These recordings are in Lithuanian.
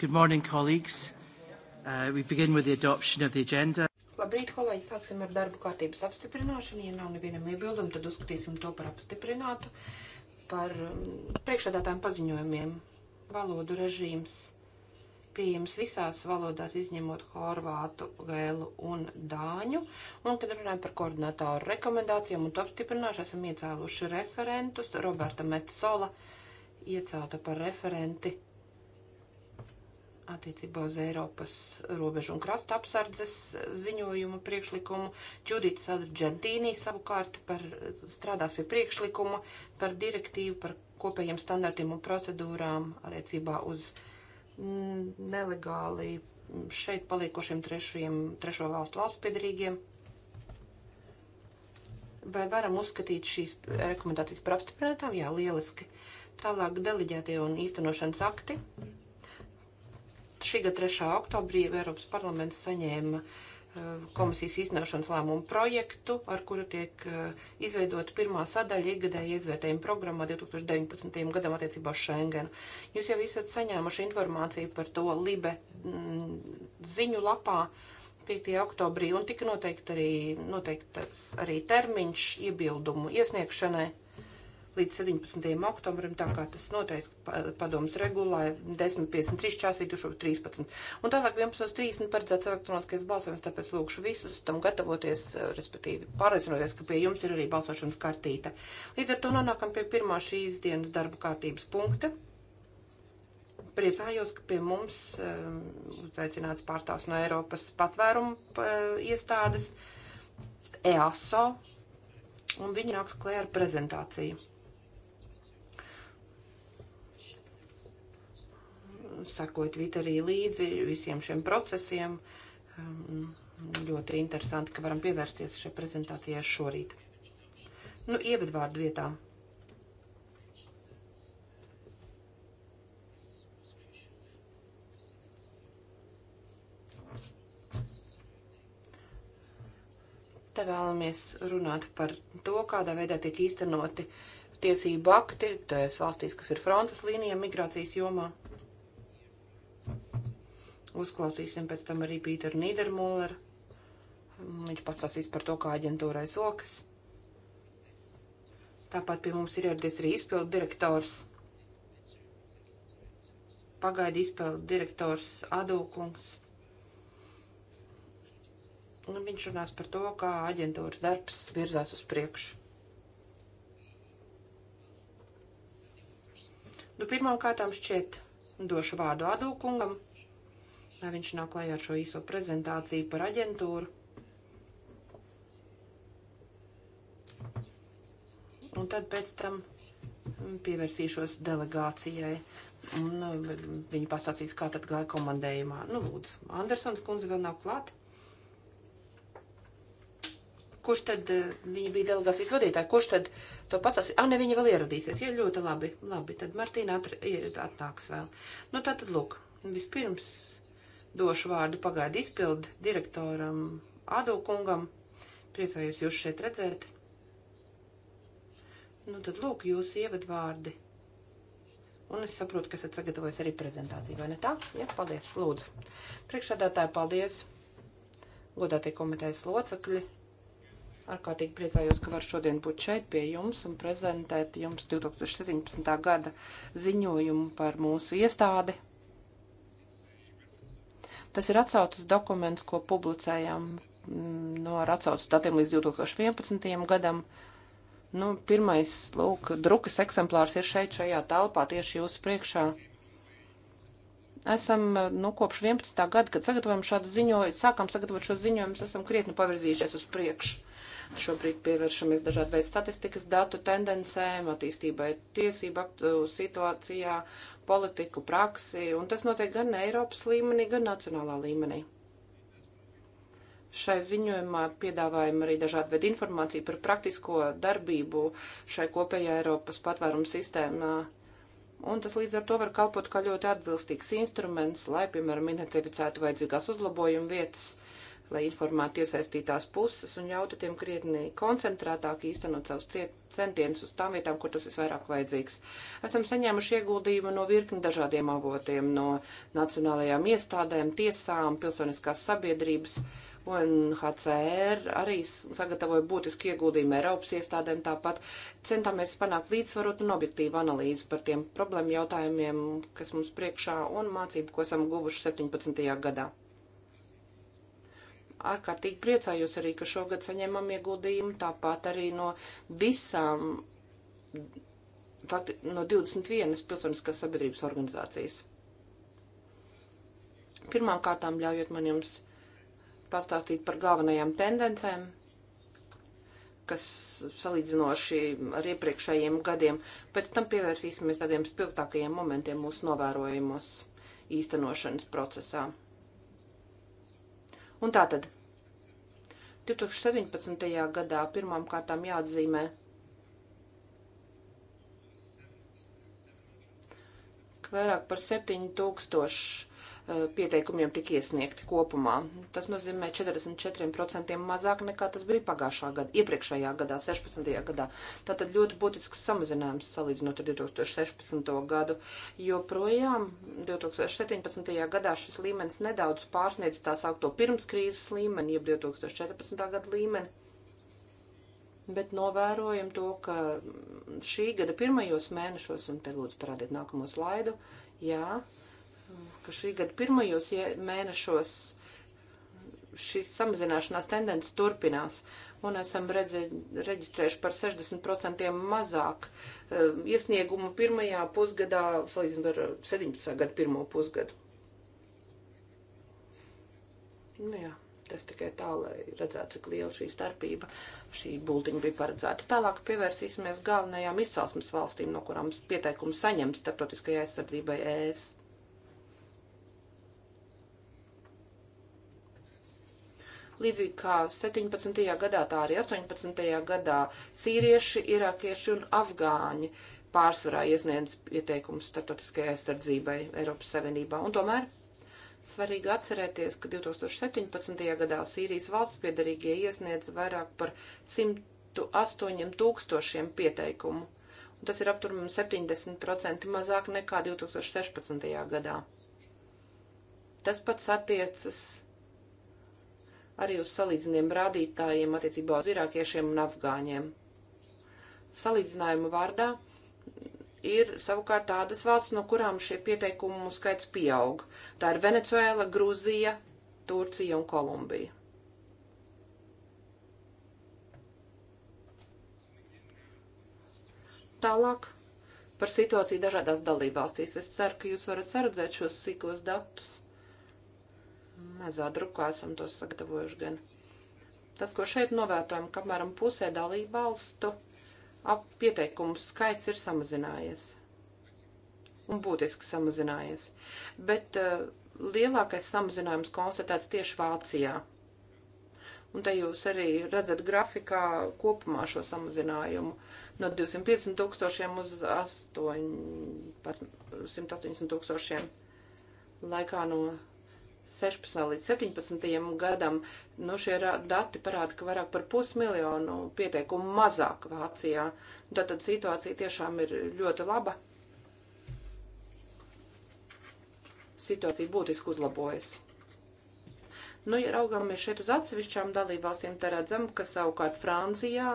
Good morning, colleagues. Uh, we begin with the adoption of the agenda. Labrīt, kolēģi, sāksim ar darbu kārtības apstiprināšanu. Ja nav nevienam iebildumu, tad uzskatīsim to par apstiprinātu. Par um, priekšādātājiem paziņojumiem valodu režīms pieejams visās valodās, izņemot horvātu, vēlu un dāņu. Un, kad runājam par koordinātāru rekomendācijām un to apstiprināšu, esam iecēluši referentus. Roberta Metzola iecelta par referenti attiecībā uz Eiropas robežu un krasta apsardzes ziņojumu priekšlikumu. Džudita Sadrģentīnī savukārt par, strādās pie priekšlikuma par direktīvu par kopējiem standartiem un procedūrām attiecībā uz nelegāli šeit paliekošiem trešajiem, trešo valstu valsts piedarīgiem. Vai varam uzskatīt šīs rekomendācijas par apstiprinātām? Jā, lieliski. Tālāk deleģētie un īstenošanas akti. Mm šī gada 3. oktobrī Eiropas parlaments saņēma eh, komisijas īstenošanas lēmumu projektu, ar kuru tiek eh, izveidota pirmā sadaļa ikgadēja izvērtējuma programmā 2019. gadam attiecībā uz Schengenu. Jūs jau esat saņēmuši informāciju par to Libe mm, ziņu lapā. 5. oktobrī, un tika noteikti arī, noteikti arī termiņš iebildumu iesniegšanai līdz 17. oktobrim, tā kā tas noteikts padomas regulā 10.53 čās 2013. Un tālāk 11.30 paredzēts elektroniskais balsojums, tāpēc lūkšu visus tam gatavoties, eh, respektīvi pārliecinoties, ka pie jums ir arī balsošanas kartīte. Līdz ar to nonākam pie pirmā šīs dienas darba kārtības punkta priecājos, ka pie mums um, uzaicināts pārstāvs no Eiropas patvērumu uh, iestādes EASO, un viņi nāks klē ar prezentāciju. sekot Twitterī līdzi visiem šiem procesiem. Ehm, ļoti interesanti, ka varam pievērsties šai prezentācijai šorīt. Nu, ievadvārdu vietā. Te vēlamies runāt par to, kādā veidā tiek īstenoti tiesību akti tajās valstīs, kas ir Francijas līnija migrācijas jomā. Uzklausīsim pēc tam arī Pīteru Nīdermulleru. Viņš pastāstīs par to, kā aģentūrai sokas. Tāpat pie mums ir ieradies arī izpildu direktors. Pagaidi izpildu direktors Adūkungs. Un viņš runās par to, kā aģentūras darbs virzās uz priekšu. Nu, pirmām kārtām šķiet došu vārdu Adūkungam lai viņš nāk klajā ar šo īso prezentāciju par aģentūru. Un tad pēc tam pievērsīšos delegācijai. Un nu, viņi pasāsīs, kā tad gāja komandējumā. Nu, lūdzu, Andersons kundze vēl nav klāt. Kurš tad eh, viņa bija delegācijas vadītāja? Kurš tad to pasāsīs? Ah, ne, viņa vēl ieradīsies. Jā, ļoti labi. Labi, tad Martīna atr... atnāks vēl. Nu, tā tad lūk. Vispirms došu vārdu pagaidu izpildu direktoram Ado kungam. Priecājos jūs šeit redzēt. Nu, tad lūk, jūsu ievadvārdi. Un es saprotu, ka esat sagatavojis arī prezentāciju, vai ne tā? Jā, ja, paldies, lūdzu. Priekšādātāji, paldies. Godātie komitejas locekļi. Ārkārtīgi priecājos, ka var šodien būt šeit pie jums un prezentēt jums 2017. gada ziņojumu par mūsu iestādi Tas ir atsaucas dokumentu, ko publicējām mm, no ar atsaucas datiem līdz 2011. gadam. Nu, pirmais, lūk, drukas eksemplārs ir šeit, šajā telpā, tieši jūsu priekšā esam nu, kopš 11. gada, kad sagatavojam šādu ziņojumu, sākam sagatavot šo ziņojumu, esam krietni pavirzījušies uz priekšu. Šobrīd pievēršamies dažādu veidu statistikas datu tendencēm, attīstībai tiesību aktu situācijā, politiku, praksi, un tas notiek gan Eiropas līmenī, gan nacionālā līmenī. Šai ziņojumā piedāvājam arī dažādu veidu informāciju par praktisko darbību šai kopējā Eiropas patvērumu sistēmā. Un tas līdz ar to var kalpot kā ļoti atbilstīgs instruments, lai, piemēram, identificētu vajadzīgās uzlabojumu vietas, uh, lai informētu iesaistītās puses un ļautu tiem krietni koncentrētāk īstenot savus centienus uz tām vietām, kur tas visvairāk vajadzīgs. Esam saņēmuši ieguldījumu no virkni dažādiem avotiem, no nacionālajām iestādēm, tiesām, pilsoniskās sabiedrības. UNHCR arī sagatavoja būtiski ieguldījumi Eiropas iestādēm, tāpat centāmies panākt līdzsvarot un objektīvu analīzi par tiem problēmu jautājumiem, kas mums priekšā un mācību, ko esam guvuši 17. gadā ārkārtīgi priecājos arī, ka šogad saņemam ieguldījumu tāpat arī no visām, fakti, no 21 pilsoniskās sabiedrības organizācijas. Pirmām kārtām ļaujot man jums pastāstīt par galvenajām tendencēm, kas salīdzinoši ar iepriekšējiem gadiem. Pēc tam pievērsīsimies tādiem spilgtākajiem momentiem mūsu novērojumos īstenošanas procesā. Un tā tad 2017. gadā pirmām kārtām jāatzīmē, ka vairāk par 7000 Eh, pieteikumiem tika iesniegti kopumā. Tas nozīmē 44% mazāk nekā tas bija pagājušā gada, iepriekšējā gadā, 16. gadā. Tātad ļoti būtisks samazinājums salīdzinot ar 2016. gadu, jo projām 2017. gadā šis līmenis nedaudz pārsniedz tā saukto pirmskrīzes līmeni, jeb 2014. gada līmeni. Bet novērojam to, ka šī gada pirmajos mēnešos, un te lūdzu parādiet nākamo slaidu, jā, uh, ka šī gada pirmajos mēnešos šīs samazināšanās tendence turpinās, un esam redze, reģistrējuši par 60% mazāk eh, iesniegumu pirmajā pusgadā, salīdzinot ar 17. gadu pirmo pusgadu. Nu jā, tas tikai tā, lai redzētu, cik liela šī starpība, šī būtiņa bija paredzēta. Tālāk pievērsīsimies galvenajām izcelsmes valstīm, no kurām pieteikumu saņem starptautiskajai aizsardzībai ES. līdzīgi kā 17. gadā, tā arī 18. gadā sīrieši, irākieši un afgāņi pārsvarā iesniedz pieteikumus starptautiskajai aizsardzībai Eiropas Savienībā. Un tomēr svarīgi atcerēties, ka 2017. gadā Sīrijas valsts piedarīgie iesniedz vairāk par 108 tūkstošiem pieteikumu. Un tas ir aptuveni 70% mazāk nekā 2016. gadā. Tas pats attiecas arī uz salīdziniem rādītājiem attiecībā uz irākiešiem un afgāņiem. Salīdzinājumu vārdā ir savukārt tādas valsts, no kurām šie pieteikumu skaits pieaug. Tā ir Venecuēla, Grūzija, Turcija un Kolumbija. Tālāk par situāciju dažādās dalībvalstīs. Es ceru, ka jūs varat saredzēt šos sīkos datus mazā drukā esam tos sagatavojuši gan. Tas, ko šeit novērtojam, ka apmēram pusē dalību valstu ap pieteikumu skaits ir samazinājies. Un būtiski samazinājies. Bet uh, lielākais samazinājums konstatēts tieši Vācijā. Un te jūs arī redzat grafikā kopumā šo samazinājumu no 250 tūkstošiem uz 8, 180 tūkstošiem laikā no 16. līdz 17. gadam, nu, šie dati parāda, ka vairāk par pusmiljonu pieteikumu mazāk Vācijā. Tātad situācija tiešām ir ļoti laba. Situācija būtiski uzlabojas. Nu, ja raugāmies šeit uz atsevišķām dalībvalstīm, tad redzam, ka savukārt Francijā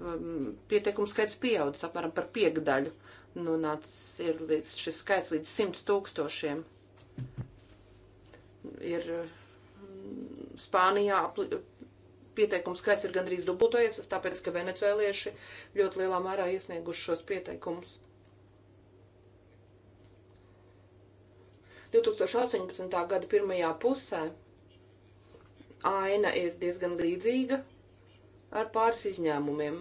um, pieteikumu skaits pieaudzis apmēram par piekdaļu. Nu, nāc ir līdz, šis skaits līdz 100 tūkstošiem. 000 ir mm, Spānijā pieteikumu skaits ir gandrīz dubultojies, tāpēc, ka venecuēlieši ļoti lielā mērā iesnieguši šos pieteikumus. 2018. gada pirmajā pusē aina ir diezgan līdzīga ar pāris izņēmumiem.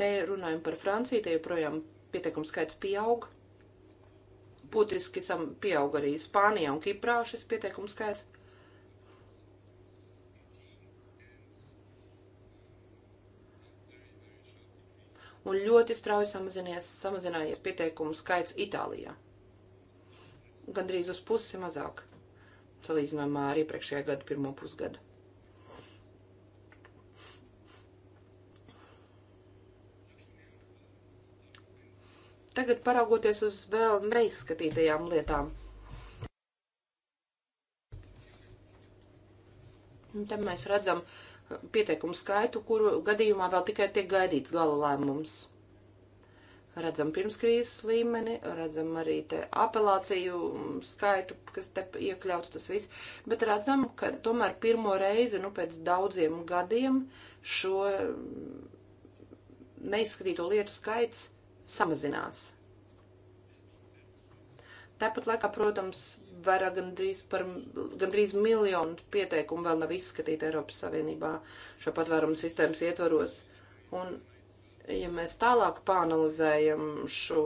Te runājam par Franciju, te joprojām pieteikumu skaits pieauga būtiski sam pieaug arī Spānijā un Kiprā šis pieteikums skaits. Un ļoti strauji samazinājies pieteikumu skaits Itālijā. Gandrīz uz pusi mazāk, salīdzinājumā ar iepriekšējā gada pirmo pusgadu. Tagad paraugoties uz vēl neizskatītajām lietām. Un te mēs redzam pieteikumu skaitu, kuru gadījumā vēl tikai tiek gaidīts gala lēmums. Redzam pirmskrīzes līmeni, redzam arī te apelāciju skaitu, kas te iekļauts tas viss, bet redzam, ka tomēr pirmo reizi, nu, pēc daudziem gadiem šo neizskatīto lietu skaits samazinās. Tāpat laikā, protams, vairāk gandrīz, par, gandrīz miljonu pieteikumu vēl nav izskatīta Eiropas Savienībā šo patvērumu sistēmas ietvaros. Un, ja mēs tālāk pāanalizējam šo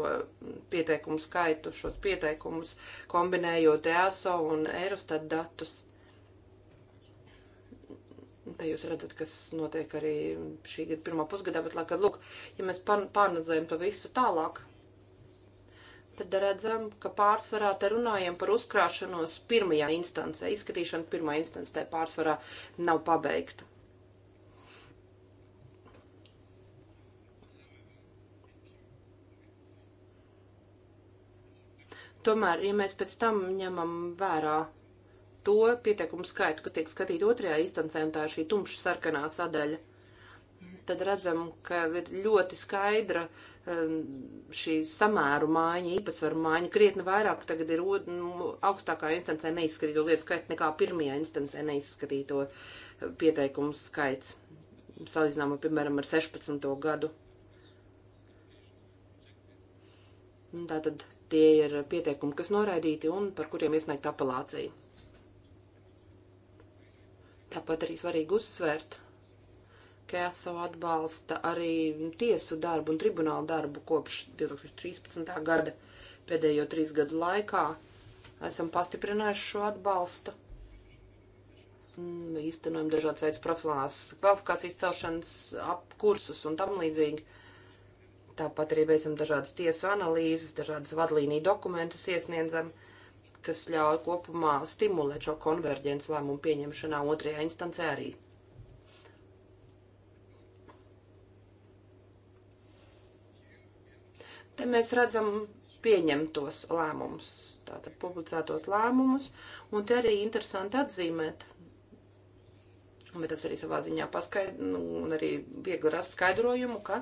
pieteikumu skaitu, šos pieteikumus, kombinējot EASO un Eurostat datus, Tā tai jūs redzat, kas notiek arī šī gada pirmā pusgadā, bet, lāk, lūk, ja mēs pārnazējam to visu tālāk, tad redzam, ka pārsvarā te runājam par uzkrāšanos pirmajā instancē, izskatīšanu pirmā instancē pārsvarā nav pabeigta. Tomēr, ja mēs pēc tam ņemam vērā to pieteikumu skaitu, kas tiek skatīti otrajā instancē, un tā ir šī tumša sarkanā sadaļa. Tad redzam, ka ir ļoti skaidra um, šī samēru mājiņa, īpatsvaru mājiņa, krietni vairāk tagad ir nu, augstākā instancē neizskatīto lietu skaits nekā pirmajā instancē neizskatīto pieteikumu skaits. Salīdzinām, piemēram, ar 16. gadu. Tātad tie ir pieteikumi, kas noraidīti un par kuriem iesniegt apelāciju. Tāpat arī svarīgi uzsvērt, ka ESO atbalsta arī tiesu darbu un tribunālu darbu kopš 2013. gada. Pēdējo trīs gadu laikā esam pastiprinājuši šo atbalstu. Mm, īstenojam dažādas veids profilās kvalifikācijas celšanas apkursus un tam līdzīgi. Tāpat arī veicam dažādas tiesu analīzes, dažādas vadlīniju dokumentus iesniedzam. Uh, kas ļauj kopumā stimulēt šo konverģences lēmumu pieņemšanā otrajā instancē arī. Te mēs redzam pieņemtos lēmumus, tātad publicētos lēmumus, un te arī interesanti atzīmēt, bet tas arī savā ziņā paskaidro, nu, un arī viegli rast skaidrojumu, ka,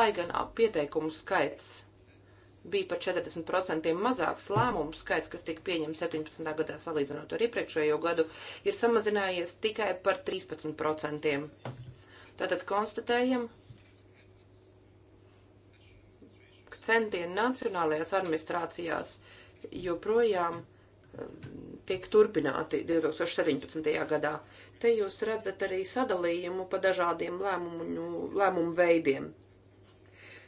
lai gan pieteikumu skaits bija par 40% mazāks lēmumu skaits, kas tika pieņemts 17. gadā salīdzinot ar iepriekšējo gadu, ir samazinājies tikai par 13%. Tātad konstatējam, ka centieni nacionālajās administrācijās joprojām um, tiek turpināti 2017. gadā. Te jūs redzat arī sadalījumu pa dažādiem lēmumu, lēmumu veidiem.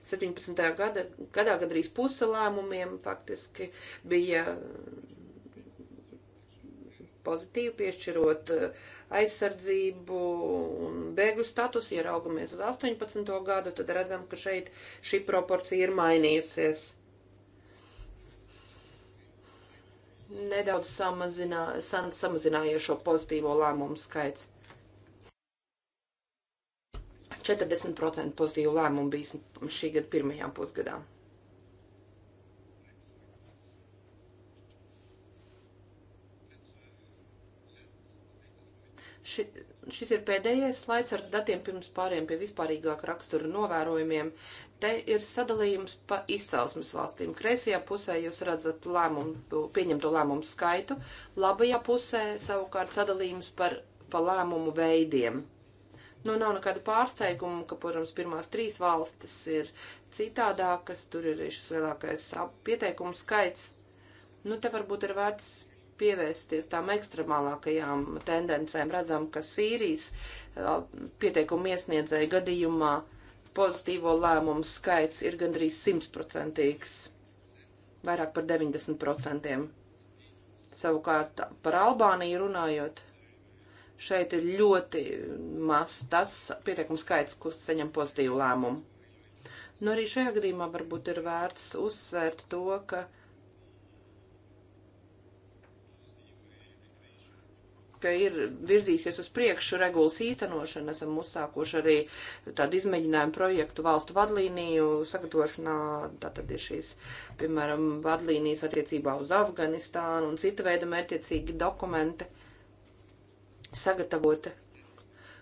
17. gada, gadā gadrīz puse lēmumiem faktiski bija pozitīvi piešķirot eh, aizsardzību un bēgļu statusu. Ja raugamies uz 18. gadu, tad redzam, ka šeit šī proporcija ir mainījusies. Nedaudz samazinā, san, samazinājies šo pozitīvo lēmumu skaits. 40% pozitīvu lēmumu bijis šī gada pirmajām pusgadām. Ši, šis ir pēdējais slaids ar datiem pirms pāriem pie vispārīgāka rakstura novērojumiem. Te ir sadalījums pa izcelsmes valstīm. Kreisajā pusē jūs redzat lēmumu, pieņemto lēmumu skaitu, labajā pusē savukārt sadalījums par, pa lēmumu veidiem. Nu, nav nekādu pārsteigumu, ka, protams, pirmās trīs valstis ir citādākas, tur ir šis lielākais pieteikumu skaits. Nu, te varbūt ir vērts pievērsties tām ekstremālākajām tendencēm. Redzam, ka Sīrijas pieteikumu iesniedzēju gadījumā pozitīvo lēmumu skaits ir gandrīz simtprocentīgs, vairāk par 90%. Savukārt par Albāniju runājot, Šeit ir ļoti maz tas pietiekums skaits, kurš saņem pozitīvu lēmumu. Nu, arī šajā gadījumā varbūt ir vērts uzsvērt to, ka ka ir virzīsies uz priekšu regulas īstenošana. Esam uzsākuši arī tādu izmēģinājumu projektu valstu vadlīniju sagatavošanā. Tātad ir šīs, piemēram, vadlīnijas attiecībā uz Afganistānu un cita veida mērķiecīgi dokumenti sagatavota,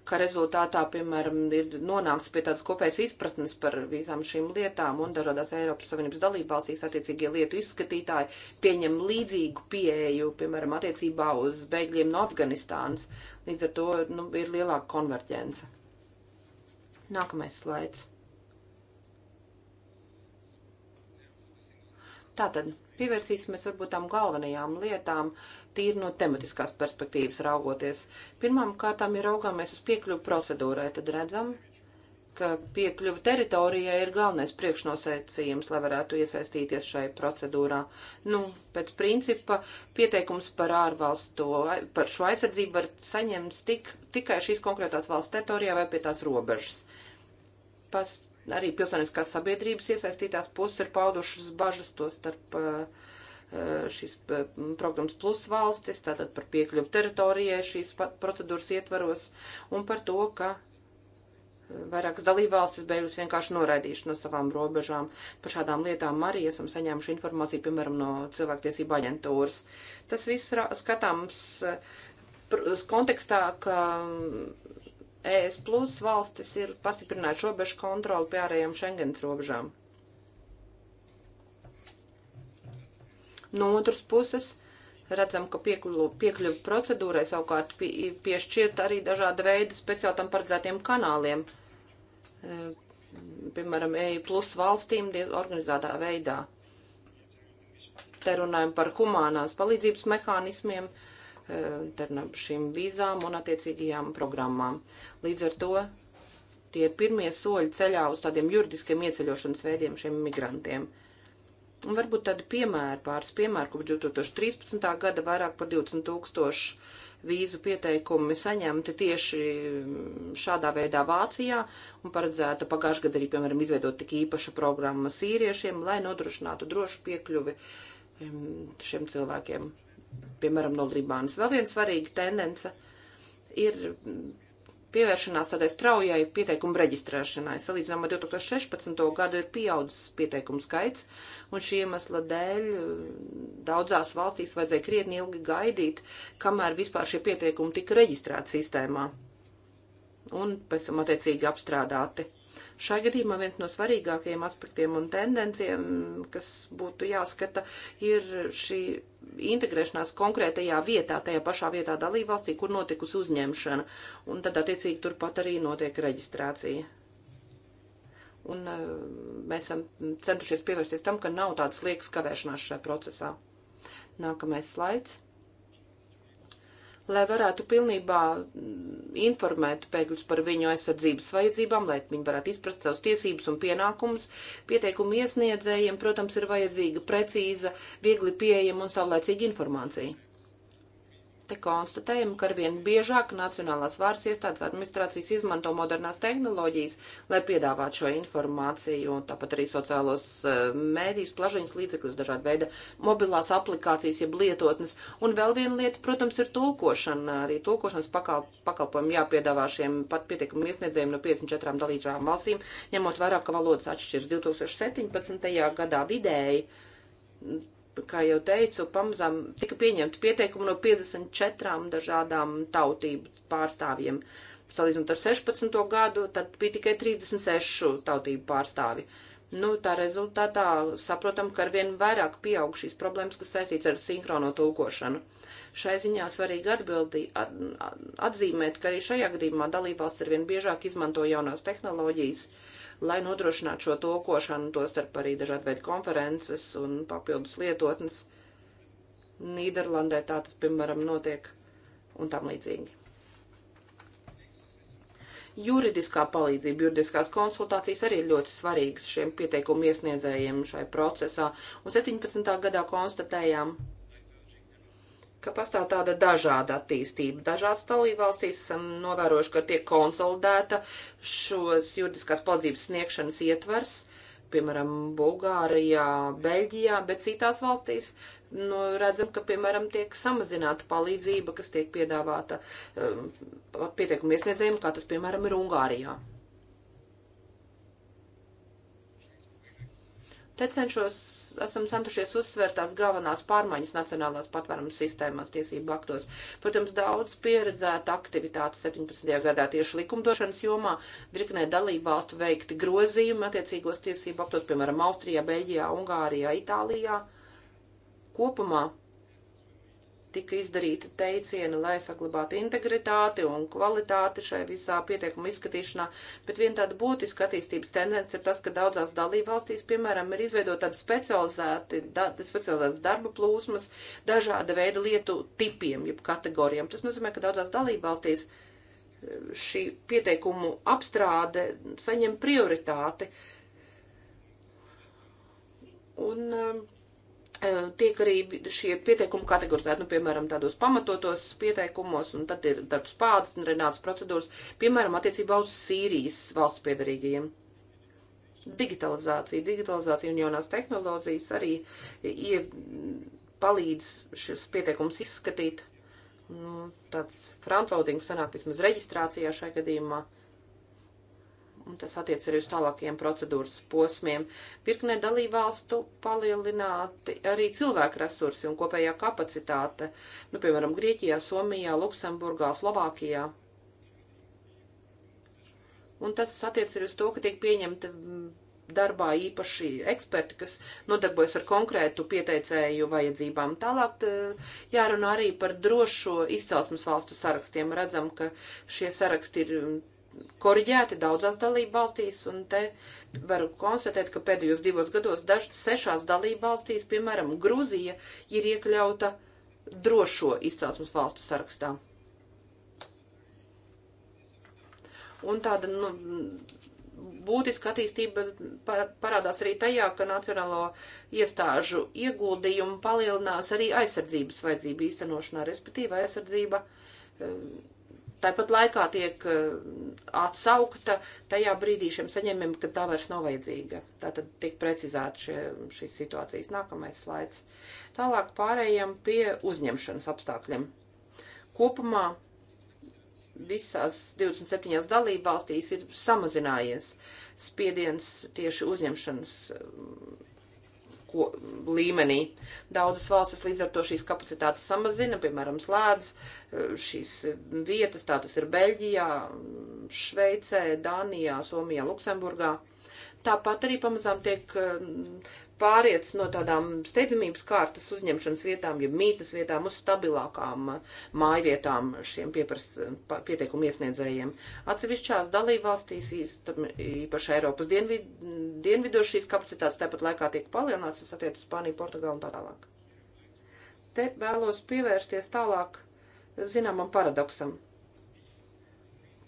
ka rezultātā, piemēram, ir nonāks pie tādas kopējas izpratnes par visām šīm lietām un dažādās Eiropas Savienības dalībvalstīs attiecīgie lietu izskatītāji pieņem līdzīgu pieeju, piemēram, attiecībā uz bēgļiem no Afganistānas. Līdz ar to nu, ir lielāka konverģence. Nākamais slaids. Tātad Pievērsīsimies varbūt tām galvenajām lietām, tīri no tematiskās perspektīvas raugoties. Pirmām kārtām, ja raugāmies uz piekļuvu procedūrai, tad redzam, ka piekļuva teritorijai ir galvenais priekšnosacījums, lai varētu iesaistīties šai procedūrā. Nu, pēc principa pieteikums par ārvalstu, par šo aizsardzību var saņemt tik, tikai šīs konkrētās valsts teritorijā vai pie tās robežas. Pas, Arī pilsoniskās sabiedrības iesaistītās puses ir paudušas bažas to starp uh, uh, šīs uh, programmas plus valstis, tātad par piekļuvu teritorijai šīs procedūras ietvaros un par to, ka vairākas dalībvalstis beigus vienkārši noraidījuši no savām robežām. Par šādām lietām arī esam saņēmuši informāciju, piemēram, no cilvēktiesība aģentūras. Tas viss skatāms kontekstā, ka ES plus valstis ir pastiprinājuši robežu kontroli pie ārējām Schengens robežām. No otras puses, redzam, ka piekļuvu procedūrai savukārt piešķirt arī dažāda veida speciāli tam paredzētiem kanāliem, e, piemēram, EI plus valstīm organizētā veidā. Te runājam par humānās palīdzības mehānismiem, e, šīm vīzām un attiecīgajām programmām. Līdz ar to tie ir pirmie soļi ceļā uz tādiem juridiskiem ieceļošanas veidiem šiem migrantiem. Un varbūt tādi piemēri, pāris piemēri, kopš 2013. gada vairāk par 20 tūkstošu vīzu pieteikumi saņemti tieši šādā veidā Vācijā un paredzēta pagājušajā gadā arī, piemēram, izveidot tik īpaša programma sīriešiem, lai nodrošinātu drošu piekļuvi šiem cilvēkiem, piemēram, no Libānas. Vēl viena svarīga tendence ir pievēršanās tādai straujai pieteikumu reģistrēšanai. Salīdzinām ar 2016. gadu ir pieaudzis pieteikumu skaits, un šī iemesla dēļ eh, daudzās valstīs vajadzēja krietni ilgi gaidīt, kamēr vispār šie pieteikumi tika reģistrēti sistēmā un pēc tam attiecīgi apstrādāti. Šai gadījumā viens no svarīgākajiem aspektiem un tendencijiem, kas būtu jāskata, ir šī integrēšanās konkrētajā vietā, tajā pašā vietā dalībvalstī, kur notikusi uzņemšana. Un tad, attiecīgi, turpat arī notiek reģistrācija. Un e, mēs esam centušies pievērsties tam, ka nav tādas liekas kavēšanās šajā procesā. Nākamais slaids lai varētu pilnībā mm, informēt bēgļus par viņu aizsardzības vajadzībām, lai viņi varētu izprast savus tiesības un pienākumus. Pieteikumu iesniedzējiem, protams, ir vajadzīga precīza, viegli pieejama un saulēcīga informācija. Te konstatējam, ka arvien biežāk Nacionālās vāras iestādes administrācijas izmanto modernās tehnoloģijas, lai piedāvātu šo informāciju, un tāpat arī sociālos eh, mēdījus, plašiņas līdzekļus, dažāda veida mobilās aplikācijas, jeb lietotnes. Un vēl viena lieta, protams, ir tulkošana. Arī tulkošanas pakal, pakalpojumi jāpiedāvā šiem pat pietiekumu iesniedzējiem no 54 dalīdzām valstīm, ņemot vairāk, ka valodas atšķirs 2017. gadā vidēji kā jau teicu, pamazām tika pieņemti pieteikumi no 54 dažādām tautību pārstāvjiem. Salīdzinot ar 16. gadu, tad bija tikai 36 tautību pārstāvi. Nu, tā rezultātā saprotam, ka arvien vairāk pieaug šīs problēmas, kas saistīts ar sinhrono tulkošanu. Šai ziņā svarīgi atbildi, at, atzīmēt, ka arī šajā gadījumā dalībvalsts arvien biežāk izmanto jaunās tehnoloģijas, uh, lai nodrošinātu šo tulkošanu, tostarp arī dažādi veidi konferences un papildus lietotnes. Nīderlandē tā tas, piemēram, notiek un tam līdzīgi. Juridiskā palīdzība, juridiskās konsultācijas arī ir ļoti svarīgas šiem pieteikumu iesniedzējiem šai procesā, un 17. gadā konstatējām, ka pastāv tāda dažāda attīstība. Dažās dalībvalstīs esam novērojuši, ka tiek konsolidēta šos juridiskās palīdzības sniegšanas ietvers, piemēram, Bulgārijā, Beļģijā, bet citās valstīs nu, redzam, ka, piemēram, tiek samazināta palīdzība, kas tiek piedāvāta um, pieteikumu iesniedzējiem, kā tas, piemēram, ir Ungārijā. Te cenšos, esam centušies uzsvērt tās galvenās pārmaiņas nacionālās patvērums sistēmās tiesību aktos. Protams, daudz pieredzēta aktivitāte 17. gadā tieši likumdošanas jomā, virknē dalību valstu veikti grozījumi attiecīgos tiesību aktos, piemēram, Austrijā, Beļģijā, Ungārijā, Itālijā. Kopumā tika izdarīti teicieni, lai saglabātu integritāti un kvalitāti šai visā pieteikuma izskatīšanā, bet viena tāda būtiska attīstības tendence ir tas, ka daudzās dalībvalstīs, piemēram, ir izveidot tādi specializēti, da, specializētas darba plūsmas dažāda veida lietu tipiem, jeb kategorijām. Tas nozīmē, ka daudzās dalībvalstīs eh, šī pieteikumu apstrāde saņem prioritāti. Un, uh, Eh, tiek arī šie pieteikumi kategorizēti, nu, piemēram, tādos pamatotos pieteikumos, un tad ir darbs pāds un renāts procedūras, piemēram, attiecībā uz Sīrijas valsts piedarīgajiem. Digitalizācija, digitalizācija un jaunās tehnoloģijas arī ie, palīdz šis pieteikums izskatīt. Nu, tāds frontloadings sanāk vismaz reģistrācijā šajā gadījumā. Uh, un tas attiec arī uz tālākajiem procedūras posmiem. Pirknē dalībvalstu palielināti arī cilvēku resursi un kopējā kapacitāte, nu, piemēram, Grieķijā, Somijā, Luksemburgā, Slovākijā. Un tas attiec arī uz to, ka tiek pieņemta mm, darbā īpaši eksperti, kas nodarbojas ar konkrētu pieteicēju vajadzībām. Tālāk jārunā arī par drošo izcelsmes valstu sarakstiem. Redzam, ka šie saraksti ir mm, korģēti daudzās dalību valstīs, un te varu konstatēt, ka pēdējos divos gados dažas sešās dalību valstīs, piemēram, Gruzija, ir iekļauta drošo izcelsmes valstu sarakstā. Un tāda nu, būtiska attīstība parādās arī tajā, ka nacionālo iestāžu ieguldījumu palielinās arī aizsardzības vajadzību īstenošanā, respektīvi aizsardzība. Uh, Tāpat laikā tiek eh, atsaukta tajā brīdī šiem saņēmumiem, kad tā vairs nav vajadzīga. Tātad tiek precizēta šie, šīs situācijas. Nākamais slaids. Tālāk pārējām pie uzņemšanas apstākļiem. Kopumā visās 27 dalību valstīs ir samazinājies spiediens tieši uzņemšanas ko, līmenī. Daudzas valstis līdz ar to šīs kapacitātes samazina, piemēram, slēdz eh, šīs vietas, tā tas ir Beļģijā, Šveicē, Dānijā, Somijā, Luksemburgā. Tāpat arī pamazām tiek eh, pāriet no tādām steidzamības kārtas uzņemšanas vietām, jeb ja mītnes vietām, uz stabilākām uh, mājvietām šiem uh, pieteikumu iesniedzējiem. Atsevišķās dalībvalstīs, īpaši Eiropas dienvid, dienvidos, šīs kapacitātes tāpat laikā tiek palielināts, tas attiec uz Spāniju, Portugālu un tā tālāk. Te vēlos pievērsties tālāk zināmam paradoksam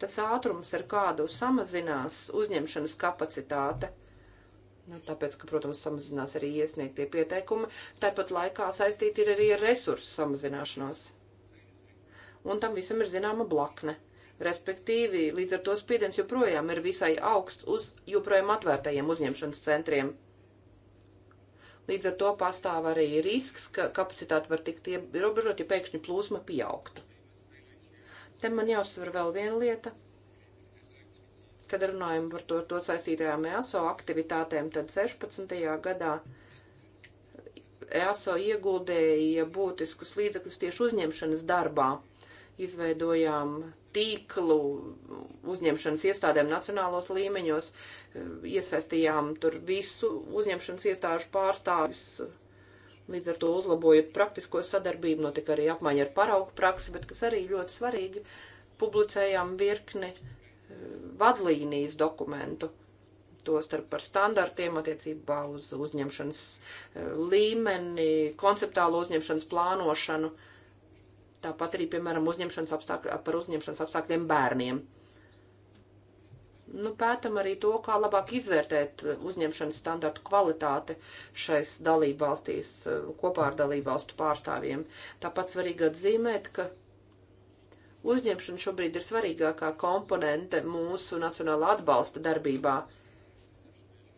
tas ātrums, ar kādu samazinās uzņemšanas kapacitāte, Nu, tāpēc, ka, protams, samazinās arī iesniegtie pieteikumi, tāpat laikā saistīti ir arī ar resursu samazināšanos. Un tam visam ir zināma blakne. Respektīvi, līdz ar to spiediens joprojām ir visai augsts uz joprojām atvērtajiem uzņemšanas centriem. Līdz ar to pastāv arī risks, ka kapacitāte var tikt ierobežot, ja pēkšņi plūsma pieaugtu. Te man jāuzsver vēl viena lieta. Kad runājam par to, to saistītajām ESO aktivitātēm, tad 16. gadā ESO ieguldēja būtiskus līdzekļus tieši uzņemšanas darbā. Izveidojām tīklu uzņemšanas iestādēm nacionālos līmeņos, iesaistījām tur visu uzņemšanas iestāžu pārstāvjus. Līdz ar to uzlabojot praktisko sadarbību, notika arī apmaiņa ar paraugu praksi, bet kas arī ļoti svarīgi, publicējām virkni vadlīnijas dokumentu. Tostarp par standartiem attiecībā uz uzņemšanas eh, līmeni, konceptuālo uzņemšanas plānošanu, tāpat arī, piemēram, uzņemšanas apstākļ, par uzņemšanas apstākļiem bērniem nu, pētam arī to, kā labāk izvērtēt uzņemšanas standartu kvalitāti šais dalību valstīs eh, kopā ar dalību valstu pārstāvjiem. Tāpat svarīgi atzīmēt, ka Uzņemšana šobrīd ir svarīgākā komponente mūsu nacionāla atbalsta darbībā.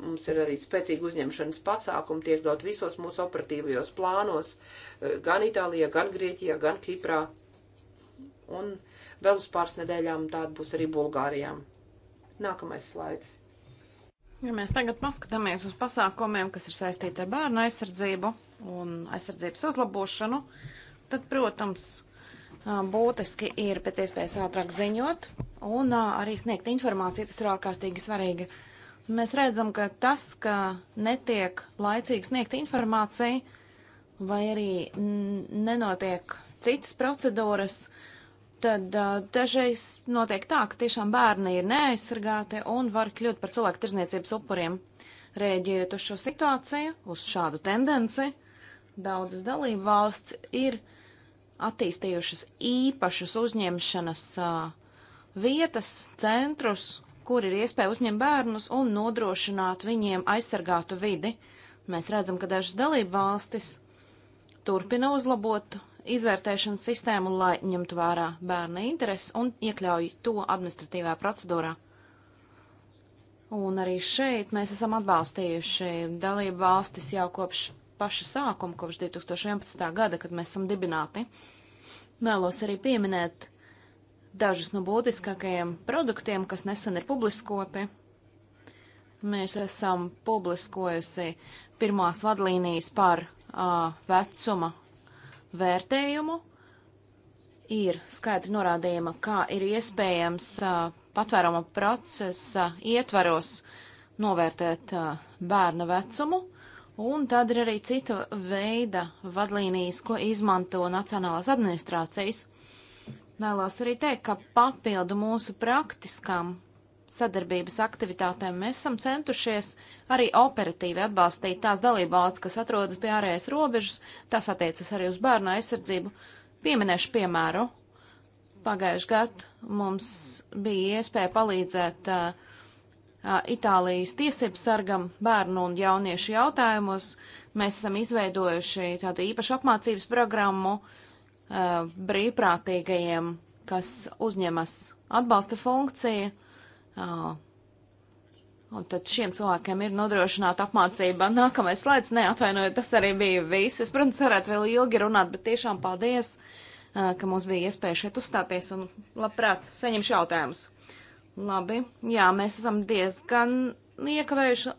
Mums ir arī spēcīgi uzņemšanas pasākumi, tiek dot visos mūsu operatīvajos plānos, eh, gan Itālijā, gan Grieķijā, gan Kiprā. Un vēl uz pāris nedēļām tāda būs arī Bulgārijām. Nākamais slaids. Ja mēs tagad paskatāmies uz pasākumiem, kas ir saistīti ar bērnu aizsardzību un aizsardzības uzlabošanu, tad, protams, būtiski ir pēc iespējas ātrāk ziņot un arī sniegt informāciju. Tas ir ārkārtīgi svarīgi. Mēs redzam, ka tas, ka netiek laicīgi sniegt informāciju vai arī nenotiek citas procedūras, tad dažreiz notiek tā, ka tiešām bērni ir neaizsargāti un var kļūt par cilvēku tirzniecības upuriem. Rēģējot uz šo situāciju, uz šādu tendenci, daudzas dalību valsts ir attīstījušas īpašas uzņemšanas vietas, centrus, kur ir iespēja uzņemt bērnus un nodrošināt viņiem aizsargātu vidi. Mēs redzam, ka dažas dalība valstis turpina uzlabot izvērtēšanas sistēmu, lai ņemtu vērā bērna interesi un iekļauj to administratīvā procedūrā. Un arī šeit mēs esam atbalstījuši dalību valstis jau kopš paša sākuma, kopš 2011. gada, kad mēs esam dibināti. Uh, Vēlos arī pieminēt dažus no būtiskākajiem produktiem, kas nesen ir publiskoti. Mēs esam publiskojusi pirmās vadlīnijas par uh, vecuma vērtējumu. Ir skaidri norādījama, kā ir iespējams uh, patvēruma procesa ietvaros novērtēt uh, bērna vecumu. Un tad ir arī cita veida vadlīnijas, ko izmanto nacionālās administrācijas. Vēlos arī teikt, ka papildu mūsu praktiskām sadarbības aktivitātēm mēs esam centušies arī operatīvi atbalstīt tās dalībvalsts, kas atrodas pie ārējās robežas, tas attiecas arī uz bērnu aizsardzību. Pieminēšu piemēru. Pagājuši gadu mums bija iespēja palīdzēt uh, Itālijas tiesību sargam bērnu un jauniešu jautājumos. Mēs esam izveidojuši tādu īpašu apmācības programmu brīvprātīgajiem, kas uzņemas atbalsta funkciju. Un tad šiem cilvēkiem ir nodrošināta apmācība. Nākamais slaids, neatvainojiet, tas arī bija viss. Es, protams, varētu vēl ilgi runāt, bet tiešām paldies, ka mums bija iespēja šeit uzstāties un labprāt saņemšu jautājumus. Labi, jā, mēs esam diezgan iekavējuši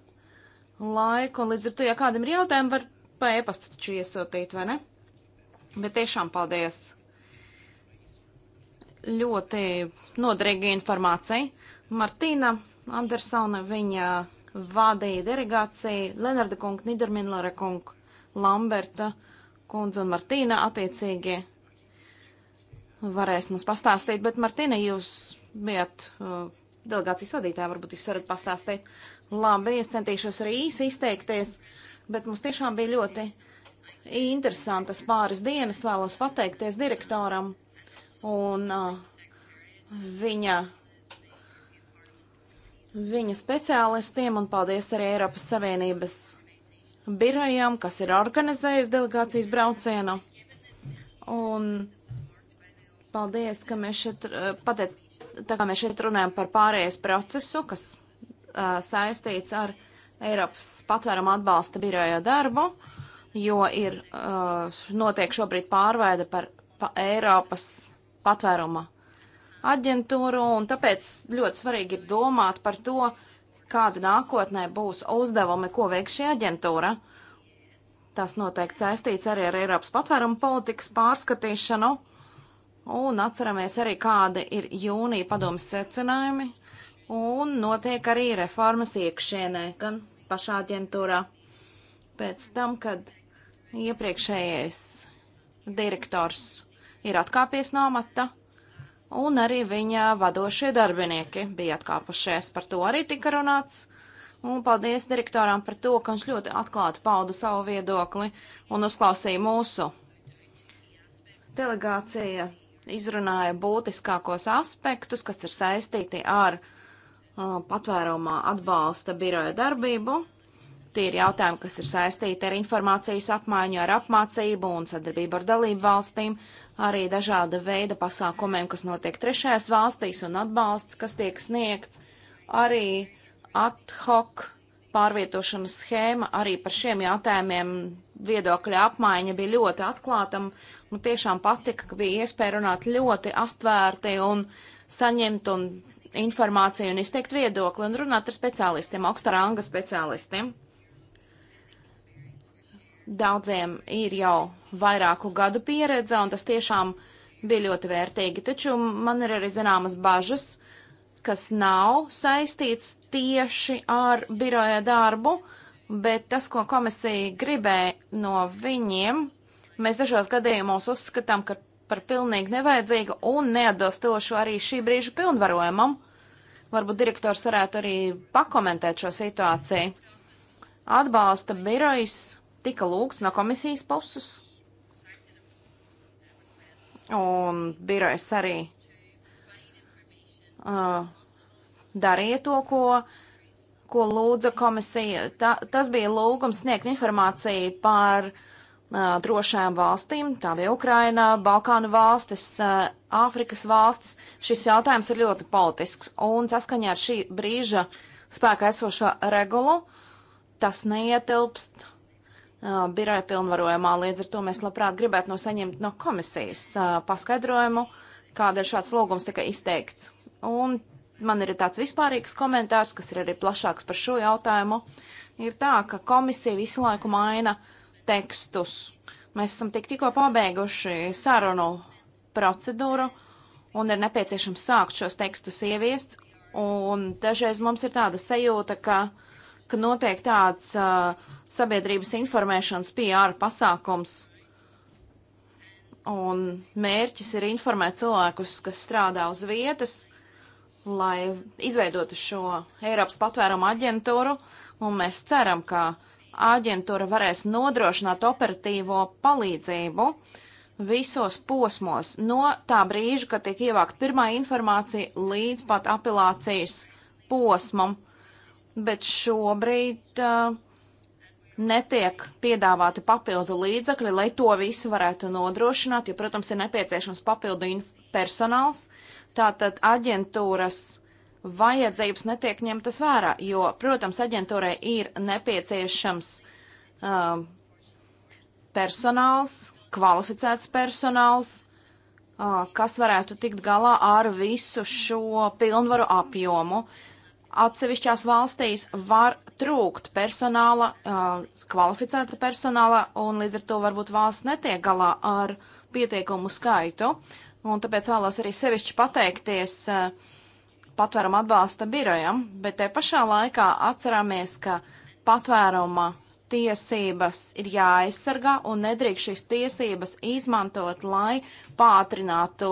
laiku, līdz ar to, ja kādam ir jautājumi, var pa e-pastu taču iesūtīt, vai ne? Bet tiešām paldies! Ļoti noderīga informācija. Martīna Andersona, viņa vadīja delegāciju, Lenarda kunga, Nidermillera kunga, Lamberta kundze un Martīna attiecīgi varēs mums pastāstīt, bet Martīna, jūs bijāt uh, eh, delegācijas vadītāja, varbūt jūs varat pastāstīt. Labi, es centīšos arī īsi izteikties, bet mums tiešām bija ļoti interesantas pāris dienas. Vēlos pateikties direktoram un uh, viņa, viņa speciālistiem un paldies arī Eiropas Savienības birojam, kas ir organizējis delegācijas braucienu. Un paldies, ka mēs šeit, uh, eh, pateic, tā kā mēs šeit runājam par pārējais procesu, kas uh, saistīts ar Eiropas patvērumu atbalsta birojo darbu, jo ir uh, notiek šobrīd pārveida par pa Eiropas patvēruma aģentūru, un tāpēc ļoti svarīgi ir domāt par to, kāda nākotnē būs uzdevumi, ko veiks šī aģentūra. Tas noteikti saistīts arī ar Eiropas patvērumu politikas pārskatīšanu. Uh, un atceramies arī, kāda ir jūnija padomas secinājumi, un notiek arī reformas iekšienē, gan pašā aģentūrā. Pēc tam, kad iepriekšējais direktors ir atkāpies no amata, un arī viņa vadošie darbinieki bija atkāpušies, par to arī tika runāts. Un paldies direktoram par to, ka viņš ļoti atklāti pauda savu viedokli un uzklausīja mūsu delegācija izrunāja būtiskākos aspektus, kas ir saistīti ar uh, patvērumā atbalsta biroja darbību. Tie ir jautājumi, kas ir saistīti ar informācijas apmaiņu, ar apmācību un sadarbību ar dalību valstīm, arī dažāda veida pasākumiem, kas notiek trešajās valstīs un atbalsts, kas tiek sniegts, arī ad hoc pārvietošanas schēma. Arī par šiem jautājumiem viedokļa apmaiņa bija ļoti atklātam. Man tiešām patika, ka bija iespēja runāt ļoti atvērti un saņemt un informāciju un izteikt viedokli un runāt ar speciālistiem, augsta ranga speciālistiem. Daudziem ir jau vairāku gadu pieredze, un tas tiešām bija ļoti vērtīgi. Taču man ir arī zināmas bažas, kas nav saistīts tieši ar biroja darbu, bet tas, ko komisija gribēja no viņiem, mēs dažos gadījumos uzskatām, ka par pilnīgi nevajadzīgu un neatbilstošu arī šī brīža pilnvarojumam. Varbūt direktors varētu arī pakomentēt šo situāciju. Atbalsta birojas tika lūgts no komisijas puses. Un birojas arī uh, darīja to, ko, ko lūdza komisija. Ta, tas bija lūgums sniegt informāciju par uh, drošajām valstīm, tā bija Ukraina, Balkānu valstis, uh, Āfrikas valstis. Šis jautājums ir ļoti politisks, un saskaņā ar šī brīža spēkā esošo regulu tas neietilpst Uh, biroja pilnvarojumā. Līdz ar to mēs labprāt gribētu no saņemt no komisijas uh, paskaidrojumu, kāda ir šāds lūgums tika izteikts. Un man ir tāds vispārīgs komentārs, kas ir arī plašāks par šo jautājumu, ir tā, ka komisija visu laiku maina tekstus. Mēs esam tik tikko pabeiguši sarunu procedūru un ir nepieciešams sākt šos tekstus ieviest. Un dažreiz mums ir tāda sajūta, ka, ka notiek tāds uh, sabiedrības informēšanas PR pasākums. Un mērķis ir informēt cilvēkus, kas strādā uz vietas, uh, lai izveidotu šo Eiropas patvērumu aģentūru, un mēs ceram, ka aģentūra varēs nodrošināt operatīvo palīdzību visos posmos, no tā brīža, kad tiek ievākt pirmā informācija līdz pat apelācijas posmam. Bet šobrīd uh, netiek piedāvāti papildu līdzakļi, lai to visu varētu nodrošināt, jo, protams, ir nepieciešams papildu personāls, Tātad aģentūras vajadzības netiek ņemtas vērā, jo, protams, aģentūrai ir nepieciešams um, personāls, kvalificēts personāls, uh, kas varētu tikt galā ar visu šo pilnvaru apjomu. Atsevišķās valstīs var trūkt personāla, uh, kvalificēta personāla, un līdz ar to varbūt valsts netiek galā ar pietiekumu skaitu. Uh, un tāpēc vēlos arī sevišķi pateikties eh, patvērumu atbalsta birojam, bet te pašā laikā atceramies, ka patvēruma tiesības ir jāaizsargā un nedrīkst šīs tiesības izmantot, lai pātrinātu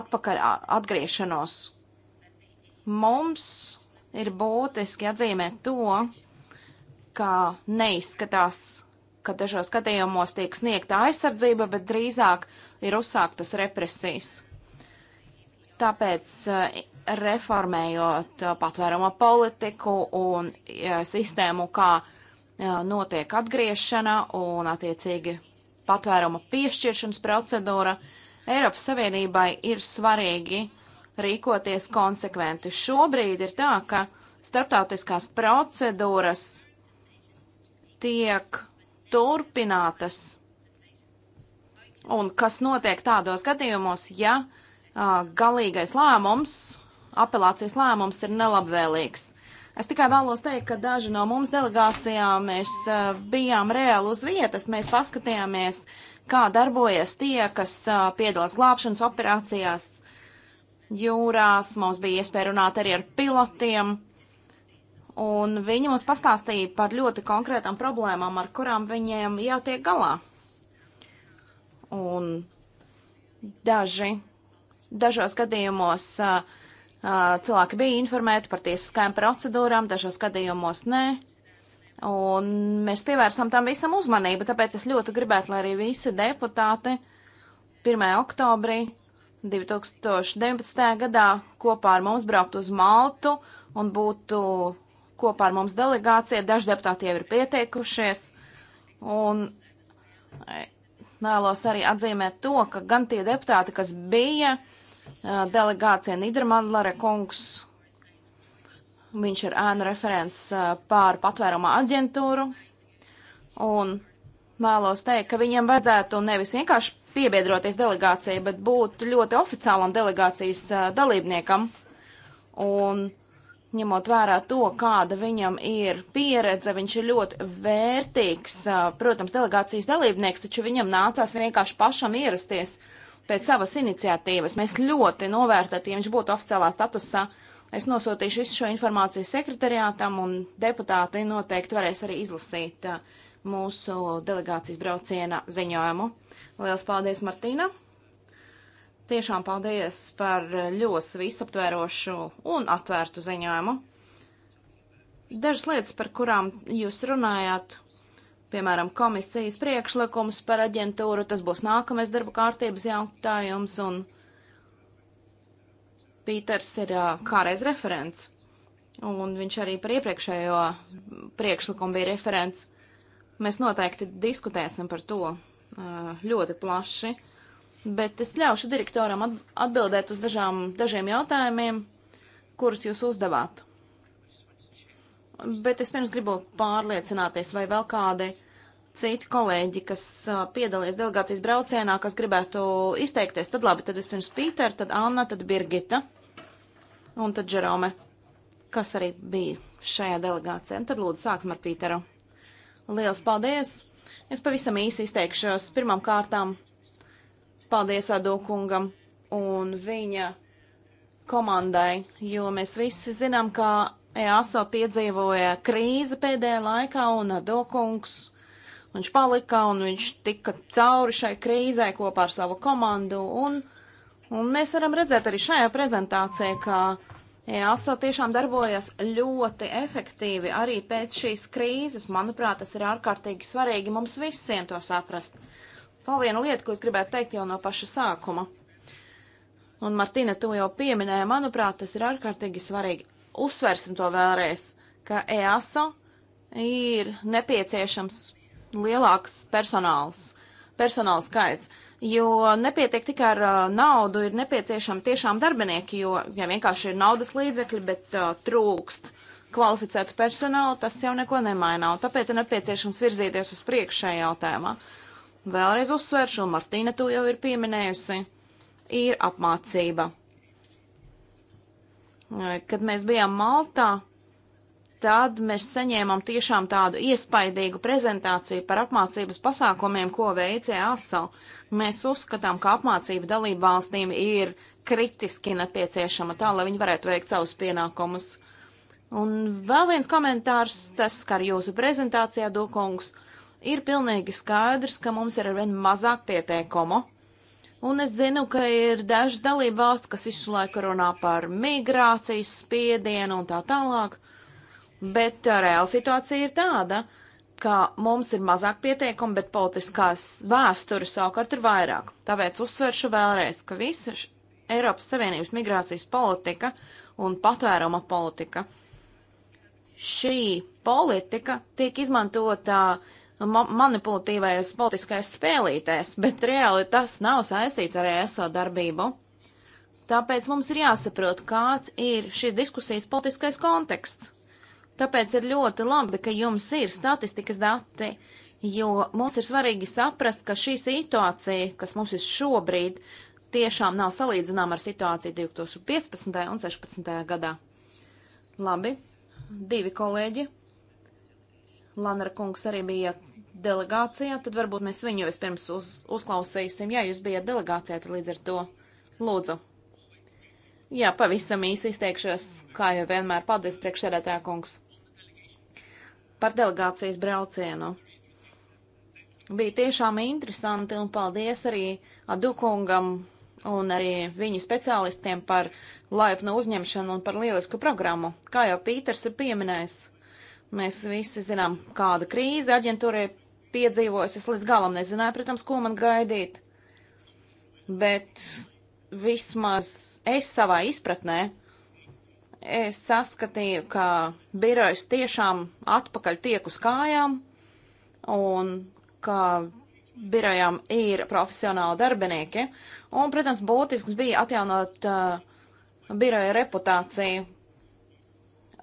atpakaļ atgriešanos. Mums ir būtiski atzīmēt to, ka neizskatās, ka dažos gadījumos tiek sniegta aizsardzība, bet drīzāk ir uzsāktas represijas. Tāpēc eh, reformējot eh, patvērumu politiku un eh, sistēmu, kā notiek atgriešana un attiecīgi patvēruma piešķiršanas procedūra, Eiropas Savienībai ir svarīgi rīkoties konsekventi. Šobrīd ir tā, ka starptautiskās procedūras tiek turpinātas. Un kas notiek tādos gadījumos, ja a, galīgais lēmums, apelācijas lēmums ir nelabvēlīgs? Es tikai vēlos teikt, ka daži no mums delegācijā mēs a, bijām reāli uz vietas, mēs paskatījāmies, kā darbojas tie, kas a, piedalās glābšanas operācijās jūrās, mums bija iespēja runāt arī ar pilotiem un viņi mums pastāstīja par ļoti konkrētām problēmām, ar kurām viņiem jātiek galā. Un daži, dažos gadījumos a, a, cilvēki bija informēti par tiesiskajām procedūrām, dažos gadījumos nē. Un mēs pievērsām tam visam uzmanību, tāpēc es ļoti gribētu, lai arī visi deputāti 1. oktobrī 2019. gadā kopā ar mums braukt uz Maltu un būtu kopā ar mums delegācija, daži deputāti jau ir pieteikušies, un e, vēlos arī atzīmēt to, ka gan tie deputāti, kas bija e, delegācija Nīdermandlare kungs, viņš ir ēnu referents e, pār patvērumā aģentūru, un vēlos teikt, ka viņiem vajadzētu nevis vienkārši piebiedroties delegācijai, bet būt ļoti oficiālam delegācijas dalībniekam. Un ņemot vērā to, kāda viņam ir pieredze, viņš ir ļoti vērtīgs, protams, delegācijas dalībnieks, taču viņam nācās vienkārši pašam ierasties pēc savas iniciatīvas. Mēs ļoti novērtētu, ja viņš būtu oficiālā statusā. Es nosūtīšu visu šo informāciju sekretariātam, un deputāti noteikti varēs arī izlasīt mūsu delegācijas brauciena ziņojumu. Lielas paldies, Martīna! Tiešām paldies par ļoti visaptvērošu un atvērtu ziņojumu. Dažas lietas, par kurām jūs runājāt, piemēram, komisijas priekšlikums par aģentūru, tas būs nākamais darba kārtības jautājums, un Pīters ir kāreiz referents, un viņš arī par iepriekšējo priekšlikumu bija referents. Mēs noteikti diskutēsim par to ļoti plaši bet es ļaušu direktoram atbildēt uz dažām, dažiem jautājumiem, kurus jūs uzdevāt. Bet es pirms gribu pārliecināties, vai vēl kādi citi kolēģi, kas piedalījies delegācijas braucienā, kas gribētu izteikties. Tad labi, tad vispirms Pīter, tad Anna, tad Birgita un tad Džerome, kas arī bija šajā delegācijā. Un tad lūdzu sāksim ar Pīteru. Liels paldies! Es pavisam īsi izteikšos pirmām kārtām. Paldies Adokungam un viņa komandai, jo mēs visi zinām, ka EASO piedzīvoja krīzi pēdējā laikā un Adokungs. Viņš palika un viņš tika cauri šai krīzē kopā ar savu komandu. Un, un mēs varam redzēt arī šajā prezentācijā, ka EASO tiešām darbojas ļoti efektīvi arī pēc šīs krīzes. Manuprāt, tas ir ārkārtīgi svarīgi mums visiem to saprast. Vēl viena lieta, ko es gribētu teikt jau no paša sākuma. Un, Martīna, tu jau pieminēji, manuprāt, tas ir ārkārtīgi svarīgi. Uzsversim to vēlreiz, ka EASO ir nepieciešams lielāks personāls, personāla skaits, jo nepietiek tikai ar uh, naudu, ir nepieciešami tiešām darbinieki, jo, ja vienkārši ir naudas līdzekļi, bet uh, trūkst kvalificētu personālu, tas jau neko nemainā, un tāpēc ir nepieciešams virzīties uz priekšu šajā jautājumā. Uh, vēlreiz uzsveršu, un Martīna to jau ir pieminējusi, ir apmācība. Kad mēs bijām Maltā, tad mēs saņēmām tiešām tādu iespaidīgu prezentāciju par apmācības pasākumiem, ko veicē e ASO. Mēs uzskatām, ka apmācība dalību valstīm ir kritiski nepieciešama tā, lai viņi varētu veikt savus pienākumus. Un vēl viens komentārs, tas skar jūsu prezentācijā, Dukungs. Uh, ir pilnīgi skaidrs, ka mums ir arvien mazāk pieteikumu. Un es zinu, ka ir dažas dalība valsts, kas visu laiku runā par migrācijas spiedienu un tā tālāk, bet uh, reāla situācija ir tāda, ka mums ir mazāk pieteikumu, bet politiskās vēstures savukārt ir vairāk. Tāpēc uzsveršu vēlreiz, ka visa Eiropas Savienības migrācijas politika un patvēruma politika, šī politika tiek izmantota uh, manipulatīvais politiskais spēlītēs, bet reāli tas nav saistīts ar ESO darbību. Tāpēc mums ir jāsaprot, kāds ir šīs diskusijas politiskais konteksts. Tāpēc ir ļoti labi, ka jums ir statistikas dati, jo mums ir svarīgi saprast, ka šī situācija, kas mums ir šobrīd, tiešām nav salīdzināma ar situāciju 2015. un 2016. gadā. Labi, divi kolēģi. Lanara kungs arī bija delegācijā, tad varbūt mēs viņu vispirms uz, uzklausīsim. Jā, jūs bijat delegācijā, tad līdz ar to lūdzu. Jā, pavisam īsi izteikšos, kā jau vienmēr paldies priekšsēdētā kungs. Par delegācijas braucienu. Bija tiešām interesanti un paldies arī Adukungam un arī viņa speciālistiem par laipnu uzņemšanu un par lielisku programmu. Kā jau Pīters ir pieminējis, mēs visi zinām, kāda krīze aģentūrai piedzīvojis. Es līdz galam nezināju, protams, ko man gaidīt. Bet vismaz es savā izpratnē es saskatīju, ka birojas tiešām atpakaļ tiek uz kājām un ka birojām ir profesionāli darbinieki. Un, protams, būtisks bija atjaunot uh, biroja reputāciju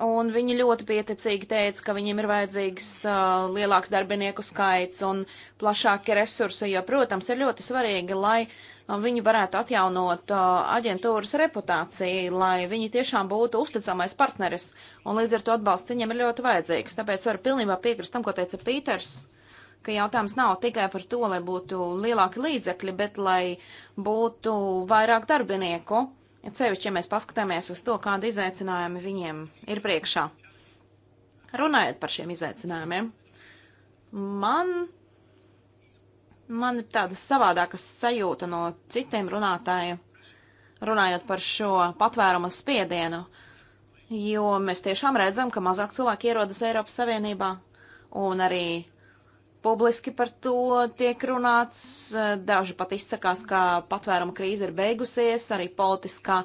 Un viņi ļoti pieticīgi teica, ka viņiem ir vajadzīgs uh, lielāks darbinieku skaits un plašāki resursi, jo, protams, ir ļoti svarīgi, lai uh, viņi varētu atjaunot uh, aģentūras reputāciju, lai viņi tiešām būtu uzticamais partneris, un līdz ar to atbalsts viņiem ir ļoti vajadzīgs. Tāpēc varu pilnībā piekrist tam, ko teica Pīters, ka jautājums nav tikai par to, lai būtu lielāki līdzekļi, bet lai būtu vairāk darbinieku. Ja cevišķi, ja mēs paskatāmies uz to, kāda izaicinājuma viņiem ir priekšā. Runājot par šiem izaicinājumiem, man, man ir tāda savādāka sajūta no citiem runātājiem, runājot par šo patvērumu spiedienu, jo mēs tiešām redzam, ka mazāk cilvēki ierodas Eiropas Savienībā, un arī Publiski par to tiek runāts, daži pat izsakās, ka patvēruma krīze ir beigusies, arī politiskā,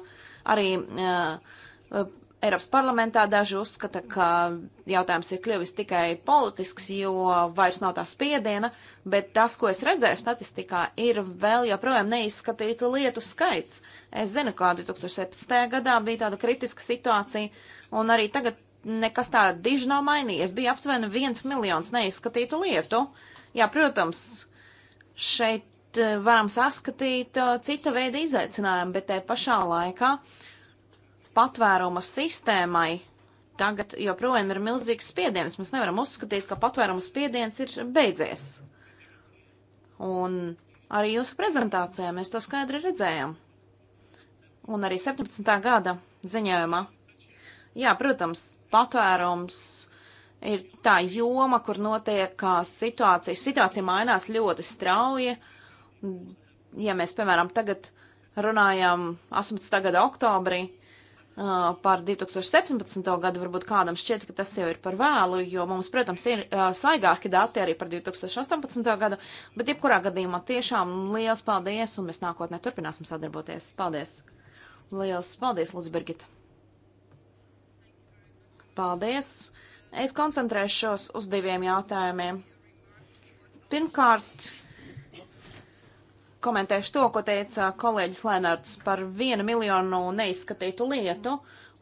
arī uh, Eiropas parlamentā daži uzskata, ka jautājums ir kļuvis tikai politisks, jo vairs nav tā spiediena, bet tas, ko es redzēju statistikā, ir vēl joprojām neizskatītu lietu skaits. Es zinu, kā 2017. gadā bija tāda kritiska situācija, un arī tagad nekas tā diži nav mainījies. Bija aptuveni viens miljons neizskatītu lietu. Jā, protams, šeit eh, varam saskatīt eh, cita veida izaicinājumu, bet te pašā laikā patvēruma sistēmai tagad joprojām ir milzīgs spiediens. Mēs nevaram uzskatīt, ka patvēruma spiediens ir beidzies. Un arī jūsu prezentācijā mēs to skaidri redzējām. Un arī 17. gada ziņojumā. Jā, protams, patvērums ir tā joma, kur notiek situācija. Situācija mainās ļoti strauji. Ja mēs, piemēram, tagad runājam 18. gada oktobrī, Uh, par 2017. gadu varbūt kādam šķiet, ka tas jau ir par vēlu, jo mums, protams, ir uh, svaigāki dati arī par 2018. gadu, bet jebkurā gadījumā tiešām liels paldies un mēs nākotnē turpināsim sadarboties. Paldies! Liels paldies, Lūdzu, Birgit! Paldies! Es koncentrēšos uz diviem jautājumiem. Pirmkārt, komentēšu to, ko teica kolēģis Lenards par vienu miljonu neizskatītu lietu,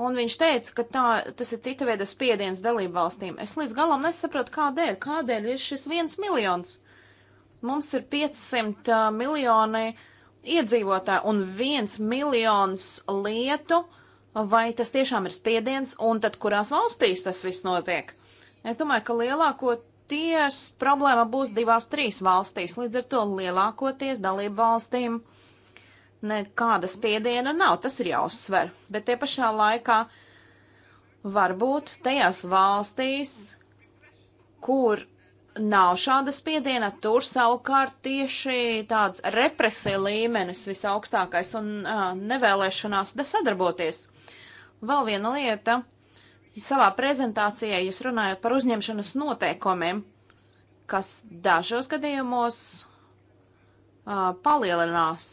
un viņš teica, ka tā, tas ir cita veida spiediens dalību valstīm. Es līdz galam nesaprotu, kādēļ, kādēļ ir šis viens miljons. Mums ir 500 uh, miljoni iedzīvotāji un viens miljons lietu, uh, vai tas tiešām ir spiediens, un tad kurās valstīs tas viss notiek. Es domāju, ka lielākoties problēma būs divās, trīs valstīs, līdz ar to lielākoties dalību valstīm nekāda spiediena nav, tas ir jāuzsver, bet tie pašā laikā varbūt tajās valstīs, kur nav šāda spiediena, tur savukārt tieši tāds represija līmenis visaugstākais un uh, nevēlēšanās sadarboties. Vēl viena lieta. Savā prezentācijā jūs runājat par uzņemšanas noteikumiem, kas dažos gadījumos uh, palielinās.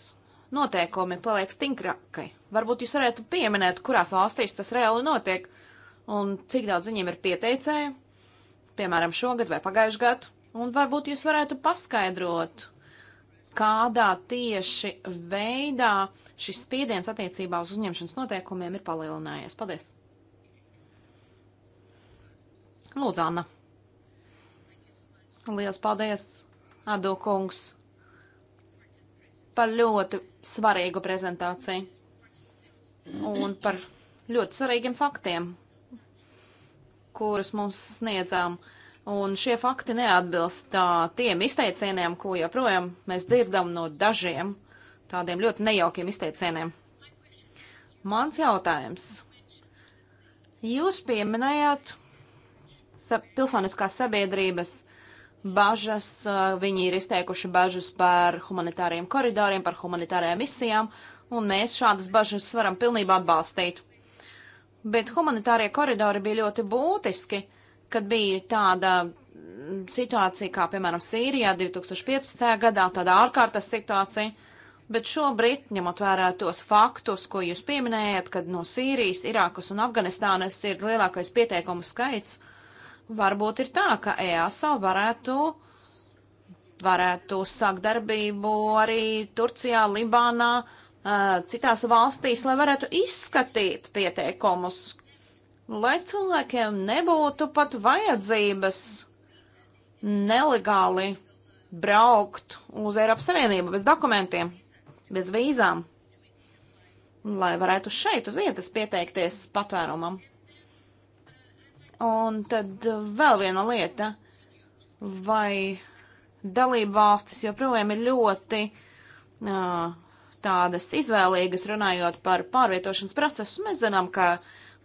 Noteikumi paliek stingrākai. Varbūt jūs varētu pieminēt, kurās valstīs tas reāli notiek un cik daudz viņiem ir pieteicēju, piemēram, šogad vai pagājušajā gadā. Un varbūt jūs varētu paskaidrot, kādā tieši veidā uh, šis spiediens attiecībā uz uzņemšanas noteikumiem ir palielinājies. Paldies! Lūdzu, Anna! Lielas paldies, Ado kungs, par ļoti svarīgu prezentāciju un par ļoti svarīgiem faktiem, kurus mums sniedzām. Un šie fakti neatbilst tā, tiem izteicieniem, ko joprojām mēs dzirdam no dažiem uh, tādiem ļoti nejaukiem izteicieniem. Mans jautājums. Jūs pieminējāt pilsoniskās sabiedrības bažas, viņi ir izteikuši bažas par humanitāriem koridoriem, par humanitārajām misijām, un mēs šādas bažas varam pilnībā atbalstīt. Bet humanitārie koridori bija ļoti būtiski, kad bija tāda situācija, kā piemēram Sīrijā 2015. gadā, tāda ārkārtas situācija. Bet šobrīd, ņemot vērā tos faktus, ko jūs pieminējat, kad no Sīrijas, Irākas un Afganistānas ir lielākais pieteikumu skaits, varbūt ir tā, ka EASO varētu, varētu sākt darbību arī Turcijā, Libānā, citās valstīs, lai varētu izskatīt pieteikumus, lai cilvēkiem nebūtu pat vajadzības nelegāli braukt uz Eiropas Savienību bez dokumentiem bez vīzām, lai varētu šeit uz vietas pieteikties patvērumam. Un tad vēl viena lieta, vai dalību valstis joprojām ir ļoti uh, tādas izvēlīgas runājot par pārvietošanas procesu. Mēs zinām, ka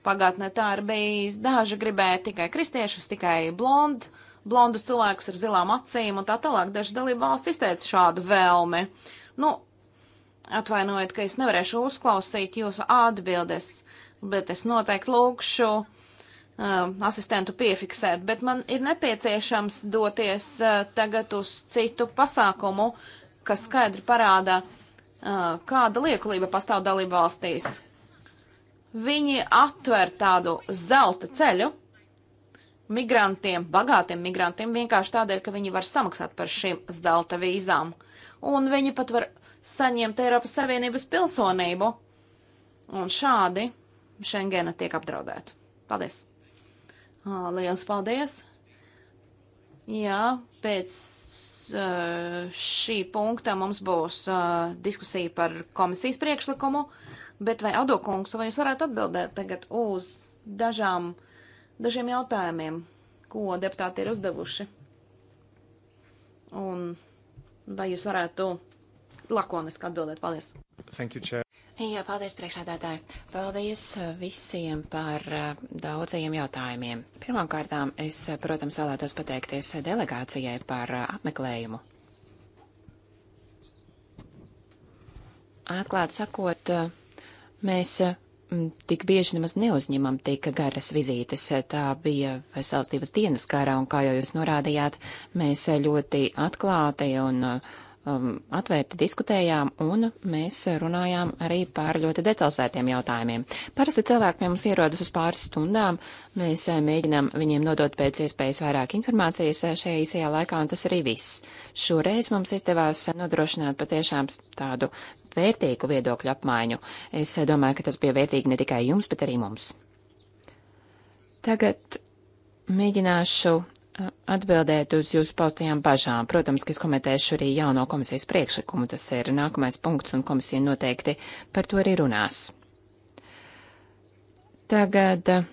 pagātnē tā ir bijis. Daži gribēja tikai kristiešus, tikai blond, blondus cilvēkus ar zilām acīm un tā tālāk. Daži dalību valsts izteica šādu vēlmi. Nu, Atvainojiet, ka es nevarēšu uzklausīt jūsu atbildes, bet es noteikti lūkšu uh, um, asistentu piefiksēt, bet man ir nepieciešams doties uh, tagad uz citu pasākumu, kas skaidri parāda, uh, kāda liekulība pastāv dalība valstīs. Viņi atver tādu zelta ceļu migrantiem, bagātiem migrantiem, vienkārši tādēļ, ka viņi var samaksāt par šīm zelta vīzām. Un viņi pat var saņemt Eiropas Savienības pilsonību. Un šādi Schengena tiek apdraudēta. Paldies! Lielas paldies! Jā, pēc šī punkta mums būs diskusija par komisijas priekšlikumu, bet vai Adokungs, vai jūs varētu atbildēt tagad uz dažām, dažiem jautājumiem, ko deputāti ir uzdevuši? Un vai jūs varētu lakoniski atbildēt. Paldies! Thank you, Chair. Jā, paldies priekšādātāji. Paldies visiem par eh, daudzajiem jautājumiem. Pirmkārtām es, eh, protams, vēlētos pateikties delegācijai par eh, apmeklējumu. Atklāt sakot, mēs tik bieži nemaz neuzņemam tik garas vizītes. Tā bija vesels divas dienas kārā, un kā jau jūs norādījāt, mēs ļoti atklāti un uh, um, atvērti diskutējām, un mēs runājām arī par ļoti detalizētiem jautājumiem. Parasti cilvēki pie mums ierodas uz pāris stundām, mēs eh, mēģinām viņiem nodot pēc iespējas vairāk informācijas eh, šajā īsajā laikā, un tas arī viss. Šoreiz mums izdevās eh, nodrošināt patiešām tādu vērtīgu viedokļu apmaiņu. Es domāju, ka tas bija vērtīgi ne tikai jums, bet arī mums. Tagad mēģināšu Atbildēt uz jūsu paustajām bažām. Protams, ka es komentēšu arī jauno komisijas priekšlikumu. Tas ir nākamais punkts, un komisija noteikti par to arī runās. Tagad eh,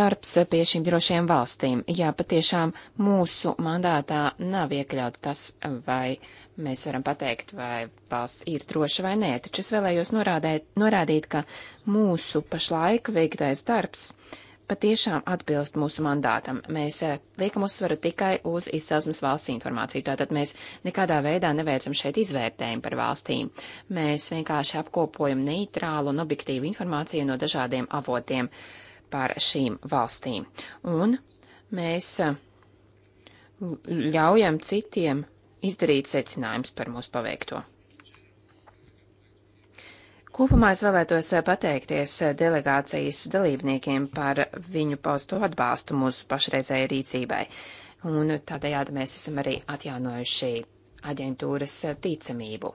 darbs pie šīm drošajām valstīm. Jā, patiešām mūsu mandātā nav iekļauts tas, vai mēs varam pateikt, vai valsts ir droša vai nē. Taču es vēlējos norādēt, norādīt, ka mūsu pašlaik veiktais darbs patiešām atbilst mūsu mandātam. Mēs eh, liekam uzsvaru tikai uz izcelsmes valsts informāciju, tātad mēs nekādā veidā neveicam šeit izvērtējumu par valstīm. Mēs vienkārši apkopojam neitrālu un objektīvu informāciju no dažādiem avotiem par šīm valstīm. Un mēs eh, ļaujam citiem izdarīt secinājumus par mūsu paveikto. Kopumā es vēlētos eh, pateikties eh, delegācijas dalībniekiem par viņu pausto atbalstu mūsu pašreizējai rīcībai, un tādējādi mēs esam arī atjaunojuši aģentūras eh, ticamību.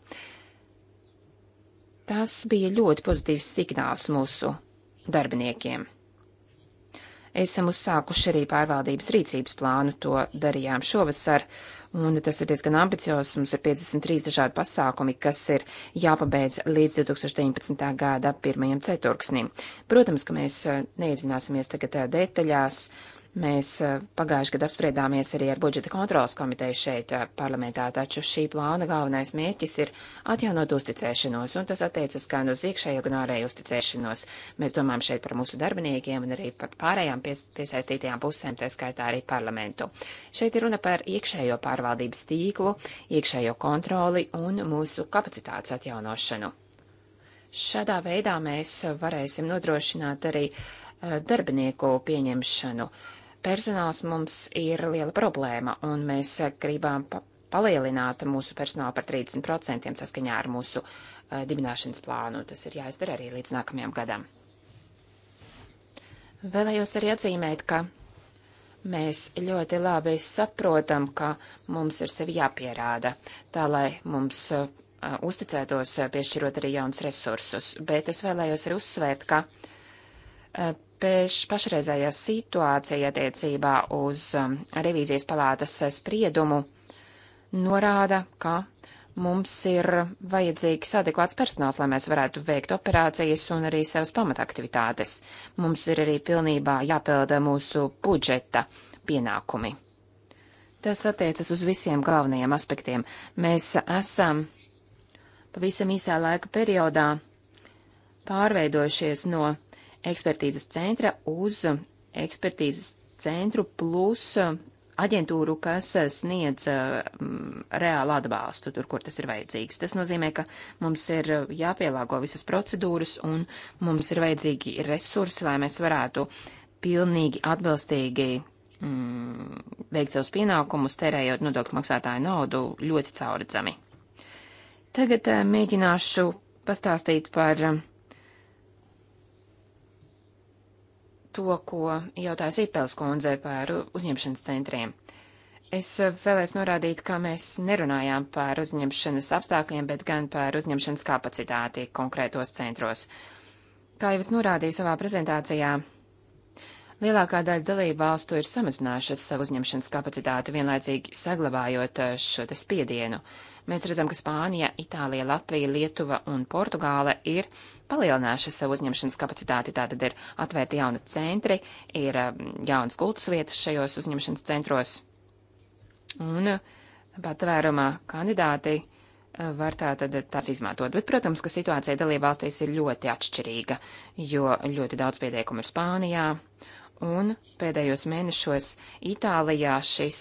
Tas bija ļoti pozitīvs signāls mūsu darbiniekiem. Esam uzsākuši arī pārvaldības rīcības plānu, to darījām šovasar, Un tas ir diezgan ambiciozs. Mums ir 53 dažādi pasākumi, kas ir jāpabeidz līdz 2019. gada pirmajam ceturksnim. Protams, ka mēs eh, neiedzināsimies tagad eh, detaļās. Mēs e, pagājuši gadu apspriedāmies arī ar budžeta kontrolas komiteju šeit e, parlamentā, taču šī plāna galvenais mērķis ir atjaunot uzticēšanos, un tas attiecas gan uz iekšējo, gan ārēju uzticēšanos. Mēs domājam šeit par mūsu darbiniekiem un arī par pārējām pies piesaistītajām pusēm, tā skaitā arī parlamentu. Šeit ir runa par iekšējo pārvaldības tīklu, iekšējo kontroli un mūsu kapacitātes atjaunošanu. Šādā veidā mēs varēsim nodrošināt arī e, darbinieku pieņemšanu personāls mums ir liela problēma, un mēs eh, gribam pa palielināt mūsu personālu par 30% saskaņā ar mūsu uh, dibināšanas plānu. Tas ir jāizdara arī līdz nākamajam gadam. Vēlējos arī atzīmēt, ka mēs ļoti labi saprotam, ka mums ir sevi jāpierāda, tā lai mums uh, uzticētos, uh, piešķirot arī jaunus resursus. Bet es vēlējos arī uzsvērt, ka peš, pašreizējā situācija attiecībā uz um, revīzijas palātas spriedumu norāda, ka mums ir vajadzīgs adekvāts personāls, lai mēs varētu veikt operācijas un arī savas pamataktivitātes. Mums ir arī pilnībā jāpilda mūsu budžeta pienākumi. Tas attiecas uz visiem galvenajiem aspektiem. Mēs esam pavisam īsā laika periodā pārveidojušies no ekspertīzes centra uz ekspertīzes centru plus aģentūru, kas sniedz um, reālu atbalstu tur, kur tas ir vajadzīgs. Tas nozīmē, ka mums ir jāpielāgo visas procedūras un mums ir vajadzīgi resursi, lai mēs varētu pilnīgi atbilstīgi mm, veikt savus pienākumus, tērējot nodokļu maksātāju naudu ļoti cauradzami. Tagad uh, mēģināšu pastāstīt par uh, to, ko jautāja Sīpels kundze par uzņemšanas centriem. Es vēlēs norādīt, ka mēs nerunājām par uzņemšanas apstākļiem, bet gan par uzņemšanas kapacitāti konkrētos centros. Kā jau es norādīju savā prezentācijā, lielākā daļa dalību valstu ir samazinājušas savu uzņemšanas kapacitāti, vienlaicīgi saglabājot eh, šo te spiedienu. Mēs redzam, ka Spānija, Itālija, Latvija, Lietuva un Portugāle ir palielinājuši savu uzņemšanas kapacitāti. Tātad ir atvērti jauni centri, ir jaunas kultas vietas šajos uzņemšanas centros. Un patvērumā kandidāti e, var tātad tās izmantot. Bet, protams, ka situācija dalībvalstīs ir ļoti atšķirīga, jo ļoti daudz pieteikumu ir Spānijā, un pēdējos mēnešos Itālijā šis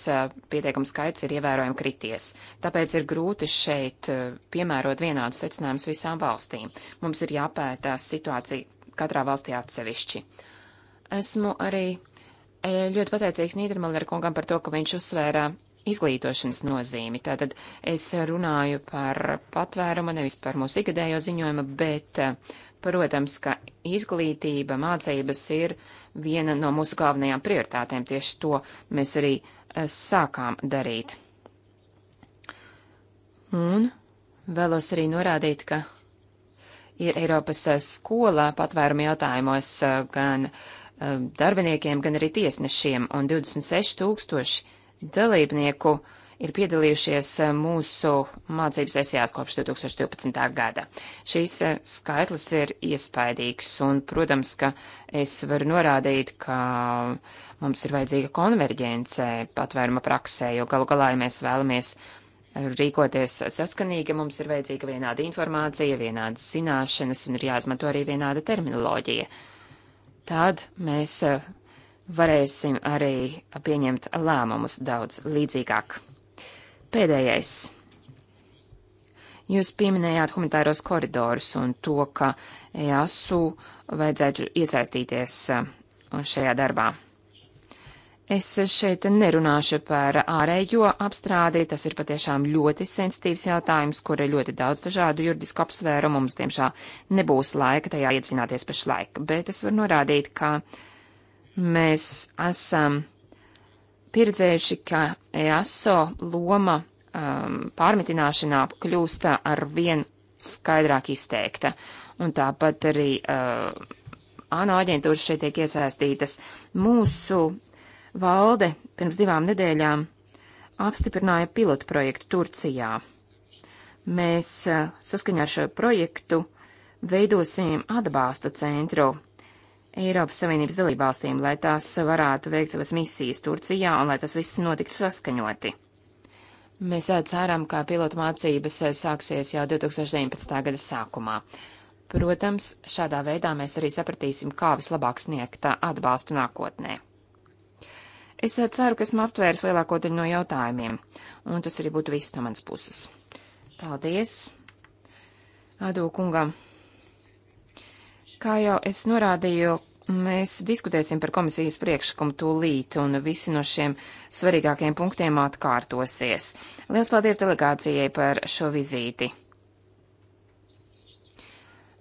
pieteikums skaits ir ievērojami krities. Tāpēc ir grūti šeit piemērot vienādus secinājumus visām valstīm. Mums ir jāpētā situācija katrā valstī atsevišķi. Esmu arī ļoti pateicīgs Nīdermaller kungam par to, ka viņš uzsvērā izglītošanas nozīmi. Tātad es runāju par patvērumu, nevis par mūsu ikgadējo ziņojumu, bet uh, Protams, ka izglītība, mācības ir viena no mūsu galvenajām prioritātēm, tieši to mēs arī eh, sākām darīt. Un vēlos arī norādīt, ka ir Eiropas eh, skola patvērumu jautājumos eh, gan darbiniekiem, gan arī tiesnešiem, un 26 tūkstoši dalībnieku uh, ir piedalījušies mūsu mācības sesijās kopš 2012. gada. Šīs eh, skaitlis ir iespaidīgs, un, protams, ka es varu norādīt, ka mums ir vajadzīga konverģence patvēruma praksē, jo galu galā, ja mēs vēlamies rīkoties saskanīgi, mums ir vajadzīga vienāda informācija, vienādas zināšanas un ir jāizmanto arī vienāda terminoloģija. Tad mēs eh, varēsim arī pieņemt lēmumus daudz līdzīgāk. Pēdējais. Jūs pieminējāt humanitāros koridorus un to, ka EASU vajadzētu iesaistīties uh, šajā darbā. Es šeit nerunāšu par ārējo apstrādi, tas ir patiešām ļoti sensitīvs jautājums, kur ir ļoti daudz dažādu juridisku apsvērumu, mums diemžēl nebūs laika tajā iedzināties pašlaik, bet es varu norādīt, ka mēs esam pieredzējuši, ka EASO loma um, pārmitināšanā kļūst ar vien skaidrāk izteikta. Un tāpat arī uh, ANO aģentūras šeit tiek iesaistītas. Mūsu valde pirms divām nedēļām apstiprināja pilotu projektu Turcijā. Mēs uh, saskaņā ar šo projektu veidosim atbalsta centru Eiropas Savienības dalībvalstīm, lai tās varētu veikt savas misijas Turcijā un lai tas viss notiktu saskaņoti. Mēs eh, ceram, ka pilotu mācības eh, sāksies jau 2019. gada sākumā. Protams, šādā veidā mēs arī sapratīsim, kā vislabāk sniegt eh, atbalstu nākotnē. Es ceru, ka esmu aptvēris lielāko daļu no jautājumiem, un tas arī būtu viss no manas puses. Paldies! Ado kungam! Kā jau es norādīju, mēs diskutēsim par komisijas priekšlikumu tūlīt, un visi no šiem svarīgākajiem punktiem atkārtosies. Lielas paldies delegācijai par šo vizīti.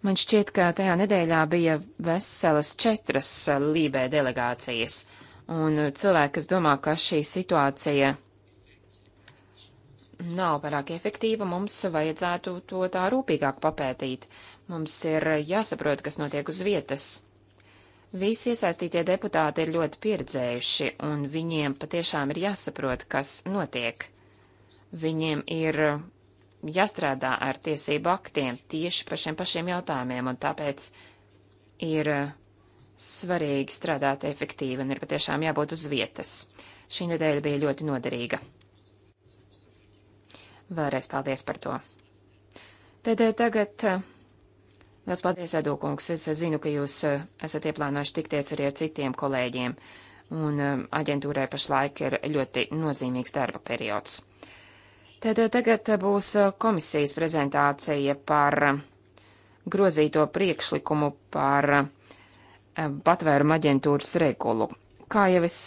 Man šķiet, ka tajā nedēļā bija veselas četras lībē delegācijas, un cilvēki, kas domā, ka šī situācija nav pārāk efektīva, mums vajadzētu to tā rūpīgāk papētīt. Mums ir jāsaprot, kas notiek uz vietas. Visi iesaistītie deputāti ir ļoti pieredzējuši, un viņiem patiešām ir jāsaprot, kas notiek. Viņiem ir jāstrādā ar tiesību aktiem tieši par šiem pašiem jautājumiem, un tāpēc ir svarīgi strādāt efektīvi un ir patiešām jābūt uz vietas. Šī nedēļa bija ļoti noderīga. Vēlreiz paldies par to. Tad eh, tagad eh, Lielas paldies, Edūkungs. Es zinu, ka jūs eh, esat ieplānojuši tikties arī ar citiem kolēģiem, un eh, aģentūrai pašlaik ir ļoti nozīmīgs darba periods. Tad eh, tagad būs komisijas prezentācija par grozīto priekšlikumu par patvērumu aģentūras regulu. Kā jau es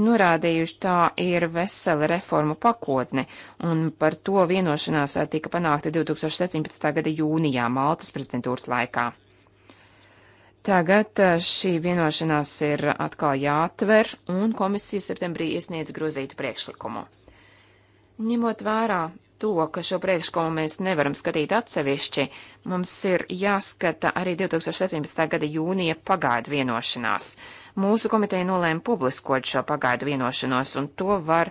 norādījuši, tā ir vesela reformu pakotne, un par to vienošanās tika panākta 2017. gada jūnijā Maltas prezidentūras laikā. Tagad eh, šī vienošanās ir atkal jāatver, un komisija septembrī iesniedz grozītu priekšlikumu. Ņemot vērā to, ka šo priekšlikumu mēs nevaram skatīt atsevišķi. Mums ir jāskata arī 2017. gada jūnija pagaidu vienošanās. Mūsu komiteja nolēma publiskot šo pagaidu vienošanos, un to var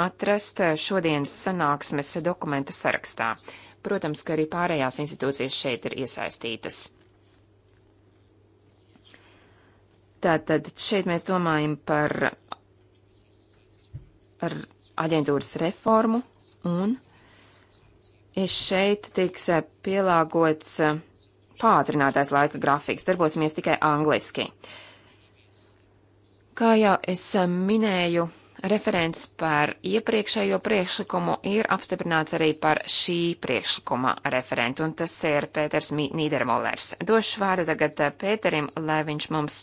atrast šodienas sanāksmes dokumentu sarakstā. Protams, ka arī pārējās institūcijas šeit ir iesaistītas. Tātad šeit mēs domājam par aģentūras reformu un uh, šeit tiks eh, pielāgots eh, pātrinātais laika grafiks, darbosimies tikai angliski. Kā jau es eh, minēju, referents par iepriekšējo priekšlikumu ir apstiprināts arī par šī priekšlikuma referentu, un tas ir Pēters Nīdermolers. Došu vārdu tagad Pēterim, lai viņš mums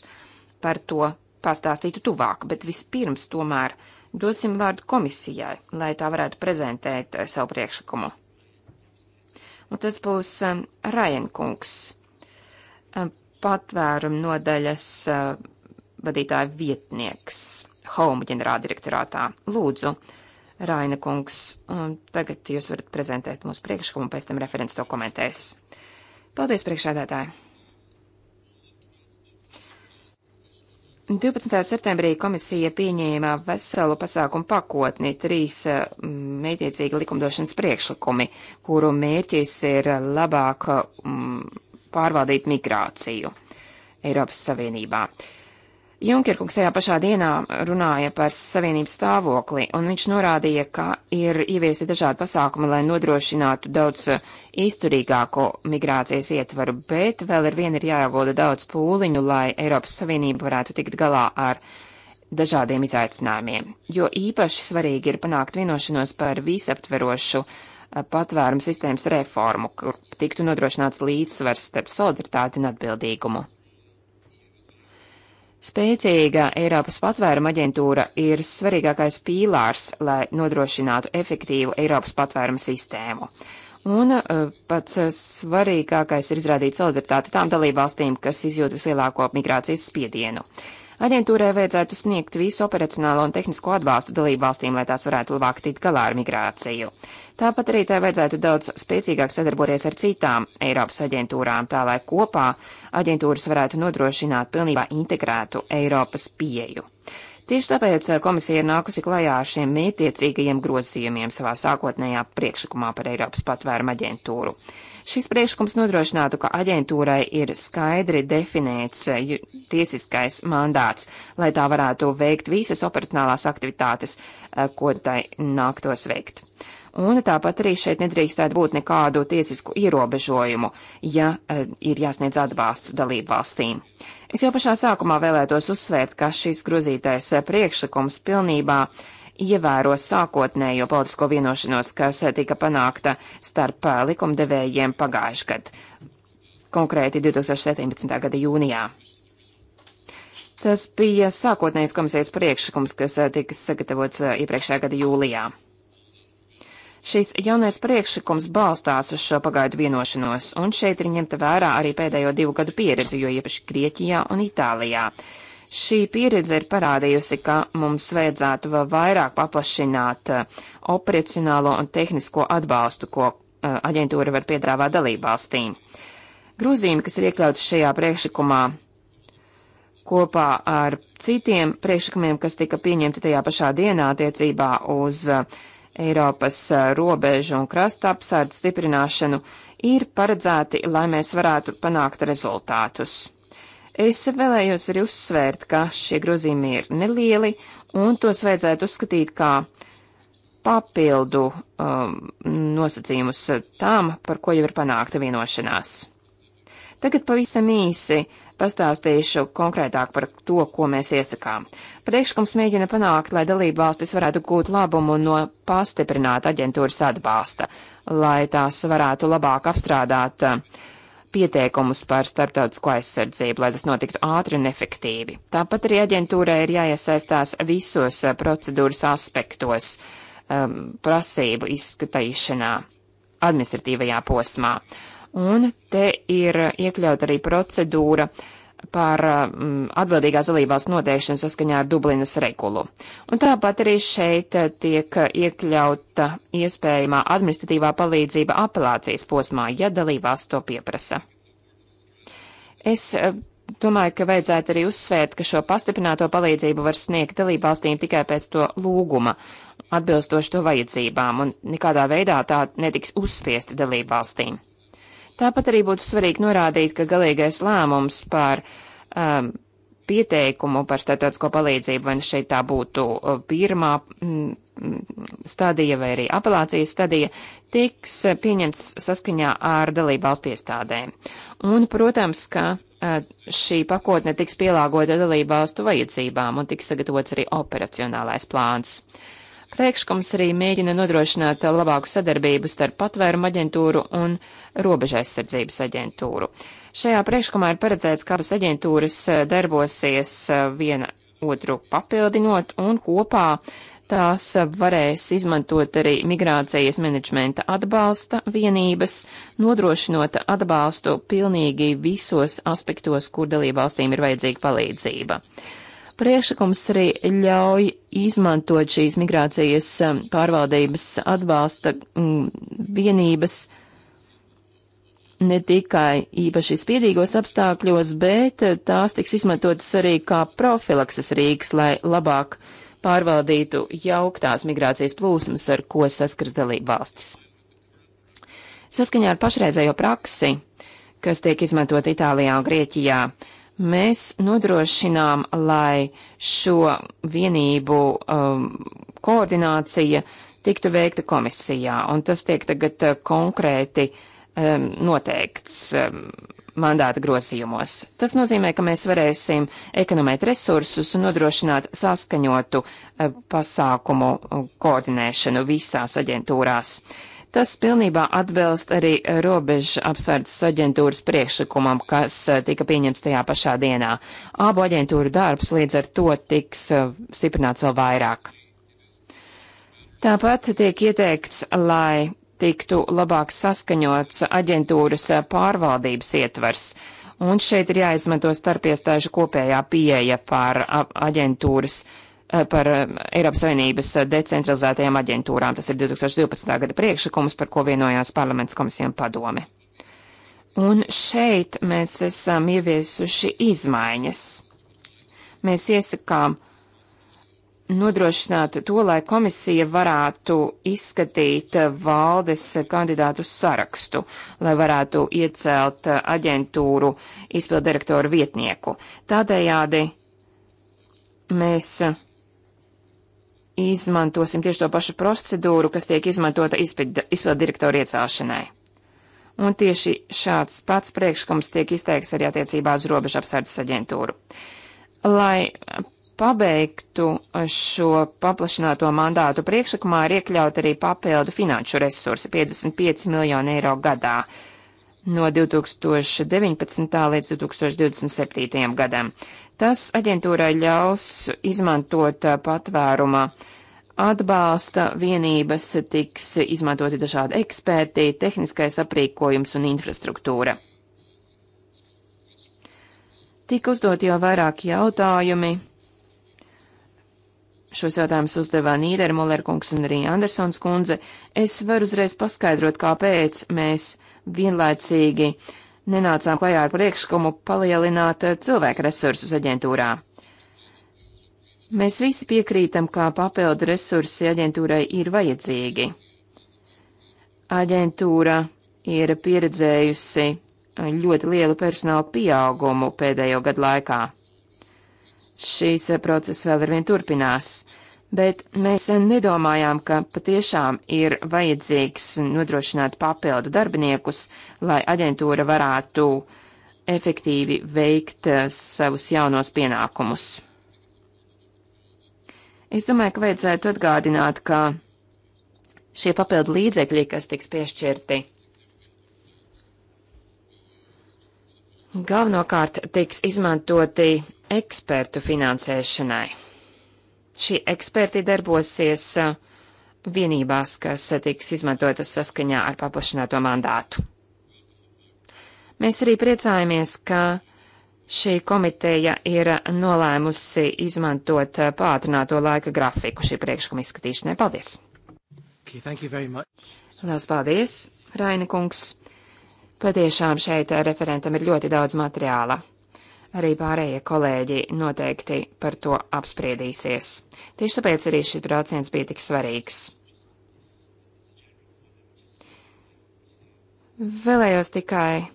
par to pastāstītu tuvāk, bet vispirms tomēr dosim vārdu komisijai, lai tā varētu prezentēt savu priekšlikumu un tas būs um, Rajankungs, um, patvērumu nodaļas uh, vadītāja vietnieks Home ģenerāldirektorātā. Lūdzu, Raina kungs, tagad jūs varat prezentēt mūsu priekšlikumu, pēc tam referents to komentēs. Paldies, priekšsēdētāji! 12. septembrī komisija pieņēma veselu pasākumu pakotni, trīs eh, mētiecīgi likumdošanas priekšlikumi, kuru mērķis ir labāk um, pārvaldīt migrāciju Eiropas Savienībā. Uh, Junkerkungs tajā pašā dienā runāja par savienības stāvokli, un viņš norādīja, ka ir ieviesti dažādi pasākumi, lai nodrošinātu daudz eh, izturīgāko migrācijas ietvaru, bet vēl ir vien ir jāiegulda daudz pūliņu, lai Eiropas Savienība varētu tikt galā ar dažādiem izaicinājumiem, jo īpaši svarīgi ir panākt vienošanos par visaptverošu eh, patvērumu sistēmas reformu, kur tiktu nodrošināts līdzsvars starp solidaritāti un atbildīgumu. Spēcīga Eiropas patvēruma aģentūra ir svarīgākais pīlārs, lai nodrošinātu efektīvu Eiropas patvēruma sistēmu. Un eh, pats eh, svarīgākais ir izrādīt solidaritāti tām dalībvalstīm, kas izjūt vislielāko migrācijas spiedienu. Uh, Aģentūrai vajadzētu sniegt visu operacionālo un tehnisko atbalstu dalību valstīm, lai tās varētu labāk tikt galā ar migrāciju. Tāpat arī tai vajadzētu daudz spēcīgāk sadarboties ar citām Eiropas aģentūrām, tā lai kopā aģentūras varētu nodrošināt pilnībā integrētu Eiropas pieju. Tieši tāpēc eh, komisija ir nākusi klajā ar šiem mērķtiecīgajiem grozījumiem savā sākotnējā priekšlikumā par Eiropas patvērumu aģentūru. Šis priekšlikums nodrošinātu, ka aģentūrai ir skaidri definēts eh, tiesiskais mandāts, lai tā varētu veikt visas operatīvās aktivitātes, eh, ko tai nāktos veikt. Un tāpat arī šeit nedrīkstētu būt nekādu tiesisku ierobežojumu, ja e, ir jāsniedz atbalsts dalību valstīm. Es jau pašā sākumā vēlētos uzsvērt, ka šis grozītais priekšlikums pilnībā ievēro sākotnējo politisko vienošanos, kas tika panākta starp likumdevējiem pagājuši gadu, konkrēti 2017. gada jūnijā. Tas bija sākotnējais komisijas priekšlikums, kas tika sagatavots iepriekšējā gada jūlijā. Šīs jaunais priekšlikums balstās uz šo pagaidu vienošanos, un šeit ir ņemta vērā arī pēdējo divu gadu pieredze, jo iepaši Grieķijā un Itālijā. Šī pieredze ir parādījusi, ka mums vajadzētu vēl vairāk paplašināt uh, operacionālo un tehnisko atbalstu, ko uh, aģentūra var piedāvāt dalībvalstīm. Grūzīmi, kas ir iekļauts šajā priekšlikumā, kopā ar citiem priekšlikumiem, kas tika pieņemti tajā pašā dienā attiecībā uz uh, Eiropas robežu un krasta apsardzes stiprināšanu, ir paredzēti, lai mēs varētu panākt rezultātus. Es vēlējos arī uzsvērt, ka šie grozījumi ir nelieli un tos vajadzētu uzskatīt kā papildu um, nosacījumus tam, par ko jau ir panākta vienošanās. Tagad pavisam īsi pastāstīšu konkrētāk par to, ko mēs iesakām. Priekšlikums mēģina panākt, lai dalību valstis varētu gūt labumu no pastiprināta aģentūras atbalsta, lai tās varētu labāk apstrādāt uh, pieteikumus par starptautisko aizsardzību, lai tas notiktu ātri un efektīvi. Tāpat arī aģentūrai ir jāiesaistās visos eh, procedūras aspektos um, prasību izskatīšanā, administratīvajā posmā. Un te ir iekļaut arī procedūra uh, par mm, atbildīgās dalībās noteikšanu saskaņā ar Dublinas regulu. Un tāpat arī šeit eh, tiek iekļauta iespējamā administratīvā palīdzība apelācijas posmā, ja dalībās to pieprasa. Es eh, domāju, ka vajadzētu arī uzsvērt, ka šo pastiprināto palīdzību var sniegt dalībvalstīm tikai pēc to lūguma, atbilstoši to vajadzībām, un nekādā veidā tā netiks uzspiesti dalībvalstīm. Tāpat arī būtu svarīgi norādīt, ka galīgais lēmums par um, pieteikumu par starptautisko palīdzību, vai nu šeit tā būtu uh, pirmā mm, mm, stadija vai arī apelācijas stadija, tiks uh, pieņemts saskaņā ar dalību valstu iestādēm. Un, protams, ka uh, šī pakotne tiks pielāgota dalību valstu vajadzībām un tiks sagatavots arī operacionālais plāns. Priekškums arī mēģina nodrošināt labāku sadarbību starp patvērumu aģentūru un robežaizsardzības aģentūru. Šajā priekškumā ir paredzēts, ka abas aģentūras eh, darbosies eh, viena otru papildinot un kopā tās varēs izmantot arī migrācijas menedžmenta atbalsta vienības, nodrošinot atbalstu pilnīgi visos aspektos, kur dalībvalstīm ir vajadzīga palīdzība. Priekšlikums arī ļauj izmantot šīs migrācijas um, pārvaldības atbalsta mm, vienības ne tikai īpaši spiedīgos apstākļos, bet uh, tās tiks izmantotas arī kā profilakses rīks, lai labāk pārvaldītu jauktās migrācijas plūsmas, ar ko saskars dalību valstis. Saskaņā ar pašreizējo praksi, kas tiek izmantot Itālijā un Grieķijā, uh, Mēs nodrošinām, lai šo vienību um, koordinācija tiktu veikta komisijā, un tas tiek tagad uh, konkrēti um, noteikts. Um, mandāta grozījumos. Tas nozīmē, ka mēs varēsim ekonomēt resursus un nodrošināt saskaņotu uh, pasākumu uh, koordinēšanu visās aģentūrās. Uh, Tas pilnībā atbilst arī robežu apsardzes aģentūras priekšlikumam, kas eh, tika pieņemts tajā pašā dienā. Abu aģentūru darbs līdz ar to tiks eh, stiprināts vēl vairāk. Tāpat tiek ieteikts, lai tiktu labāk saskaņots aģentūras eh, pārvaldības ietvars. Un šeit ir jāizmanto starpiestāžu kopējā pieeja par aģentūras uh, Eh, par eh, Eiropas Savienības eh, decentralizētajām aģentūrām. Tas ir 2012. gada priekšlikums, par ko vienojās parlaments komisija un padome. Un šeit mēs esam ieviesuši izmaiņas. Mēs iesakām nodrošināt to, lai komisija varētu izskatīt valdes kandidātu sarakstu, lai varētu iecelt aģentūru izpildirektoru vietnieku. Tādējādi mēs izmantosim tieši to pašu procedūru, kas tiek izmantota izpildu direktoru iecelšanai. Un tieši šāds pats priekšlikums tiek izteikts arī attiecībā uz robežu apsardzes aģentūru. Lai pabeigtu šo paplašināto mandātu priekšlikumā ir iekļaut arī papildu finanšu resursi 55 miljonu eiro gadā no 2019. līdz 2027. gadam. Tas aģentūrai ļaus izmantot uh, patvēruma atbalsta vienības, tiks izmantoti dažādi eksperti, tehniskais aprīkojums un infrastruktūra. Tik uzdot jau vairāki jautājumi. Šos jautājumus uzdevā Nīdermuller kungs un arī Andersons kundze. Es varu uzreiz paskaidrot, kāpēc mēs vienlaicīgi uh, nenācām klajā ar priekšlikumu palielināt eh, cilvēku resursus aģentūrā. Mēs visi piekrītam, ka papildu resursi aģentūrai ir vajadzīgi. Aģentūra ir pieredzējusi eh, ļoti lielu personāla pieaugumu pēdējo gadu laikā. Šīs eh, process vēl ar vien turpinās bet mēs nedomājām, ka patiešām ir vajadzīgs nodrošināt papildu darbiniekus, lai aģentūra varētu efektīvi veikt eh, savus jaunos pienākumus. Es domāju, ka vajadzētu atgādināt, ka šie papildu līdzekļi, kas tiks piešķirti, galvenokārt tiks izmantoti ekspertu finansēšanai. Šie eksperti darbosies vienībās, kas tiks izmantotas saskaņā ar paplašināto mandātu. Mēs arī priecājamies, ka šī komiteja ir nolēmusi izmantot pātrināto laika grafiku šī priekšlikuma izskatīšanai. Paldies! Okay, Lielas paldies, Raina kungs! Patiešām šeit referentam ir ļoti daudz materiāla. Arī pārējie kolēģi noteikti par to apspriedīsies. Tieši tāpēc arī šis brauciens bija tik svarīgs. Vēlējos tikai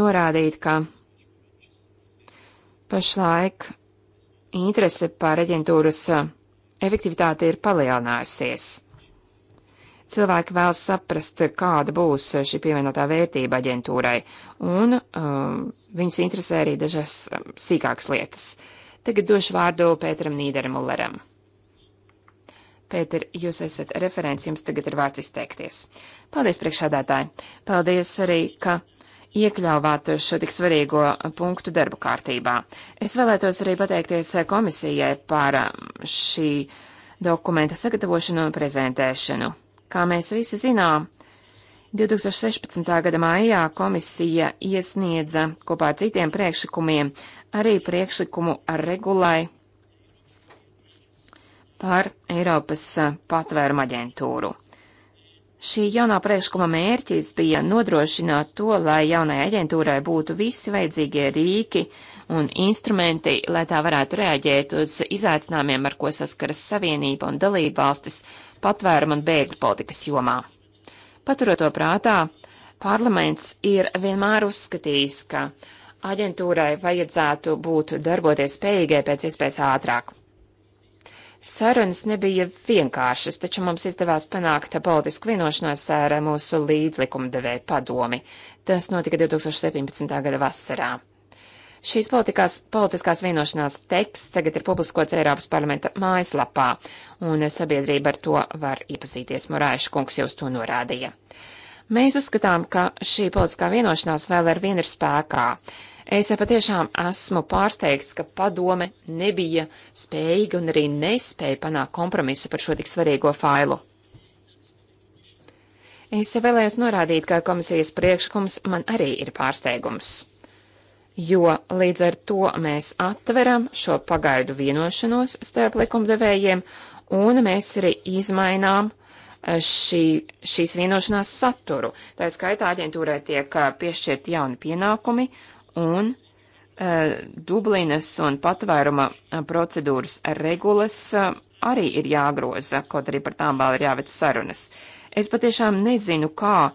norādīt, ka pašlaik interese par aģentūras eh, efektivitāti ir palielinājusies. Cilvēki vēl saprasti, kāda būs šī pievienotā vērtība aģentūrai, un um, viņus interesē arī dažas um, sīkākas lietas. Tagad došu vārdu Pēteram Nīdermulleram. Pēter, jūs esat referents, jums tagad ir vārds izteikties. Paldies, priekšādātāji! Paldies arī, ka iekļāvāt šo tik svarīgo punktu darbu kārtībā. Es vēlētos arī pateikties komisijai par um, šī dokumenta sagatavošanu un prezentēšanu. Kā mēs visi zinām, 2016. gada maijā komisija iesniedza kopā ar citiem priekšlikumiem arī priekšlikumu ar regulai par Eiropas patvērumu aģentūru. Šī jaunā priekšlikuma mērķis bija nodrošināt to, lai jaunai aģentūrai būtu visi vajadzīgie rīki, un instrumenti, lai tā varētu reaģēt uz izaicinājumiem, ar ko saskaras Savienība un dalība valstis patvērumu un bēgļu politikas jomā. Paturot to prātā, parlaments ir vienmēr uzskatījis, ka aģentūrai vajadzētu būt darboties spējīgai pēc iespējas ātrāk. Sarunas nebija vienkāršas, taču mums izdevās panākt politisku vienošanos ar mūsu līdzlikumdevēju padomi. Tas notika 2017. gada vasarā. Šīs politikās, politiskās vienošanās teksts tagad ir publiskots Eiropas parlamenta mājaslapā, un sabiedrība ar to var iepazīties. Morāša kungs jau to norādīja. Mēs uzskatām, ka šī politiskā vienošanās vēl ar vienu ir spēkā. Es patiešām esmu pārsteigts, ka padome nebija spējīga un arī nespēja panākt kompromisu par šo tik svarīgo failu. Es vēlējos norādīt, ka komisijas priekšlikums man arī ir pārsteigums jo līdz ar to mēs atveram šo pagaidu vienošanos starp likumdevējiem un mēs arī izmainām eh, šī, šīs vienošanās saturu. Tā skaitā aģentūrai tiek eh, piešķirt jauni pienākumi un eh, Dublinas un patvēruma procedūras regulas arī ir jāgroza, kaut arī par tām vēl ir jāved sarunas. Es patiešām nezinu, kā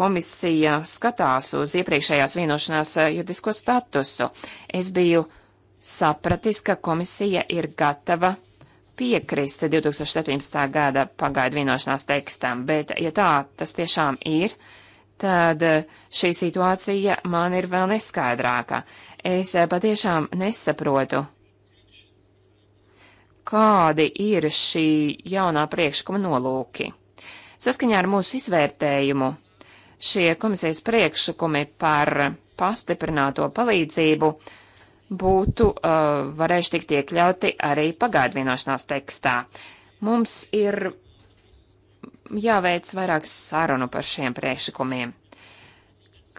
komisija skatās uz iepriekšējās vienošanās eh, juridisko statusu. Es biju sapratis, ka komisija ir gatava piekrist 2017. gada pagaidu vienošanās tekstam, bet ja tā tas tiešām ir, tad eh, šī situācija man ir vēl neskaidrāka. Es eh, patiešām nesaprotu, kādi ir šī jaunā priekšlikuma nolūki. Saskaņā ar mūsu izvērtējumu šie komisijas priekšlikumi par pastiprināto palīdzību būtu uh, varējuši tikt iekļauti arī pagaidu vienošanās tekstā. Mums ir jāveic vairāk sarunu par šiem priekšlikumiem.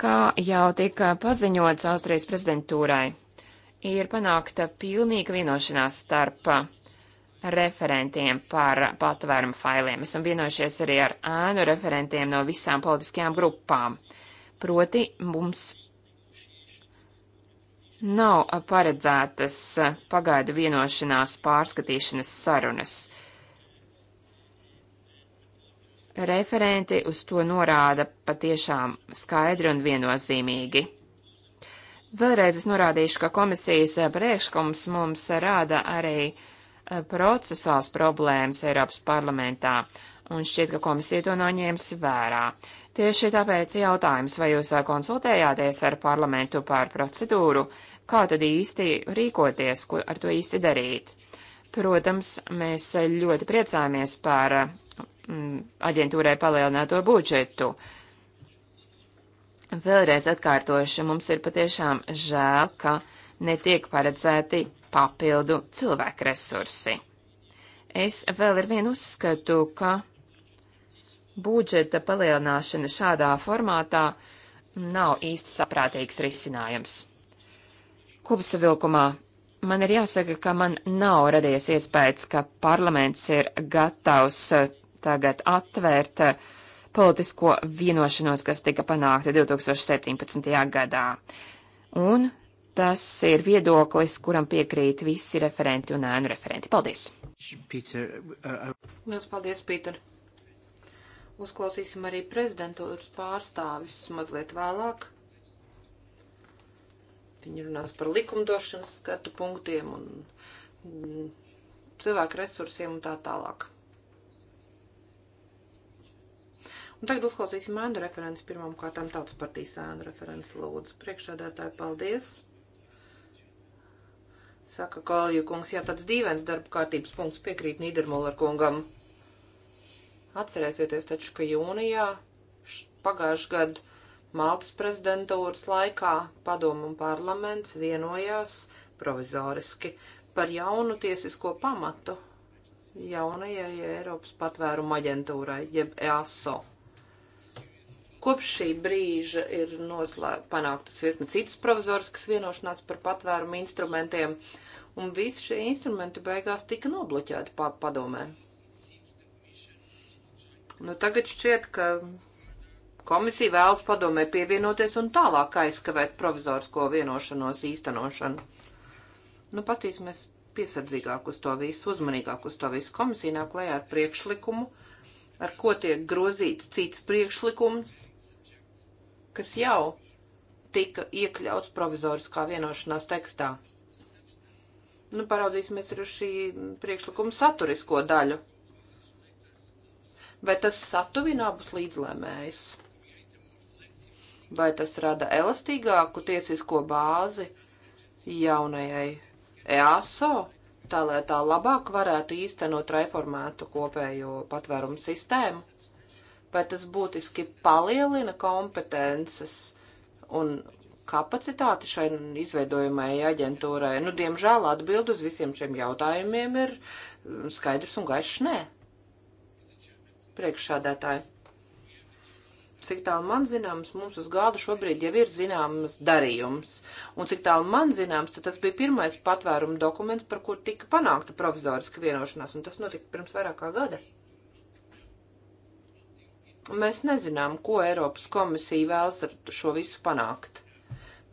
Kā jau tika paziņots Austrijas prezidentūrai, ir panākta pilnīga vienošanās starp uh, referentiem par patvērumu failiem. Esam vienojušies arī ar ēnu referentiem no visām politiskajām grupām. Proti mums nav paredzētas pagaidu vienošanās pārskatīšanas sarunas. Referenti uz to norāda patiešām skaidri un viennozīmīgi. Vēlreiz es norādīšu, ka komisijas priekšlikums mums rāda arī uh, procesās problēmas Eiropas parlamentā, un šķiet, ka komisija to noņēmis vērā. Tieši tāpēc jautājums, vai jūs konsultējāties ar parlamentu par procedūru, kā tad īsti rīkoties, ko ar to īsti darīt. Protams, mēs ļoti priecājamies par mm, aģentūrai palielināto budžetu. Vēlreiz atkārtošu, mums ir patiešām žēl, ka netiek paredzēti papildu cilvēku resursi. Es vēl ar vienu uzskatu, ka budžeta palielināšana šādā formātā nav īsti saprātīgs risinājums. Kopsavilkumā man ir jāsaka, ka man nav radies iespējas, ka parlaments ir gatavs eh, tagad atvērt eh, politisko vienošanos, kas tika panākta 2017. gadā. Un Tas ir viedoklis, kuram piekrīt visi referenti un ēnu referenti. Paldies! Peter, uh, uh... Lielas paldies, Pīter! Uzklausīsim arī prezidentūras pārstāvis mazliet vēlāk. Viņi runās par likumdošanas skatu punktiem un mm, cilvēku resursiem un tā tālāk. Un tagad uzklausīsim ēnu referents pirmām kārtām tautas partijas ēnu referents lūdzu. Priekšādātāji, paldies! Saka, ka, ja kungs, jā, tāds dīvains darba kārtības punkts piekrīt Nīdermuller kungam. Atcerēsieties taču, ka jūnijā pagājušajā gadā Maltas prezidentūras laikā padomu un parlaments vienojās provizoriski par jaunu tiesisko pamatu jaunajai Eiropas patvērumu aģentūrai, jeb EASO. Kopš šī brīža ir noslēg, panāktas virkne citas provizoriskas vienošanās par patvērumu instrumentiem, un visi šie instrumenti beigās tika nobloķēti pa padomē. Nu, tagad šķiet, ka komisija vēlas padomē pievienoties un tālāk aizskavēt provizorisko vienošanos īstenošanu. Nu, patīsimies piesardzīgāk uz to visu, uzmanīgāk uz to visu. Komisija nāk lejā ar priekšlikumu, ar ko tiek grozīts cits priekšlikums, kas jau tika iekļauts provizoriskā vienošanās tekstā. Nu, paraudzīsimies arī uz šī priekšlikuma saturisko daļu. Vai tas satuvina abus līdzlēmējus? Vai tas rada elastīgāku tiesisko bāzi jaunajai EASO, tā lai tā labāk varētu īstenot reformētu kopējo patvērumu sistēmu? vai tas būtiski palielina kompetences un kapacitāti šai izveidojumai aģentūrai? Nu, diemžēl atbild uz visiem šiem jautājumiem ir mm, skaidrs un gaišs nē. Priekšsādētāji. Cik tālu man zināms, mums uz gada šobrīd jau ir zināms darījums. Un cik tālu man zināms, tas bija pirmais patvēruma dokuments, par kur tika panākta provizoriska vienošanās, un tas notika pirms vairāk kā gada. Mm. Mēs nezinām, ko Eiropas komisija vēlas ar šo visu panākt.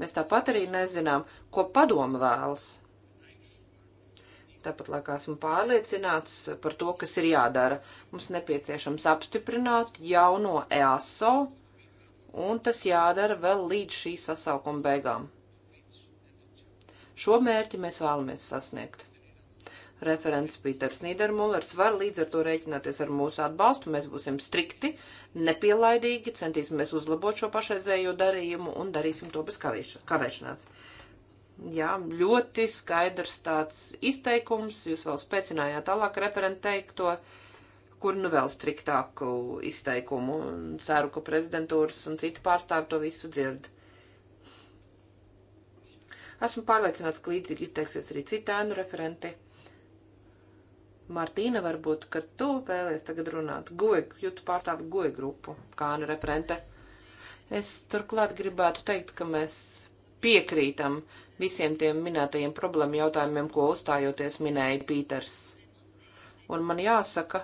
Mēs tāpat arī nezinām, ko padoma vēlas. Tāpat laikā esmu pārliecināts par to, kas ir jādara. Mums nepieciešams apstiprināt jauno EASO, un tas jādara vēl līdz šī sasaukuma beigām. Šo mērķi mēs vēlamies sasniegt. Referents Pīters Nīdermullers var līdz ar to rēķināties ar mūsu atbalstu. Mēs būsim strikti, nepielaidīgi, centīsimies uzlabot šo pašreizējo darījumu un darīsim to bez kavēšanās. Jā, ļoti skaidrs tāds izteikums. Jūs vēl spēcinājāt tālāk referentu teikto kur nu vēl striktāku izteikumu. Ceru, ka prezidentūras un citi pārstāvi to visu dzird. Esmu pārliecināts, ka līdzīgi izteiksies arī citi ēnu referenti. Martīna, varbūt, ka tu vēlies tagad runāt. Goja, jo tu pārstāvi goja grupu, kā nu referente. Es turklāt gribētu teikt, ka mēs piekrītam visiem tiem minētajiem problēmu jautājumiem, ko uzstājoties minēja Pīters. Un man jāsaka,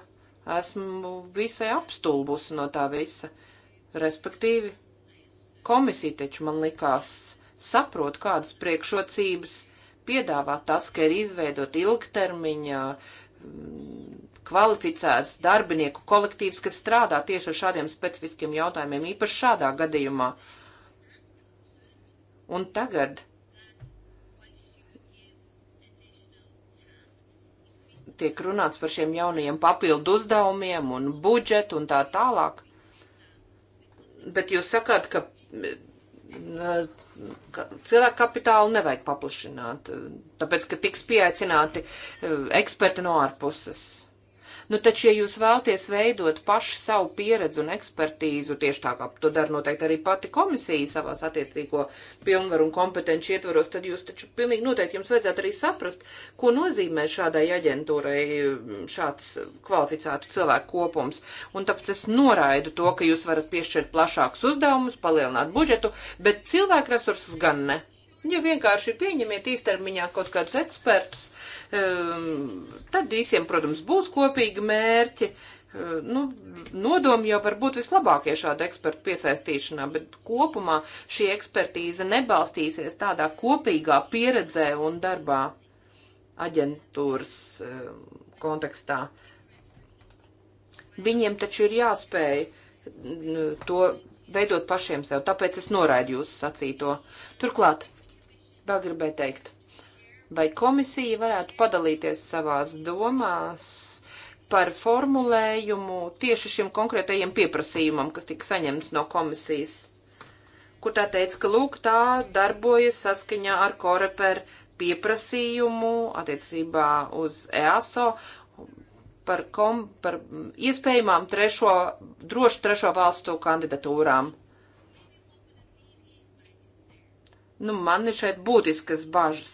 esmu visai apstulbusi no tā visa. Respektīvi, komisija taču man likās saprot, kādas priekšrocības piedāvā tas, ka ir izveidot ilgtermiņā uh, kvalificēts darbinieku kolektīvs, kas strādā tieši ar šādiem specifiskiem jautājumiem, īpaši šādā gadījumā. Un tagad tiek runāts par šiem jaunajiem papildu uzdevumiem un budžetu un tā tālāk. Bet jūs sakāt, ka cilvēku kapitālu nevajag paplašināt, tāpēc, ka tiks pieaicināti eksperti no ārpuses. Nu, taču, ja jūs vēlties veidot pašu savu pieredzi un ekspertīzu, tieši tā kā to dara noteikti arī pati komisija savās attiecīgo pilnvaru un kompetenci ietvaros, tad jūs taču pilnīgi noteikti jums vajadzētu arī saprast, ko nozīmē šādai aģentūrai mm, šāds kvalificētu cilvēku kopums. Un tāpēc es noraidu to, ka jūs varat piešķirt plašākus uzdevumus, palielināt budžetu, bet cilvēku resursus gan ne. Ja vienkārši pieņemiet īstermiņā kaut kādus ekspertus, ehm, tad visiem, protams, būs kopīgi mērķi. Eh, nu, nodomi jau var būt vislabākie šāda eksperta piesaistīšanā, bet kopumā šī ekspertīze nebalstīsies tādā kopīgā pieredzē un darbā aģentūras ehm, kontekstā. Viņiem taču ir jāspēj to veidot pašiem sev, tāpēc es noraidu jūsu sacīto. Turklāt vēl gribēju teikt, vai komisija varētu padalīties savās domās par formulējumu tieši šim konkrētajam pieprasījumam, kas tika saņemts no komisijas, kur tā teica, ka lūk tā darbojas saskaņā ar koreper pieprasījumu attiecībā uz EASO par, kom, par iespējamām trešo, drošu trešo valstu kandidatūrām. Nu, man ir šeit būtiskas bažas.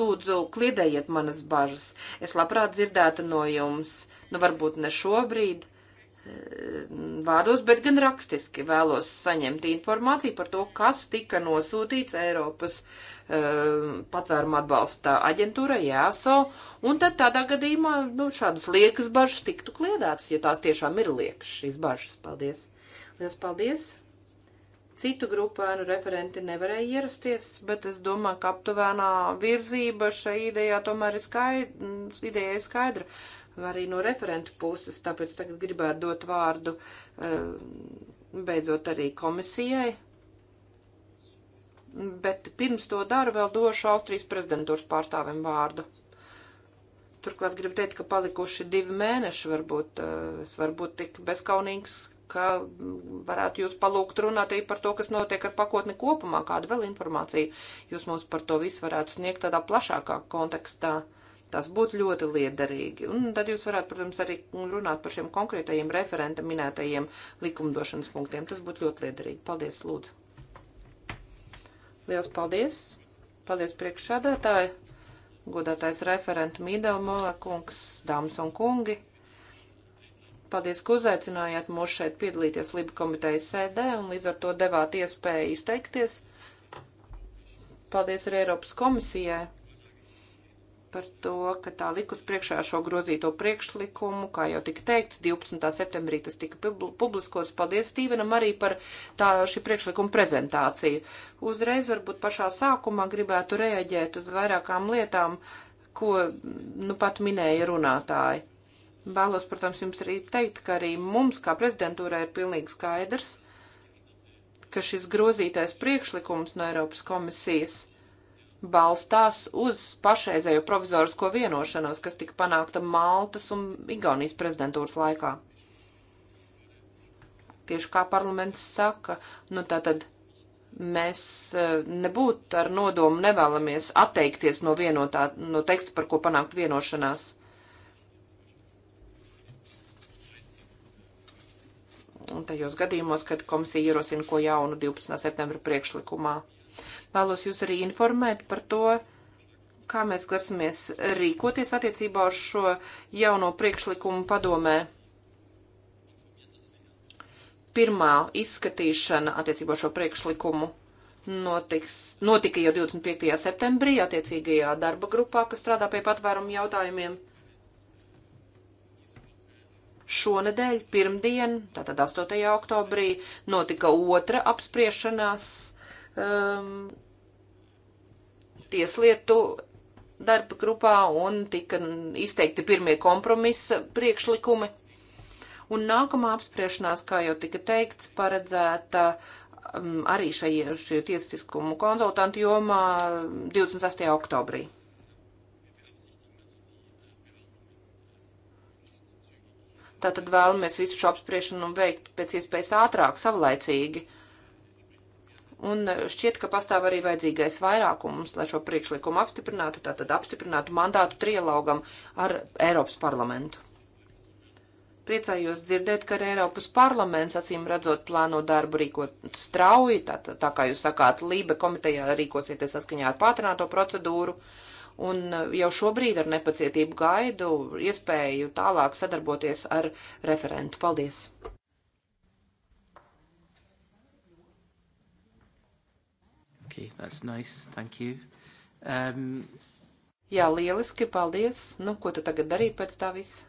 Lūdzu, klidējiet manas bažas. Es labprāt dzirdētu no jums, nu varbūt ne šobrīd eh, vārdos, bet gan rakstiski vēlos saņemt informāciju par to, kas tika nosūtīts Eiropas uh, patvēruma atbalsta aģentūrai, jāso, e un tad tādā gadījumā, nu, šādas liekas bažas tiktu kliedētas, ja tās tiešām ir liekas šīs bažas. Paldies! Lielas paldies! Citu grupu ēnu referenti nevarēja ierasties, bet es domāju, ka aptuvenā virzība šai idejā tomēr ir skaidra, ideja ir skaidra arī no referentu puses, tāpēc tagad gribētu dot vārdu eh, beidzot arī komisijai. Bet pirms to daru vēl došu Austrijas prezidentūras pārstāvim vārdu. Turklāt gribu teikt, ka palikuši divi mēneši, varbūt eh, es varbūt tik bezkaunīgs ka mm, varētu jūs palūgt runāt arī par to, kas notiek ar pakotni kopumā, kāda vēl informācija jūs mums par to visu varētu sniegt tādā plašākā kontekstā. Tas būtu ļoti liederīgi. Un tad jūs varētu, protams, arī runāt par šiem konkrētajiem referenta minētajiem likumdošanas punktiem. Tas būtu ļoti liederīgi. Paldies, lūdzu. Liels paldies. Paldies priekšsādātāji, godātais referenta Mīdēl Molekungs, dāmas un kungi. Paldies, ka uzaicinājāt mūs šeit piedalīties Liba komitejas sēdē un līdz ar to devāt iespēju izteikties. Paldies arī Eiropas komisijai par to, ka tā likus priekšā šo grozīto priekšlikumu, kā jau tika teikts, 12. septembrī tas tika publiskots. Paldies Stīvenam arī par tā šī priekšlikuma prezentāciju. Uzreiz varbūt pašā sākumā gribētu reaģēt uz vairākām lietām, ko nu pat minēja runātāji Vēlos, protams, jums arī teikt, ka arī mums, kā prezidentūrai, ir pilnīgi skaidrs, ka šis grozītais priekšlikums no Eiropas komisijas balstās uz pašreizējo provizorisko vienošanos, kas tika panākta Maltas un Igaunijas prezidentūras laikā. Tieši kā parlaments saka, nu tā tad mēs e, nebūtu ar nodomu nevēlamies atteikties no vienotā, no teksta, par ko panākt vienošanās. tajos gadījumos, kad komisija ierosina ko jaunu 12. septembra priekšlikumā. Vēlos jūs arī informēt par to, kā mēs grasamies rīkoties attiecībā uz šo jauno priekšlikumu padomē pirmā izskatīšana attiecībā šo priekšlikumu notiks, notika jau 25. septembrī attiecīgajā darba grupā, kas strādā pie patvērumu jautājumiem. Šonadēļ, pirmdien, tātad 8. oktobrī, notika otra apspriešanās um, tieslietu darba grupā un tika izteikti pirmie kompromisa priekšlikumi. Un nākamā apspriešanās, kā jau tika teikts, paredzēta um, arī šajie, šajie tiesiskumu konsultantu jomā 28. Um, oktobrī. Tātad vēlamies visu šo apspriešanu veikt pēc iespējas ātrāk, savlaicīgi. Un e, šķiet, ka pastāv arī vajadzīgais vairākums, lai šo priekšlikumu apstiprinātu, tātad apstiprinātu mandātu trialogam ar Eiropas parlamentu. Priecājos dzirdēt, ka Eiropas parlaments acīm redzot plāno darbu rīkot strauji, tā, tā, tā kā jūs sakāt, Lība komitejā rīkosieties saskaņā ar pātrināto procedūru. Uh, un uh, jau šobrīd ar nepacietību gaidu iespēju tālāk sadarboties ar referentu. Paldies! Okay, that's nice. Thank you. Um... Jā, lieliski, paldies. Nu, ko tu tagad darīt pēc tā visa?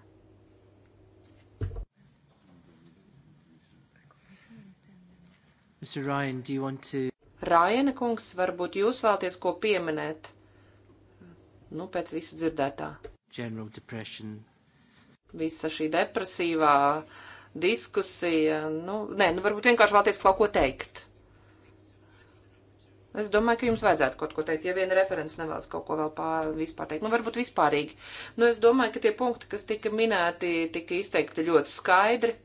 Mr. Ryan, do you want to... Ryan, kungs, varbūt jūs vēlties ko pieminēt? Nu, pēc visu dzirdētā. General depression. Visa šī depresīvā diskusija, nu, nē, nu varbūt vienkārši vēlties kaut ko teikt. Es domāju, ka jums vajadzētu kaut ko teikt, ja viena referents nevēlas kaut ko vēl pār, vispār teikt. Nu, varbūt vispārīgi. Nu, es domāju, ka tie punkti, kas tika minēti, tika izteikti ļoti skaidri.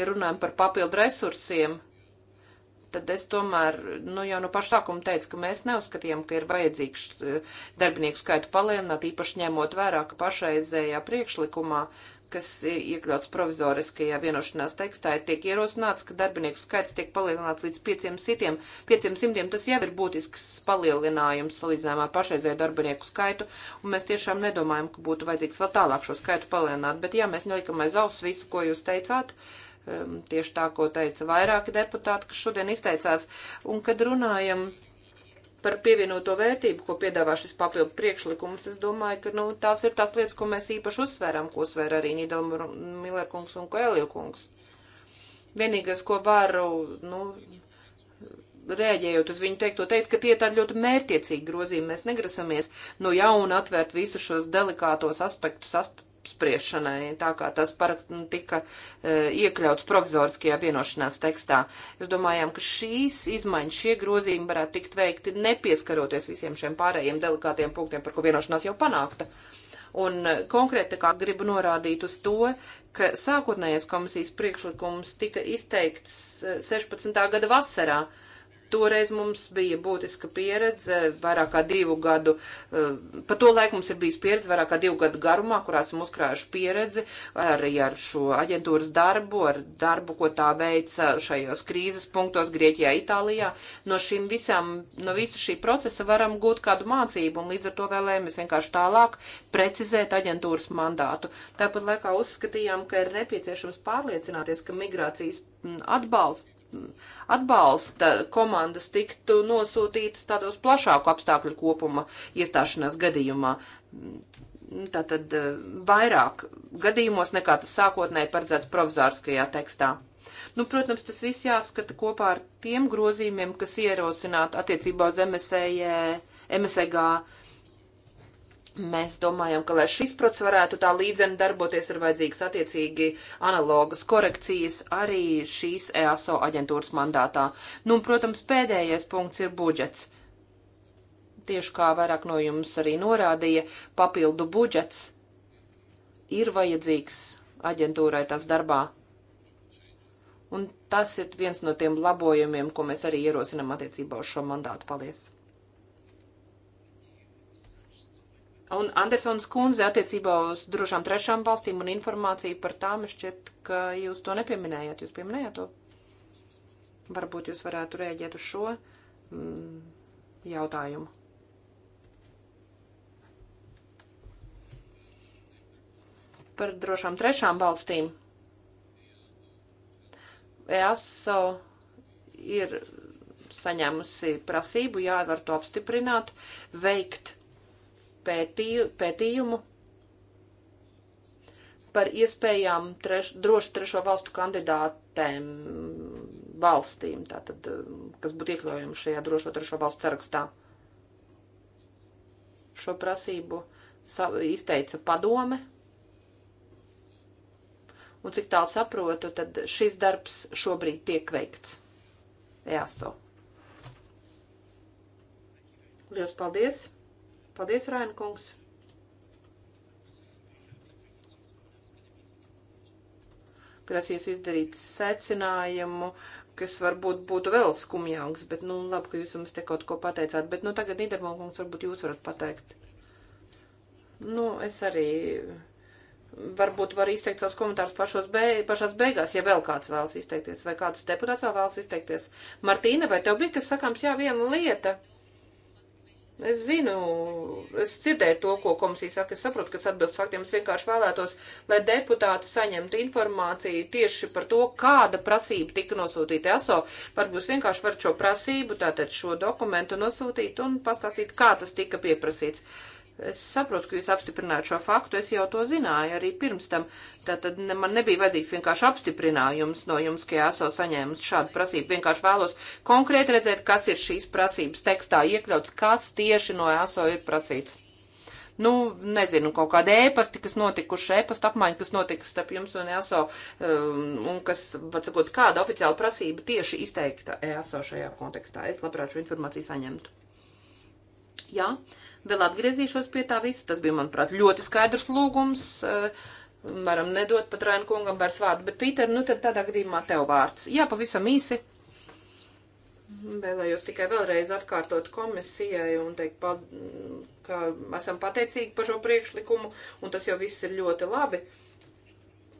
Ja runājam par papildu resursiem, tad es tomēr, nu jau no nu paša sākuma teicu, ka mēs neuzskatījām, ka ir vajadzīgs eh, darbinieku skaitu palielināt, īpaši ņemot vērā, ka pašreizējā priekšlikumā kas iekļauts provizoriskajā vienošanās tekstā, ir tiek ierosināts, ka darbinieku skaits tiek palielināts līdz 500. 500 tas jau ir būtisks palielinājums salīdzinājumā ar pašreizēju darbinieku skaitu, un mēs tiešām nedomājam, ka būtu vajadzīgs vēl tālāk šo skaitu palielināt. Bet jā, mēs nelikam aiz auss visu, ko jūs teicāt. Uh, Tieši tā, ko teica vairāki deputāti, kas šodien izteicās. Un, kad runājam par pievienoto vērtību, ko piedāvā šis papildu priekšlikums. Es domāju, ka nu, tās ir tās lietas, ko mēs īpaši uzsveram, ko uzsver arī Nīdela Millerkungs un Koeliokungs. Vienīgais, ko varu, nu, rēģējot uz viņu teikto, teikt, ka tie ir tādi ļoti mērķiecīgi grozījumi. Mēs negrasamies no jauna atvērt visus šos delikātos aspektus, aspektus apspriešanai, tā kā tas par, nu, tika e, iekļauts provizoriskajā vienošanās tekstā. Es domājām, ka šīs izmaiņas, šie grozījumi varētu tikt veikti nepieskaroties visiem šiem pārējiem delikātiem punktiem, par ko vienošanās jau panākta. Un e, konkrēti kā gribu norādīt uz to, ka sākotnējais komisijas priekšlikums tika izteikts 16. E, gada vasarā. Uh, Toreiz mums bija būtiska pieredze, vairāk kā divu gadu, eh, pa to laiku mums ir bijis pieredze vairāk kā divu gadu garumā, kurā esam uzkrājuši pieredzi arī ar šo aģentūras darbu, ar darbu, ko tā veica šajos krīzes punktos Grieķijā, Itālijā. No šīm visām, no visa šī procesa varam gūt kādu mācību un līdz ar to vēlējamies vienkārši tālāk precizēt aģentūras mandātu. Tāpat laikā uzskatījām, ka ir nepieciešams pārliecināties, ka migrācijas mm, atbalsts atbalsta komandas tiktu nosūtītas tādos plašāku apstākļu kopuma iestāšanās gadījumā. Tātad eh, vairāk gadījumos nekā tas sākotnēji paredzēts provizārskajā tekstā. Nu, protams, tas viss jāskata kopā ar tiem grozījumiem, kas ierosināti attiecībā uz MSEG. MSEG Mēs domājam, ka, lai šis process varētu tā līdzeni darboties, ir vajadzīgs attiecīgi analogas korekcijas arī šīs EASO aģentūras mandātā. Nu, un, protams, pēdējais punkts ir budžets. Tieši kā vairāk no jums arī norādīja, papildu budžets ir vajadzīgs aģentūrai tas darbā. Un tas ir viens no tiem labojumiem, ko mēs arī ierosinam attiecībā uz šo mandātu. Paldies! Un Andersons kundze attiecībā uz drošām trešām valstīm un informāciju par tām šķiet, ka jūs to nepieminējāt. Jūs pieminējāt to? Varbūt jūs varētu rēģēt uz šo mm, jautājumu. Par drošām trešām valstīm. EASO ir saņēmusi prasību, jā, var to apstiprināt, veikt pētīju, pētījumu par iespējām treš, droši trešo valstu kandidātēm valstīm, tātad, kas būtu iekļaujami šajā drošo trešo valstu sarakstā. Šo prasību izteica padome. Un cik tālu saprotu, tad šis darbs šobrīd tiek veikts. EASO. Lielas paldies! Paldies, Rēnkungs! Grasījos izdarīt secinājumu, kas varbūt būtu vēl skumjāks, bet, nu, labi, ka jūs mums te kaut ko pateicāt. Bet, nu, tagad Nīderlandes varbūt jūs varat pateikt. Nu, es arī varbūt var izteikt savus komentārus pašos be, pašās beigās, ja vēl kāds vēlas izteikties, vai kāds deputāts vēl vēlas izteikties. Martīna, vai tev bija kas sakāms? Jā, viena lieta. Uh, Es zinu, es dzirdēju to, ko komisija saka, es saprotu, kas atbilst faktiem. Es vienkārši vēlētos, lai deputāti saņemtu informāciju tieši par to, kāda prasība tika nosūtīta ESO. Varbūt vienkārši var šo prasību, tātad šo dokumentu nosūtīt un pastāstīt, kā tas tika pieprasīts. Uh, Es saprotu, ka jūs apstiprināt šo faktu, es jau to zināju arī pirms tam. Tātad ne, man nebija vajadzīgs vienkārši apstiprinājums no jums, ka jāso saņēmis šādu prasību. Vienkārši vēlos konkrēti redzēt, kas ir šīs prasības tekstā iekļauts, kas tieši no jāso ir prasīts. Nu, nezinu, kaut kāda ēpasti, kas notikuši, ēpasta apmaiņa, kas notika starp jums un ESO, um, un kas, var sakot, kāda oficiāla prasība tieši izteikta ESO šajā kontekstā. Es labprāt šo informāciju saņemtu. Jā. Ja? Vēl atgriezīšos pie tā visa. Tas bija, manuprāt, ļoti skaidrs lūgums. Eh, varam nedot pat Raina kungam vairs vārdu, bet, Pīter, nu tad tādā gadījumā tev vārds. Jā, pavisam īsi. Vēlējos tikai vēlreiz atkārtot komisijai un teikt, ka esam pateicīgi par šo priekšlikumu, un tas jau viss ir ļoti labi. Uh,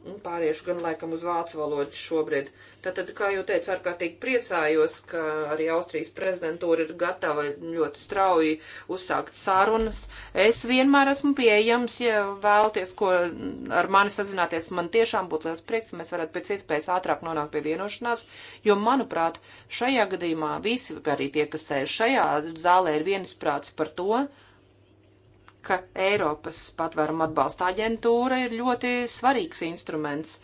Nu, pāriešu gan laikam uz vācu valodu šobrīd. Tātad, kā jau teicu, ārkārtīgi priecājos, ka arī Austrijas prezidentūra ir gatava ļoti strauji uzsākt sarunas. Es vienmēr esmu pieejams, ja vēlaties, ko ar mani sazināties, man tiešām būtu liels prieks, ja mēs varētu pēc iespējas ātrāk nonākt pie vienošanās, jo, manuprāt, šajā gadījumā visi, arī tie, kas sēž šajā zālē, ir viensprāts par to, ka Eiropas patvēruma atbalsta aģentūra ir ļoti svarīgs instruments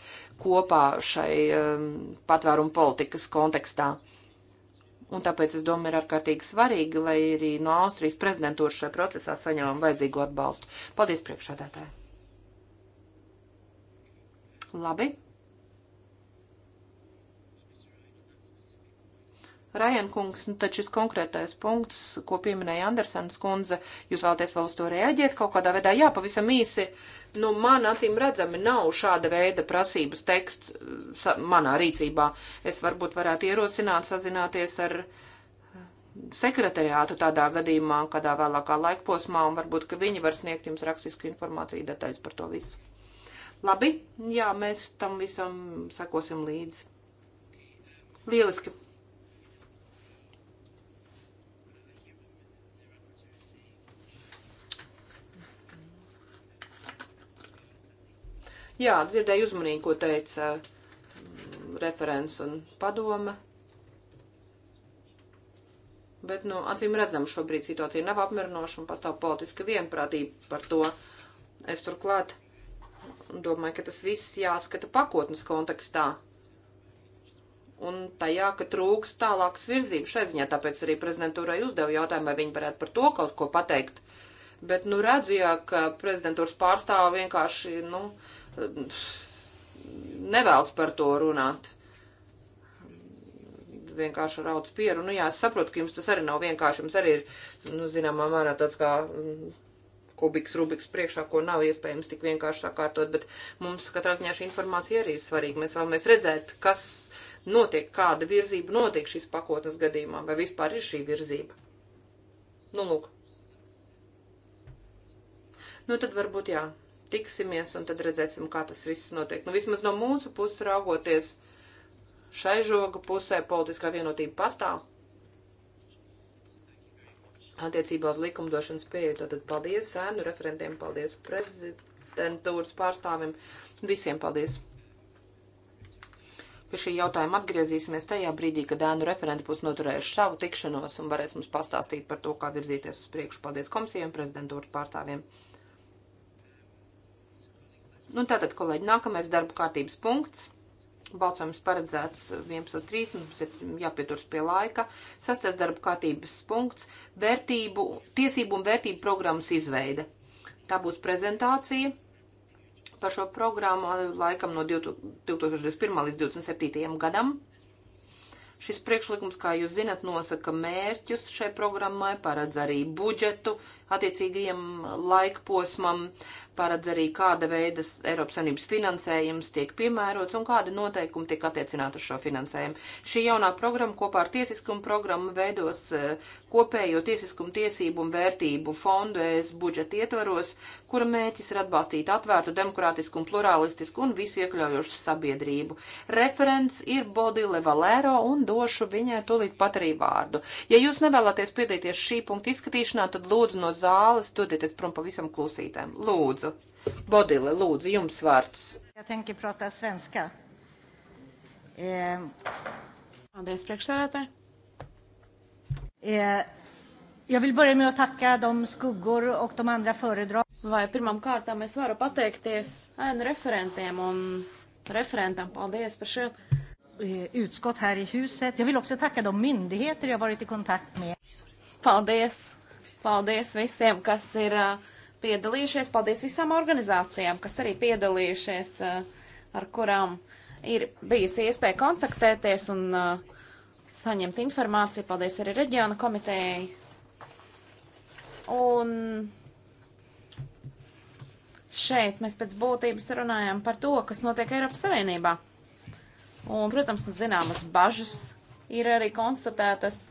kopā šai um, patvērumu politikas kontekstā. Un tāpēc, es domāju, ir ārkārtīgi svarīgi, lai arī no Austrijas prezidentūras šajā procesā saņemam vajadzīgo atbalstu. Paldies priekšādātāji! Labi. Rajan kungs, nu, taču šis konkrētais punkts, ko pieminēja Andersens kundze, jūs vēlaties vēl uz to reaģēt kaut kādā veidā? Jā, pavisam īsi. Nu, man acīm redzami nav šāda veida prasības teksts uh, sa, manā rīcībā. Es varbūt varētu ierosināt sazināties ar uh, sekretariātu tādā gadījumā, kādā vēlākā laikposmā, un varbūt, ka viņi var sniegt jums rakstisku informāciju detaļas par to visu. Labi, jā, mēs tam visam sekosim līdzi. Lieliski! Jā, dzirdēju uzmanīgi, ko teica mm, referents un padome. Bet, nu, acīm redzam, šobrīd situācija nav apmierinoša un pastāv politiska vienprātība par to. Es turklāt domāju, ka tas viss jāskata pakotnes kontekstā un tajā, ka trūks tālākas virzības šai ziņā. Tāpēc arī prezidentūrai uzdevu jautājumu, vai viņi varētu par to kaut ko pateikt. Bet, nu, redzu, jā, ka prezidentūras pārstāvi vienkārši, nu, uh, nevēlas par to runāt. Vienkārši raudz pieru. Nu jā, es saprotu, ka jums tas arī nav vienkārši. Jums arī ir, nu, zināmā mērā tāds kā mm, kubiks, rubiks priekšā, ko nav iespējams tik vienkārši sakārtot, bet mums katrā ziņā šī informācija arī ir svarīga. Mēs vēlamies redzēt, kas notiek, kāda virzība notiek šīs pakotnes gadījumā, vai vispār ir šī virzība. Nu, lūk. Nu, tad varbūt jā tiksimies un tad redzēsim, kā tas viss notiek. Nu, vismaz no mūsu puses raugoties, šai žoga pusē politiskā vienotība pastāv. Attiecībā uz likumdošanas pieeju, tātad paldies sēnu referentiem, paldies prezidentūras pārstāvim, visiem paldies! Pie šī jautājuma atgriezīsimies tajā brīdī, kad ēnu referenti būs noturējuši savu tikšanos un varēs mums pastāstīt par to, kā virzīties uz priekšu. Paldies komisijiem, prezidentūras pārstāvjiem! Nu, tātad, kolēģi, nākamais darba kārtības punkts. Balsojums paredzēts 11.30, mums ir jāpieturas pie laika. Sastais darba kārtības punkts - vērtību, tiesību un vērtību programmas izveide. Tā būs prezentācija par šo programmu laikam no 2021. līdz 2027. gadam. Šis priekšlikums, kā jūs zinat, nosaka mērķus šai programmai, paredz arī budžetu, attiecīgajam laikposmam, paredz arī kāda veida Eiropas Savienības finansējums tiek piemērots un kādi noteikumi tiek attiecināti uz šo finansējumu. Šī jaunā programma kopā ar tiesiskumu programmu veidos e, kopējo tiesiskumu tiesību un vērtību fondu ES budžeta ietvaros, kura mēķis ir atbalstīt atvērtu, demokrātisku un plurālistisku un visu iekļaujošu sabiedrību. Referents ir Bodile Valero un došu viņai tūlīt pat arī vārdu. Ja jūs nevēlaties piedalīties šī punkta izskatīšanā, tad lūdzu no zāles, dodieties prom pavisam klusītēm. Lūdzu, Bodile, lūdzu, jums vārds. Eh, Paldies, priekšsēdētāji. Eh, jag vill börja med att tacka de skuggor och de andra föredrag. Vai pirmām kārtām es varu pateikties ēnu referentiem un referentam. Paldies par šo. Eh, utskott här i huset. Jag vill också tacka de myndigheter jag varit i kontakt med. Paldies Paldies visiem, kas ir uh, piedalījušies. Paldies visām organizācijām, kas arī piedalījušies, uh, ar kurām ir bijusi iespēja kontaktēties un uh, saņemt informāciju. Paldies arī reģiona komitejai. Un šeit mēs pēc būtības runājam par to, kas notiek Eiropas Savienībā. Un, protams, zināmas bažas ir arī konstatētas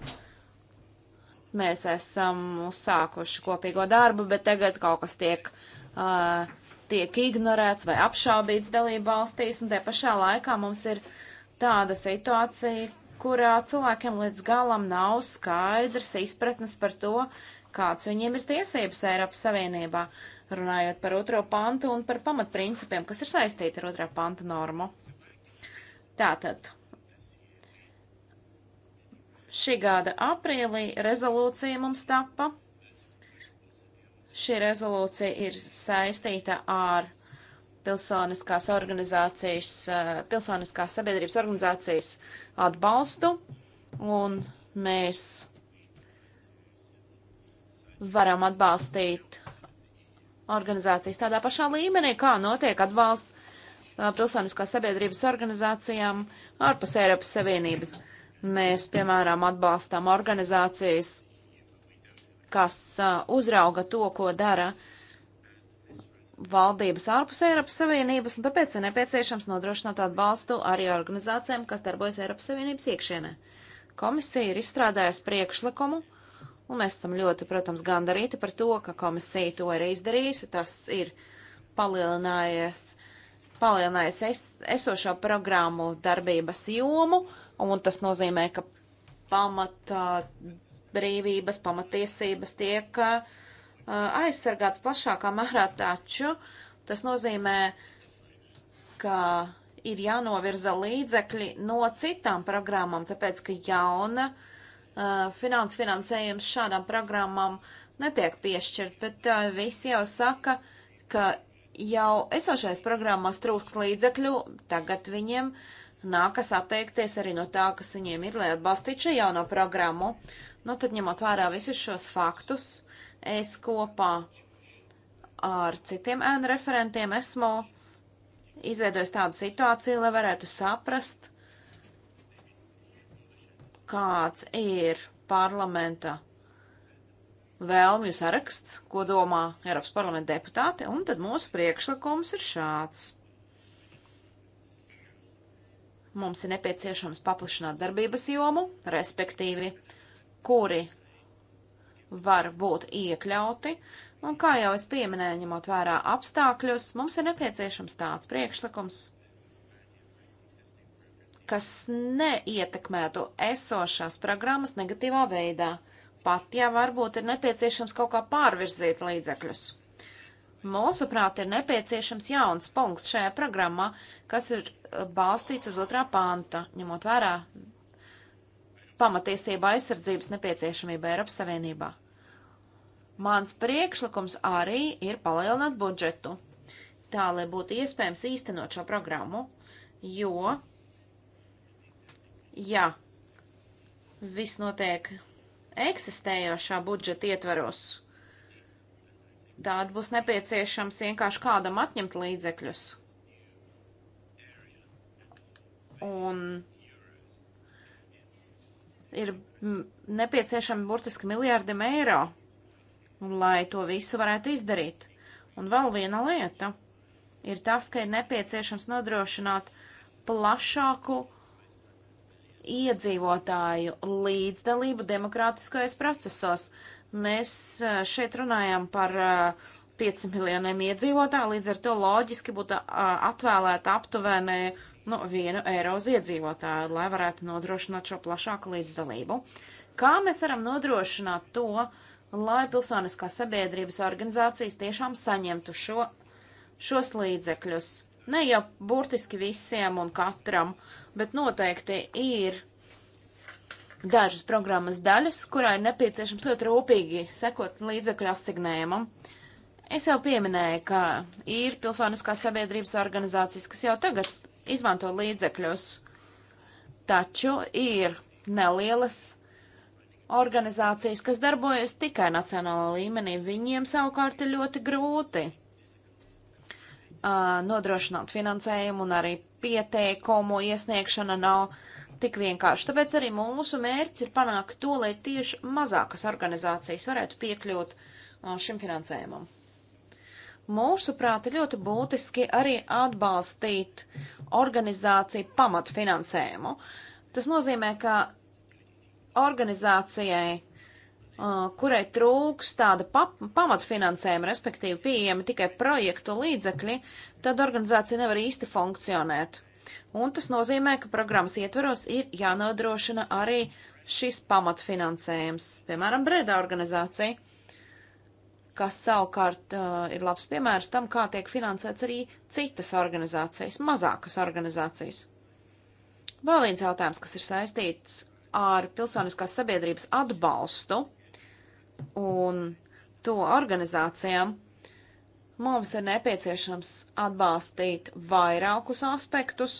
Mēs esam uzsākuši kopīgo darbu, bet tagad kaut kas tiek, uh, tiek ignorēts vai apšaubīts dalību valstīs, un te pašā laikā mums ir tāda situācija, kurā cilvēkiem līdz galam nav skaidrs izpratnes par to, kāds viņiem ir tiesības Eiropas Savienībā, runājot par otro pantu un par pamatprincipiem, kas ir saistīti ar otrā panta normu. Tātad Šī gada aprīlī rezolūcija mums tappa. Šī rezolūcija ir saistīta ar pilsoniskās organizācijas, eh, pilsoniskās sabiedrības organizācijas atbalstu, un mēs varam atbalstīt organizācijas tādā pašā līmenī, kā notiek atbalsts eh, pilsoniskās sabiedrības organizācijām ārpus Eiropas Savienības. Mēs, piemēram, atbalstām organizācijas, kas uzrauga to, ko dara valdības ārpus Eiropas Savienības, un tāpēc ir nepieciešams nodrošināt atbalstu arī organizācijām, kas darbojas Eiropas Savienības iekšienē. Komisija ir izstrādājusi priekšlikumu, un mēs tam ļoti, protams, gandarīti par to, ka komisija to ir izdarījusi. Tas ir palielinājies, palielinājies es, esošo programmu darbības jomu. Uh, un tas nozīmē, ka pamata brīvības, pamatiesības tiek uh, aizsargāts plašākā mērā, taču tas nozīmē, ka ir jānovirza līdzekļi no citām programmām, tāpēc ka jauna uh, finans finansējums šādām programmām netiek piešķirt, bet uh, visi jau saka, ka jau esošais programmās trūks līdzekļu, tagad viņiem uh, nākas atteikties arī no tā, kas viņiem ir, lai atbalstītu šo jauno programmu. Nu, tad ņemot vērā visus šos faktus, es kopā ar citiem ēnu referentiem esmu izveidojis tādu situāciju, lai varētu saprast, kāds ir parlamenta vēlmju saraksts, ko domā Eiropas parlamenta deputāti, un tad mūsu priekšlikums ir šāds. Mums ir nepieciešams paplašināt darbības jomu, respektīvi, kuri var būt iekļauti, un kā jau es pieminēju, ņemot vērā apstākļus, mums ir nepieciešams tāds priekšlikums, kas neietekmētu esošās programmas negatīvā veidā, pat ja varbūt ir nepieciešams kaut kā pārvirzīt līdzekļus. Mūsuprāt, ir nepieciešams jauns punkts šajā programmā, kas ir balstīts uz otrā panta, ņemot vērā pamatiesība aizsardzības nepieciešamība Eiropas Savienībā. Mans priekšlikums arī ir palielināt budžetu, tā lai būtu iespējams īstenot šo programmu, jo, ja viss notiek eksistējošā budžeta ietveros, tad būs nepieciešams vienkārši kādam atņemt līdzekļus un ir nepieciešami burtiski miljārdiem eiro, lai to visu varētu izdarīt. Un vēl viena lieta ir tas, ka ir nepieciešams nodrošināt plašāku iedzīvotāju līdzdalību demokrātiskajos procesos. Mēs eh, šeit runājam par uh, 5 miljoniem iedzīvotāju, līdz ar to loģiski būtu atvēlēta aptuveni no nu, 1 eiro uz iedzīvotāju, lai varētu nodrošināt šo plašāku līdzdalību. Kā mēs varam nodrošināt to, lai pilsoniskās sabiedrības organizācijas tiešām saņemtu šo, šos līdzekļus? Ne jau burtiski visiem un katram, bet noteikti ir dažas programmas daļas, kurai nepieciešams ļoti rūpīgi sekot līdzekļu asignējumam. Uh, Es jau pieminēju, ka ir pilsoniskās sabiedrības organizācijas, kas jau tagad izmanto līdzekļus, taču ir nelielas organizācijas, kas darbojas tikai nacionālā līmenī. Viņiem savukārt ir ļoti grūti uh, nodrošināt finansējumu un arī pieteikumu iesniegšana nav tik vienkārši. Tāpēc arī mūsu mērķis ir panākt to, lai tieši mazākas organizācijas varētu piekļūt uh, šim finansējumam. Mūsuprāt, ir ļoti būtiski arī atbalstīt organizāciju pamatfinansējumu. Tas nozīmē, ka organizācijai, kurai trūks tāda pamatfinansējuma, respektīvi pieejami tikai projektu līdzekļi, tad organizācija nevar īsti funkcionēt. Un tas nozīmē, ka programmas ietveros ir jānodrošina arī šis pamatfinansējums, piemēram, Breda organizācija kas savukārt uh, ir labs piemērs tam, kā tiek finansēts arī citas organizācijas, mazākas organizācijas. Vēl viens jautājums, kas ir saistīts ar pilsoniskās sabiedrības atbalstu un to organizācijām, mums ir nepieciešams atbalstīt vairākus aspektus.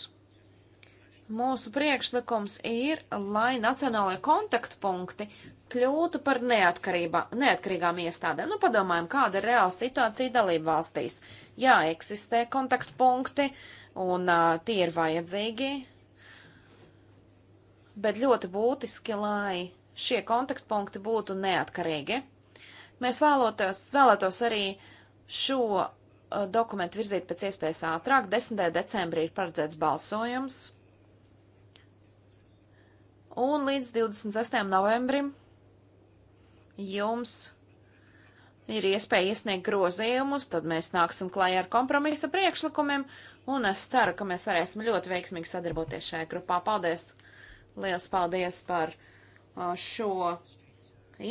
Mūsu priekšlikums ir, lai nacionālajie kontaktpunkti kļūtu par neatkarīgām iestādēm. Nu, padomājam, kāda ir reāla situācija dalību valstīs. Jā, eksistē kontaktpunkti, un uh, tie ir vajadzīgi, bet ļoti būtiski, lai šie kontaktpunkti būtu neatkarīgi. Mēs vēlotos, vēlētos arī šo dokumentu virzīt pēc iespējas ātrāk. 10. decembrī ir paredzēts balsojums. Un līdz 26. novembrim jums ir iespēja iesniegt grozījumus, tad mēs nāksim klājā ar kompromisa priekšlikumiem, un es ceru, ka mēs varēsim ļoti veiksmīgi sadarboties šajā grupā. Paldies! Liels paldies par uh, šo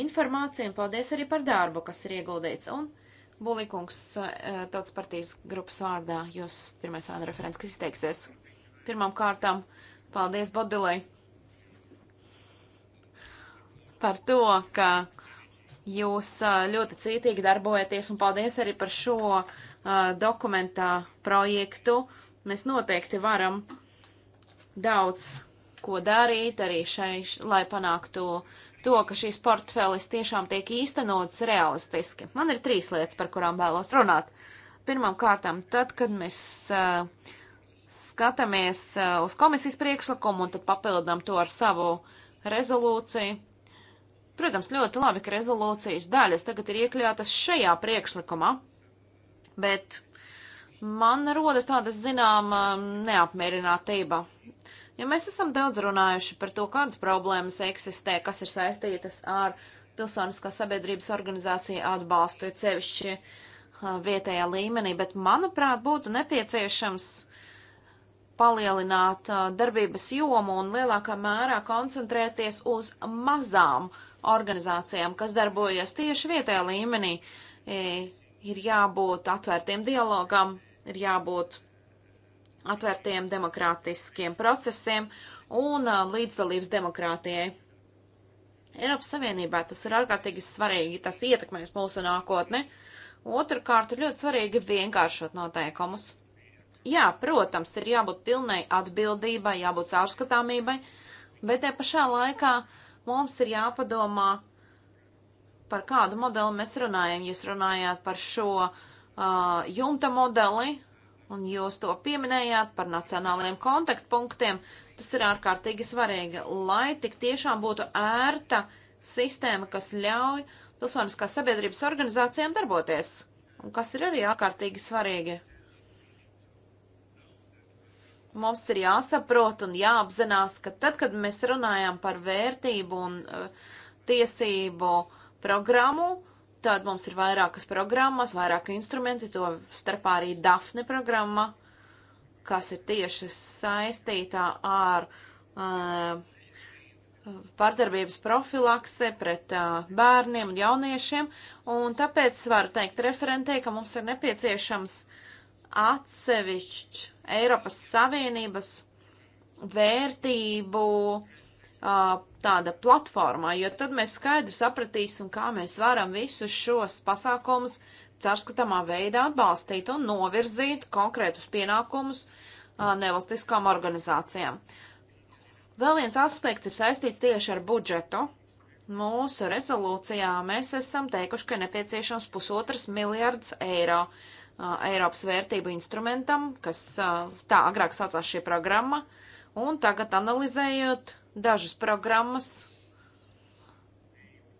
informāciju, un paldies arī par darbu, kas ir ieguldīts. Un Bulikungs, uh, Tautas partijas grupas vārdā, jūs esat pirmais āna referents, kas izteiksies. Pirmām kārtām, paldies Bodilai par to, ka Jūs ļoti cītīgi darbojaties un paldies arī par šo uh, dokumentā projektu. Mēs noteikti varam daudz ko darīt arī šai, lai panāktu to, ka šīs portfelis tiešām tiek īstenotas realistiski. Man ir trīs lietas, par kurām vēlos runāt. Pirmām kārtām, tad, kad mēs uh, skatāmies uh, uz komisijas priekšlikumu un tad papildam to ar savu rezolūciju, Protams, ļoti labi, ka rezolūcijas daļas tagad ir iekļautas šajā priekšlikumā, bet man rodas tāda zināma um, neapmierinātība. Jo mēs esam daudz runājuši par to, kādas problēmas eksistē, kas ir saistītas ar pilsoniskās sabiedrības organizāciju atbalstu, ir cevišķi vietējā līmenī, bet manuprāt būtu nepieciešams palielināt uh, darbības jomu un lielākā mērā koncentrēties uz mazām uh, organizācijām, kas darbojas tieši vietējā līmenī, e, ir jābūt atvērtiem dialogam, ir jābūt atvērtiem demokrātiskiem procesiem un e, līdzdalības demokrātijai. Eiropas Savienībā tas ir ārkārtīgi svarīgi, tas ietekmēs mūsu nākotni. Otrakārt, ir ļoti svarīgi vienkāršot noteikumus. Jā, protams, ir jābūt pilnai atbildībai, jābūt caurskatāmībai, bet te pašā laikā uh, Mums ir jāpadomā, par kādu modeli mēs runājam. Jūs runājāt par šo uh, jumta modeli, un jūs to pieminējāt par nacionālajiem kontaktpunktiem. Tas ir ārkārtīgi svarīgi, lai tik tiešām būtu ērta sistēma, kas ļauj pilsoniskās sabiedrības organizācijām darboties, un kas ir arī ārkārtīgi svarīgi mums ir jāsaprot un jāapzinās, ka tad, kad mēs runājam par vērtību un uh, tiesību programmu, tad mums ir vairākas programmas, vairāki instrumenti, to starpā arī Dafne programma, kas ir tieši saistītā ar uh, eh, pārdarbības profilakse pret uh, bērniem un jauniešiem, un tāpēc varu teikt referentē, ka mums ir nepieciešams uh, atsevišķs Eiropas Savienības vērtību tāda platformā, jo tad mēs skaidri sapratīsim, kā mēs varam visus šos pasākumus caurskatāmā veidā atbalstīt un novirzīt konkrētus pienākumus nevalstiskām organizācijām. Vēl viens aspekts ir saistīts tieši ar budžetu. Mūsu rezolūcijā mēs esam teikuši, ka nepieciešams pusotras miljardas eiro. Uh, Eiropas vērtību instrumentam, kas tā agrāk saucās šī programma, un tagad analizējot dažas programmas,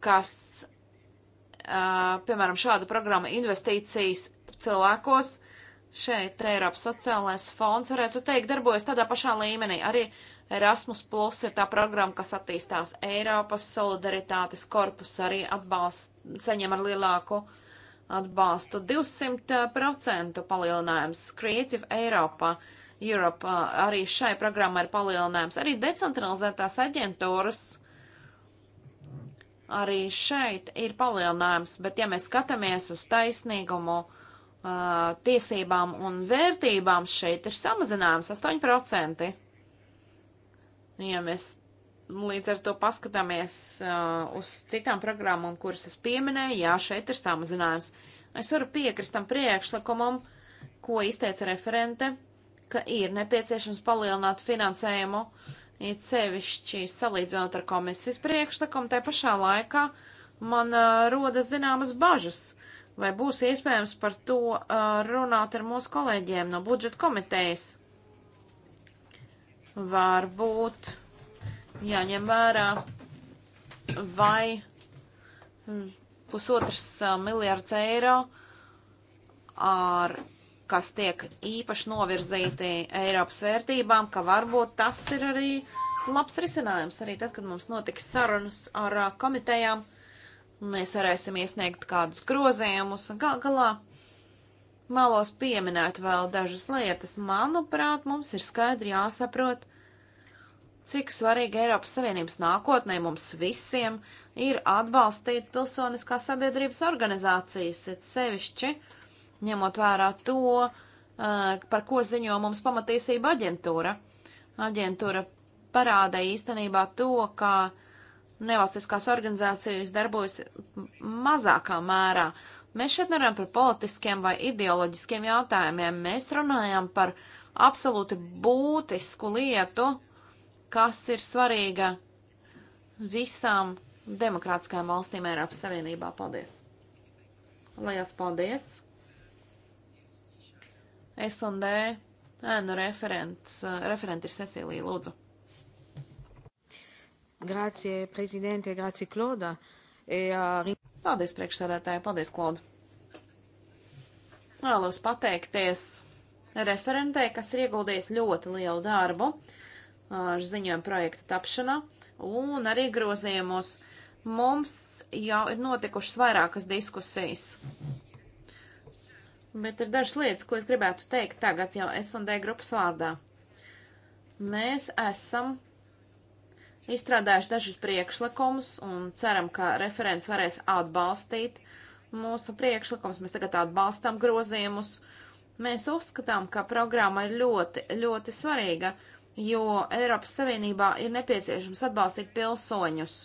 kas, piemēram, šāda programma investīcijas cilvēkos, šeit Eiropas sociālais fonds, varētu teikt, darbojas tādā pašā līmenī. Arī Erasmus Plus ir tā programma, kas attīstās Eiropas solidaritātes korpus, arī atbalsts saņem ar lielāku uh, atbalstu. 200% eh, palielinājums Creative Europa. Europe eh, arī šai programmai ir palielinājums. Arī decentralizētās aģentūras arī šeit ir palielinājums, bet ja mēs skatāmies uz taisnīgumu, uh, tiesībām un vērtībām, šeit ir samazinājums 8%. Ja mēs Līdz ar to paskatāmies uh, uz citām programmām, kuras es pieminēju, jā, šeit ir samazinājums. Es varu piekrist tam priekšlikumam, ko izteica referente, ka ir nepieciešams palielināt finansējumu, it sevišķi salīdzinot ar komisijas priekšlikumu, tai pašā laikā man uh, rodas zināmas bažas, vai būs iespējams par to uh, runāt ar mūsu kolēģiem no budžeta komitejas. Varbūt jāņem vērā, vai hm, pusotras miljārds eiro, ar, kas tiek īpaši novirzīti Eiropas vērtībām, ka varbūt tas ir arī labs risinājums. Arī tad, kad mums notiks sarunas ar komitejām, mēs varēsim iesniegt kādus grozījumus un gal galā. Malos pieminēt vēl dažas lietas. Manuprāt, mums ir skaidri jāsaprot, cik svarīgi Eiropas Savienības nākotnē mums visiem ir atbalstīt pilsoniskās sabiedrības organizācijas, it sevišķi ņemot vērā to, par ko ziņo mums pamatiesība aģentūra. Aģentūra parāda īstenībā to, ka nevalstiskās organizācijas darbojas mazākā mērā. Mēs šeit nerunājam par politiskiem vai ideoloģiskiem jautājumiem, mēs runājam par absolūti būtisku lietu, uh, kas ir svarīga visām demokrātiskajām valstīm Eiropas Savienībā. Paldies! Lielas paldies! S un D ēnu referents, referenti ir Cecīlija Lūdzu. Grācie, prezidente, grācie, Kloda. E, arī... Paldies, priekšsēdētāji, paldies, Kloda. Vēlos pateikties referentei, kas ir ieguldījis ļoti lielu darbu ziņojuma projekta tapšanā un arī grozījumus. Mums jau ir notikušas vairākas diskusijas. Bet ir dažas lietas, ko es gribētu teikt tagad jau S&D grupas vārdā. Mēs esam izstrādājuši dažus priekšlikumus un ceram, ka referents varēs atbalstīt mūsu priekšlikumus. Mēs tagad atbalstam grozījumus. Mēs uzskatām, ka programma ir ļoti, ļoti svarīga. Uh, jo Eiropas Savienībā ir nepieciešams atbalstīt pilsoņus.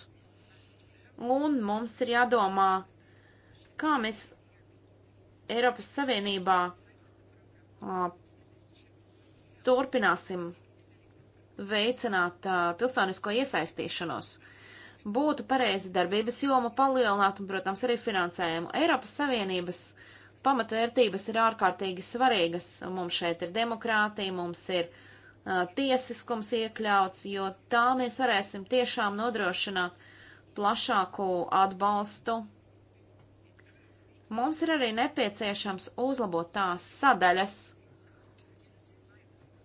Un mums ir jādomā, kā mēs Eiropas Savienībā a, turpināsim veicināt a, pilsonisko iesaistīšanos. Būtu pareizi darbības jomu palielināt un, protams, arī finansējumu. Eiropas Savienības pamatvērtības ir ārkārtīgi svarīgas. Mums šeit ir demokrātija, mums ir uh, tiesiskums iekļauts, jo tā mēs varēsim tiešām nodrošināt plašāku atbalstu. Mums ir arī nepieciešams uzlabot tās sadaļas,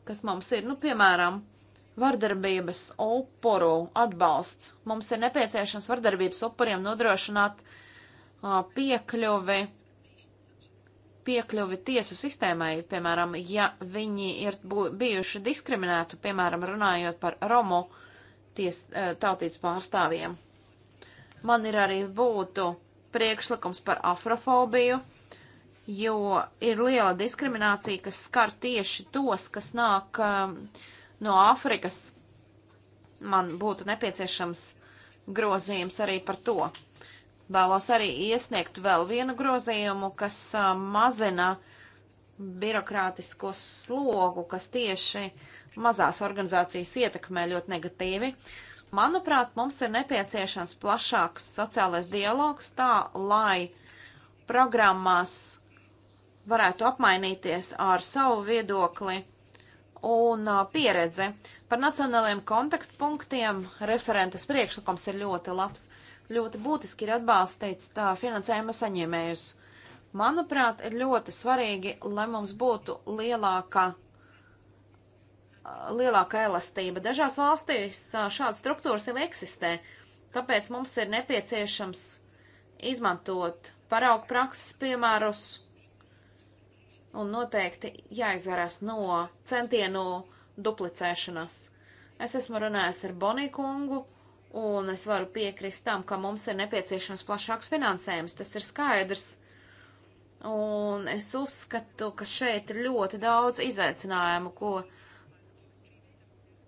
kas mums ir, nu, piemēram, vardarbības upuru atbalsts. Mums ir nepieciešams vardarbības upuriem nodrošināt uh, piekļuvi piekļuvi tiesu sistēmai, piemēram, ja viņi ir bijuši diskriminēti, piemēram, runājot par Romu ties, e, tautības pārstāvjiem. Man ir arī būtu priekšlikums par afrofobiju, jo ir liela diskriminācija, kas skar tieši tos, kas nāk um, no Āfrikas. Man būtu nepieciešams grozījums arī par to. Vēlos arī iesniegt vēl vienu grozījumu, kas uh, mazina birokrātisko slogu, kas tieši mazās organizācijas ietekmē ļoti negatīvi. Manuprāt, mums ir nepieciešams plašāks sociālais dialogs tā, lai programmās varētu apmainīties ar savu viedokli un uh, pieredzi. Par nacionālajiem kontaktpunktiem referentes priekšlikums ir ļoti labs ļoti būtiski ir atbalstīt tā finansējuma saņēmējus. Manuprāt, ir ļoti svarīgi, lai mums būtu lielāka, lielāka elastība. Dažās valstīs šādas struktūras jau eksistē, tāpēc mums ir nepieciešams izmantot paraugu prakses piemērus un noteikti jāizvarās no centienu duplicēšanas. Es esmu runājis ar Boniju kungu, Un es varu piekrist tam, ka mums ir nepieciešams plašāks finansējums, tas ir skaidrs. Un es uzskatu, ka šeit ir ļoti daudz izaicinājumu, ko,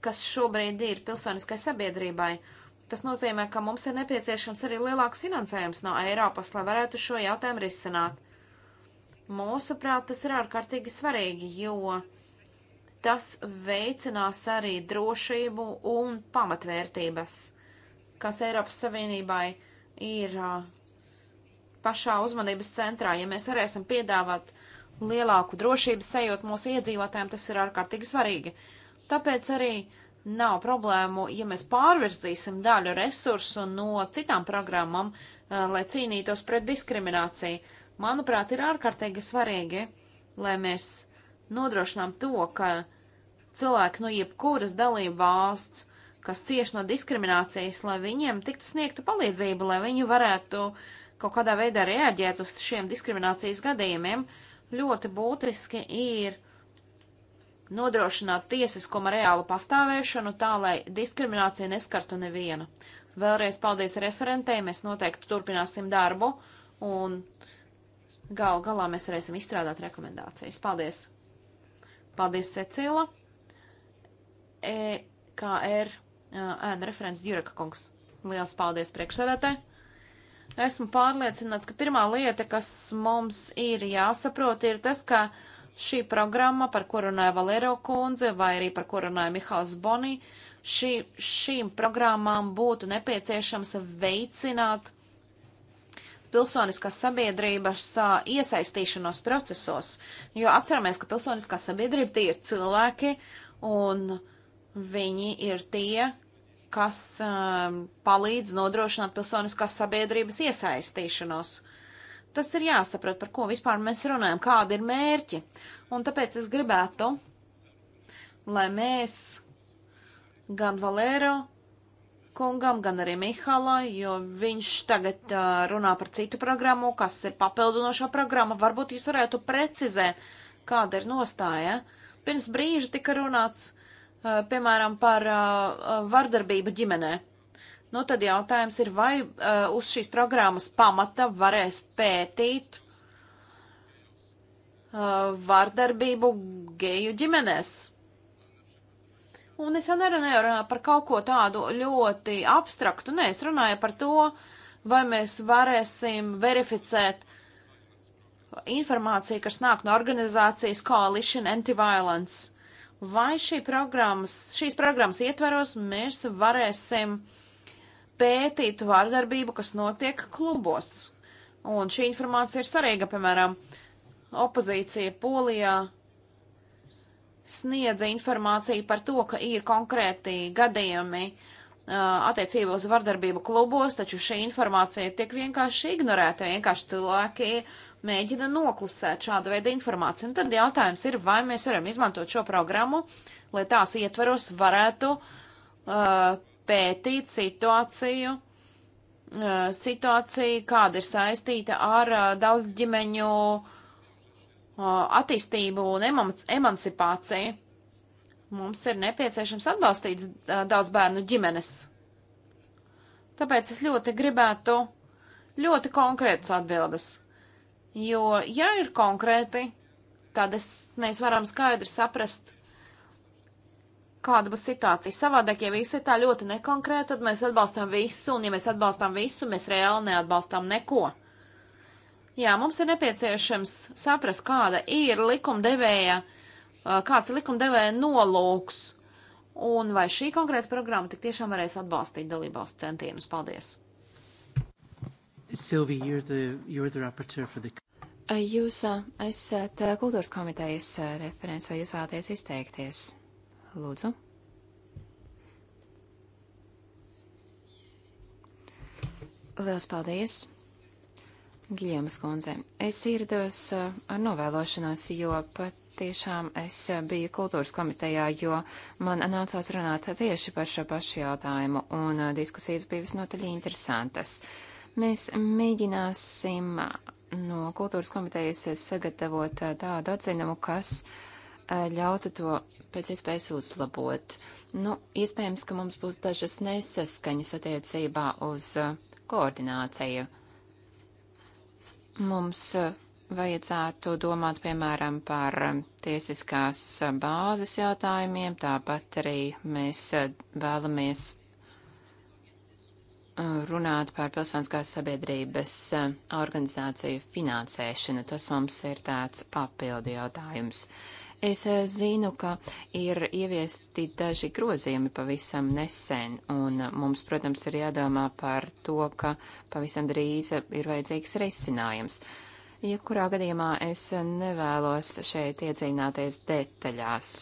kas šobrīd ir pilsoniskai sabiedrībai. Tas nozīmē, ka mums ir nepieciešams arī lielāks finansējums no Eiropas, lai varētu šo jautājumu risināt. Mūsuprāt, tas ir ārkārtīgi svarīgi, jo tas veicinās arī drošību un pamatvērtības kas Eiropas Savienībai ir pašā uzmanības centrā. Ja mēs varēsim piedāvāt lielāku drošības sajūtu mūsu iedzīvotājiem, tas ir ārkārtīgi svarīgi. Tāpēc arī nav problēmu, ja mēs pārvirzīsim daļu resursu no citām programmām, lai cīnītos pret diskrimināciju. Manuprāt, ir ārkārtīgi svarīgi, lai mēs nodrošinām to, ka cilvēki no jebkuras dalību valsts kas cieši no diskriminācijas, lai viņiem tiktu sniegta palīdzība, lai viņi varētu kaut kādā veidā reaģēt uz šiem diskriminācijas gadījumiem. Ļoti būtiski ir nodrošināt tiesiskuma reālu pastāvēšanu tā, lai diskriminācija neskartu nevienu. Vēlreiz paldies referentei, mēs noteikti turpināsim darbu un gal galā mēs varēsim izstrādāt rekomendācijas. Paldies! Paldies, Cecila! EKR ēna referents Djureka kungs. Liels paldies priekšsēdētāji! Esmu pārliecināts, ka pirmā lieta, kas mums ir jāsaprot, ir tas, ka šī programma, par ko runāja Valero kundze vai arī par ko runāja Mihāls Bonī, šī, šīm programmām būtu nepieciešams veicināt pilsoniskās sabiedrības iesaistīšanos procesos. Jo atceramies, ka pilsoniskā sabiedrība tie ir cilvēki un viņi ir tie, kas um, palīdz nodrošināt pilsoniskās sabiedrības iesaistīšanos. Tas ir jāsaprot, par ko vispār mēs runājam, kādi ir mērķi. Un tāpēc es gribētu, lai mēs gan Valēro kungam, gan arī Mihalai, jo viņš tagad uh, runā par citu programmu, kas ir papildinošā programma. Varbūt jūs varētu precizēt, kāda ir nostāja. Pirms brīža tika runāts Eh, piemēram, par eh, vardarbību ģimenē. Nu, tad jautājums ir, vai eh, uz šīs programmas pamata varēs pētīt vardarbību geju ģimenēs. Un es jau nerunāju par kaut ko tādu ļoti abstraktu, nē, es runāju par to, vai mēs varēsim verificēt informāciju, kas nāk no organizācijas Coalition Anti-Violence vai šī programmas, šīs programmas ietveros mēs varēsim pētīt vārdarbību, kas notiek klubos. Un šī informācija ir svarīga, piemēram, opozīcija Polijā sniedza informāciju par to, ka ir konkrēti gadījumi uh, attiecībā uz vardarbību klubos, taču šī informācija tiek vienkārši ignorēta, vienkārši cilvēki uh, mēģina noklusēt šādu veidu informāciju. Un tad jautājums ir, vai mēs varam izmantot šo programmu, lai tās ietvaros varētu uh, pētīt situāciju, uh, situāciju, kāda ir saistīta ar uh, daudz ģimeņu uh, attīstību un eman emancipāciju. Mums ir nepieciešams atbalstīt uh, daudz bērnu ģimenes. Tāpēc es ļoti gribētu ļoti konkrētas atbildes. Jo, ja ir konkrēti, tad es, mēs varam skaidri saprast, kāda būs situācija. Savādāk, ja viss ir tā ļoti nekonkrēti, tad mēs atbalstām visu, un ja mēs atbalstām visu, mēs reāli neatbalstām neko. Jā, mums ir nepieciešams saprast, kāda ir likumdevēja, kāds ir likumdevēja nolūks, un vai šī konkrēta programma tik tiešām varēs atbalstīt dalībvalsts centienus. Paldies! Sylvie, you're the, you're the rapporteur for the... Jūs esat kultūras komitejas referents, vai jūs vēlaties izteikties? Lūdzu. Liels paldies, Gijamas kundze. Es ierados ar novēlošanos, jo pat tiešām es biju kultūras komitejā, jo man nācās runāt tieši par šo pašu jautājumu, un diskusijas bija visnotaļ interesantas. Mēs mēģināsim no kultūras komitejas sagatavot eh, tādu atzinumu, kas eh, ļautu to pēc iespējas uzlabot. Nu, iespējams, ka mums būs dažas nesaskaņas attiecībā uz eh, koordināciju. Mums vajadzētu domāt, piemēram, par tiesiskās bāzes jautājumiem, tāpat arī mēs vēlamies runāt par pilsoniskās sabiedrības eh, organizāciju finansēšanu. Tas mums ir tāds papildu jautājums. Es eh, zinu, ka ir ieviesti daži grozījumi pavisam nesen, un mums, protams, ir jādomā par to, ka pavisam drīz ir vajadzīgs risinājums. Jebkurā gadījumā es nevēlos šeit iedzināties detaļās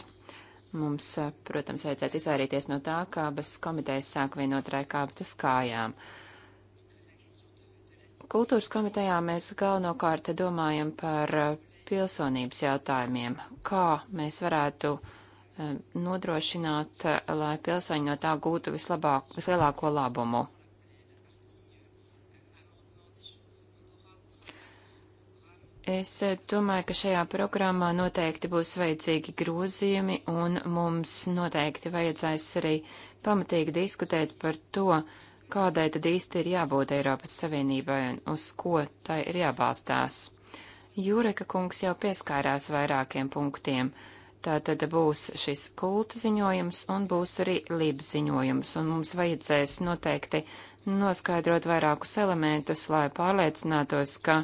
Mums, protams, vajadzētu izvairīties no tā, ka abas komitejas sāk vienotrai kāpt uz kājām. Kultūras komitejā mēs galvenokārt domājam par eh, pilsonības jautājumiem, kā mēs varētu eh, nodrošināt, eh, lai pilsoņi no tā gūtu vislabāk, vislielāko labumu. Es domāju, ka šajā programmā noteikti būs vajadzīgi grozījumi, un mums noteikti vajadzēs arī pamatīgi diskutēt par to, kādai tad īsti ir jābūt Eiropas Savienībai un uz ko tai ir jābalstās. Jūreka kungs jau pieskārās vairākiem punktiem. Tātad būs šis kulta ziņojums un būs arī lib ziņojums, un mums vajadzēs noteikti noskaidrot vairākus elementus, lai pārliecinātos, ka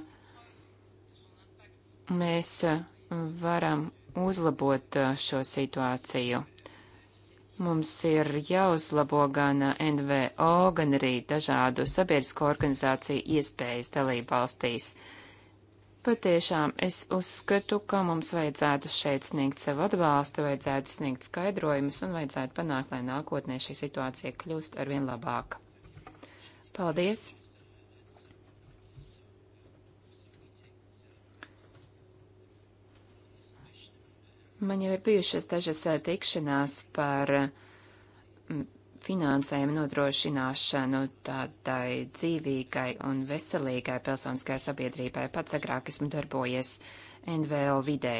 mēs eh, varam uzlabot eh, šo situāciju. Mums ir jāuzlabo gan eh, NVO, gan arī dažādu sabiedrisko organizāciju iespējas dalību valstīs. Patiešām es uzskatu, ka mums vajadzētu šeit sniegt savu atbalstu, vajadzētu sniegt skaidrojumus un vajadzētu panākt, lai nākotnē šī situācija kļūst arvien labāka. Paldies! Man jau ir bijušas dažas teikšanās par mm, finansējumu nodrošināšanu tādai dzīvīgai un veselīgai pilsoniskai sabiedrībai. Pats agrāk esmu darbojies NVO vidē.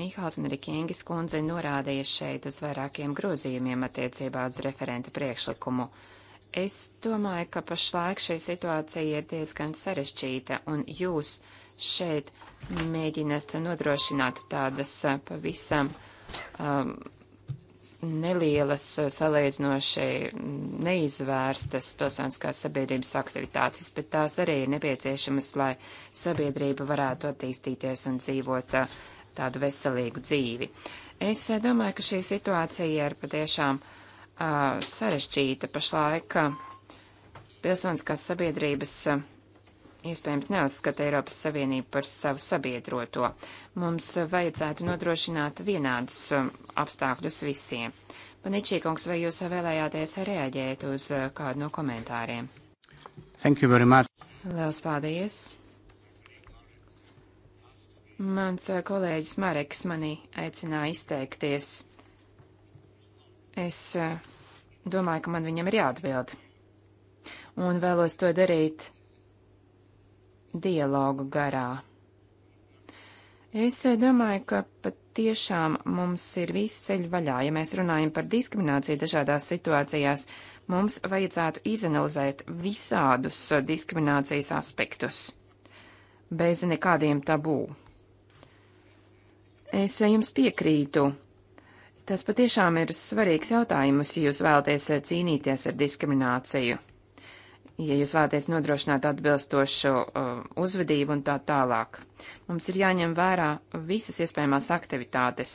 Mihāls un Rikīngis kundze norādīja šeit uz vairākiem grozījumiem attiecībā uz referenta priekšlikumu. Es domāju, ka pašlaik šī situācija ir diezgan sarežģīta, un jūs šeit mēģināt nodrošināt tādas eh, pavisam um, nelielas, eh, salīdzinoši neizvērstas pilsoniskās sabiedrības aktivitātes, bet tās arī ir nepieciešamas, lai sabiedrība varētu attīstīties un dzīvot eh, tādu veselīgu dzīvi. Es domāju, ka šī situācija ir patiešām uh, sarežģīta pašlaika. Pilsoniskās sabiedrības uh, iespējams neuzskata Eiropas Savienību par savu sabiedroto. Mums vajadzētu nodrošināt vienādus um, apstākļus visiem. Paničīkungs, vai jūs vēlējāties reaģēt uz uh, kādu no komentāriem? Thank you very much. Liels paldies. Mans uh, kolēģis Mareks mani aicināja izteikties. Es uh, domāju, ka man viņam ir jāatbild. Un vēlos to darīt dialogu garā. Es eh, domāju, ka pat tiešām mums ir visi ceļi vaļā. Ja mēs runājam par diskrimināciju dažādās situācijās, mums vajadzētu izanalizēt visādus eh, diskriminācijas aspektus bez nekādiem tabū. Es eh, jums piekrītu. Tas patiešām ir svarīgs jautājums, ja jūs vēlaties cīnīties ar diskrimināciju ja jūs vēlaties nodrošināt atbilstošu uh, uzvedību un tā tālāk. Mums ir jāņem vērā visas iespējamās aktivitātes.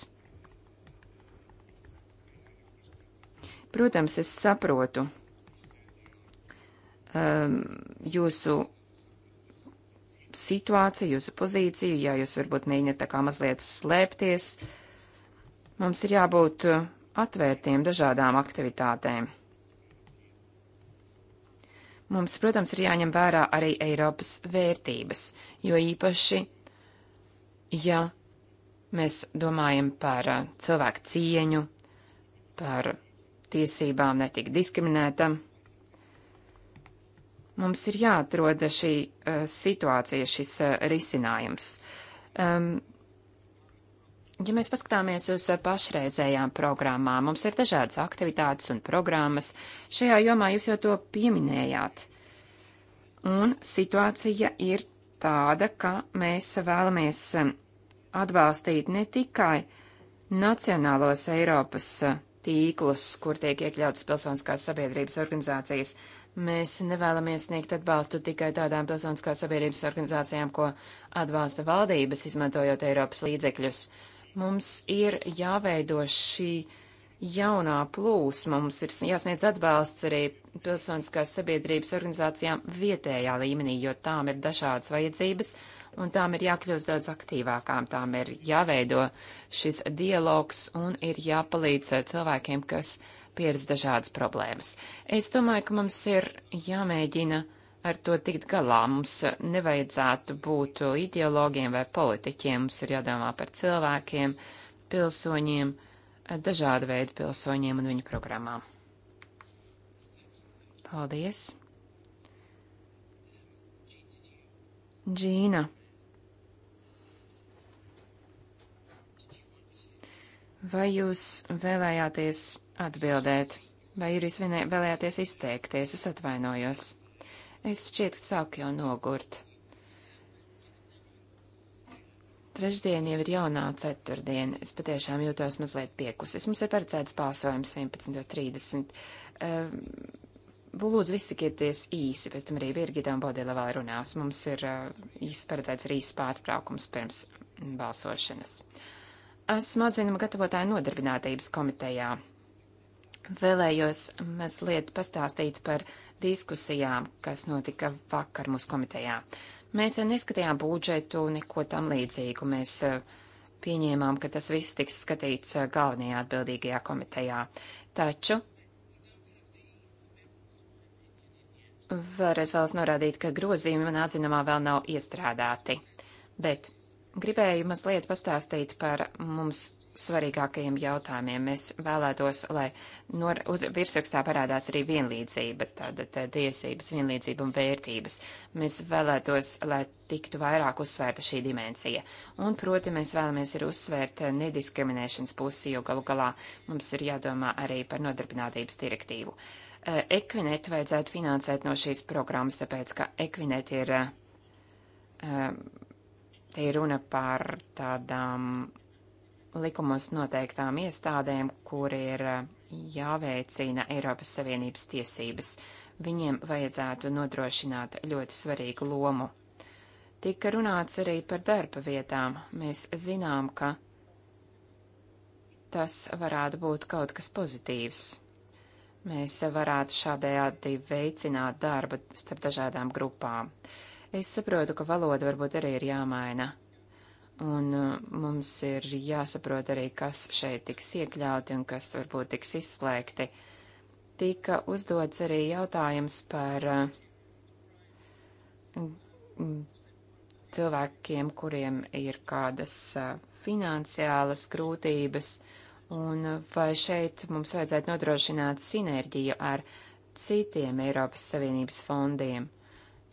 Protams, es saprotu um, jūsu situāciju, jūsu pozīciju, ja jūs varbūt mēģināt tā kā mazliet slēpties. Mums ir jābūt uh, atvērtiem dažādām aktivitātēm. Mums, protams, ir jāņem vērā arī Eiropas vērtības, jo īpaši, ja mēs domājam par uh, cilvēku cieņu, par tiesībām netikt diskriminētam, mums ir jāatroda šī uh, situācija, šis uh, risinājums. Um, Ja mēs paskatāmies uz pašreizējām programmām, mums ir dažādas aktivitātes un programmas. Šajā jomā jūs jau to pieminējāt. Un situācija ir tāda, ka mēs vēlamies um, atbalstīt ne tikai nacionālos Eiropas uh, tīklus, kur tiek iekļautas pilsoniskās sabiedrības organizācijas. Mēs nevēlamies sniegt atbalstu tikai tādām pilsoniskās sabiedrības organizācijām, ko atbalsta valdības, izmantojot Eiropas līdzekļus. Uh, Mums ir jāveido šī jaunā plūsma, mums ir jāsniedz atbalsts arī pilsoniskās sabiedrības organizācijām vietējā līmenī, jo tām ir dažādas vajadzības un tām ir jākļūst daudz aktīvākām, tām ir jāveido šis dialogs un ir jāpalīdz cilvēkiem, kas pieredz dažādas problēmas. Es domāju, ka mums ir jāmēģina ar to tikt galā. Mums nevajadzētu būt ideologiem vai politiķiem, mums ir jādomā par cilvēkiem, pilsoņiem, dažādu veidu pilsoņiem un viņu programmām. Paldies! Džīna. Vai jūs vēlējāties atbildēt, vai jūs vēlējāties izteikties? Es atvainojos. Es šķiet, ka sāku jau nogurt. Trešdien jau ir jaunā ceturtdiena. Es patiešām jūtos mazliet piekusis. Mums ir paredzēts balsojums 11.30. Uh, ehm, lūdzu, visi tikieties īsi, pēc tam arī Birgita un Bodila vēl runās. Mums ir uh, īsts paredzēts arī īsts pārtraukums pirms balsošanas. Esmu atzinuma gatavotāja nodarbinātības komitejā. Vēlējos mazliet pastāstīt par uh, diskusijām, kas notika vakar mūsu komitejā. Mēs neskatījām budžetu, neko tam līdzīgu. Mēs eh, pieņēmām, ka tas viss tiks skatīts eh, galvenajā atbildīgajā komitejā. Taču vēlreiz vēlas norādīt, ka grozījumi manā atzinumā vēl nav iestrādāti. Bet gribēju mazliet pastāstīt par mums svarīgākajiem jautājumiem. Mēs vēlētos, lai nor, uz virsrakstā parādās arī vienlīdzība, tāda tā, tiesības, vienlīdzība un vērtības. Mēs vēlētos, lai tiktu vairāk uzsvērta šī dimensija. Un, proti, mēs vēlamies ir uzsvērt nediskriminēšanas pusi, jo galu galā mums ir jādomā arī par nodarbinātības direktīvu. Ekvinet eh, vajadzētu finansēt no šīs programmas, tāpēc, ka Ekvinet ir, eh, eh, te ir runa par tādām likumos noteiktām iestādēm, kur ir eh, jāveicina Eiropas Savienības tiesības. Viņiem vajadzētu nodrošināt ļoti svarīgu lomu. Tika runāts arī par darba vietām. Mēs zinām, ka tas varētu būt kaut kas pozitīvs. Mēs varētu šādējādi veicināt darbu starp dažādām grupām. Es saprotu, ka valoda varbūt arī ir jāmaina. Un uh, mums ir jāsaprot arī, kas šeit tiks iekļauti un kas varbūt tiks izslēgti. Tika uzdots arī jautājums par uh, cilvēkiem, kuriem ir kādas uh, finansiālas grūtības, un vai šeit mums vajadzētu nodrošināt sinerģiju ar citiem Eiropas Savienības fondiem.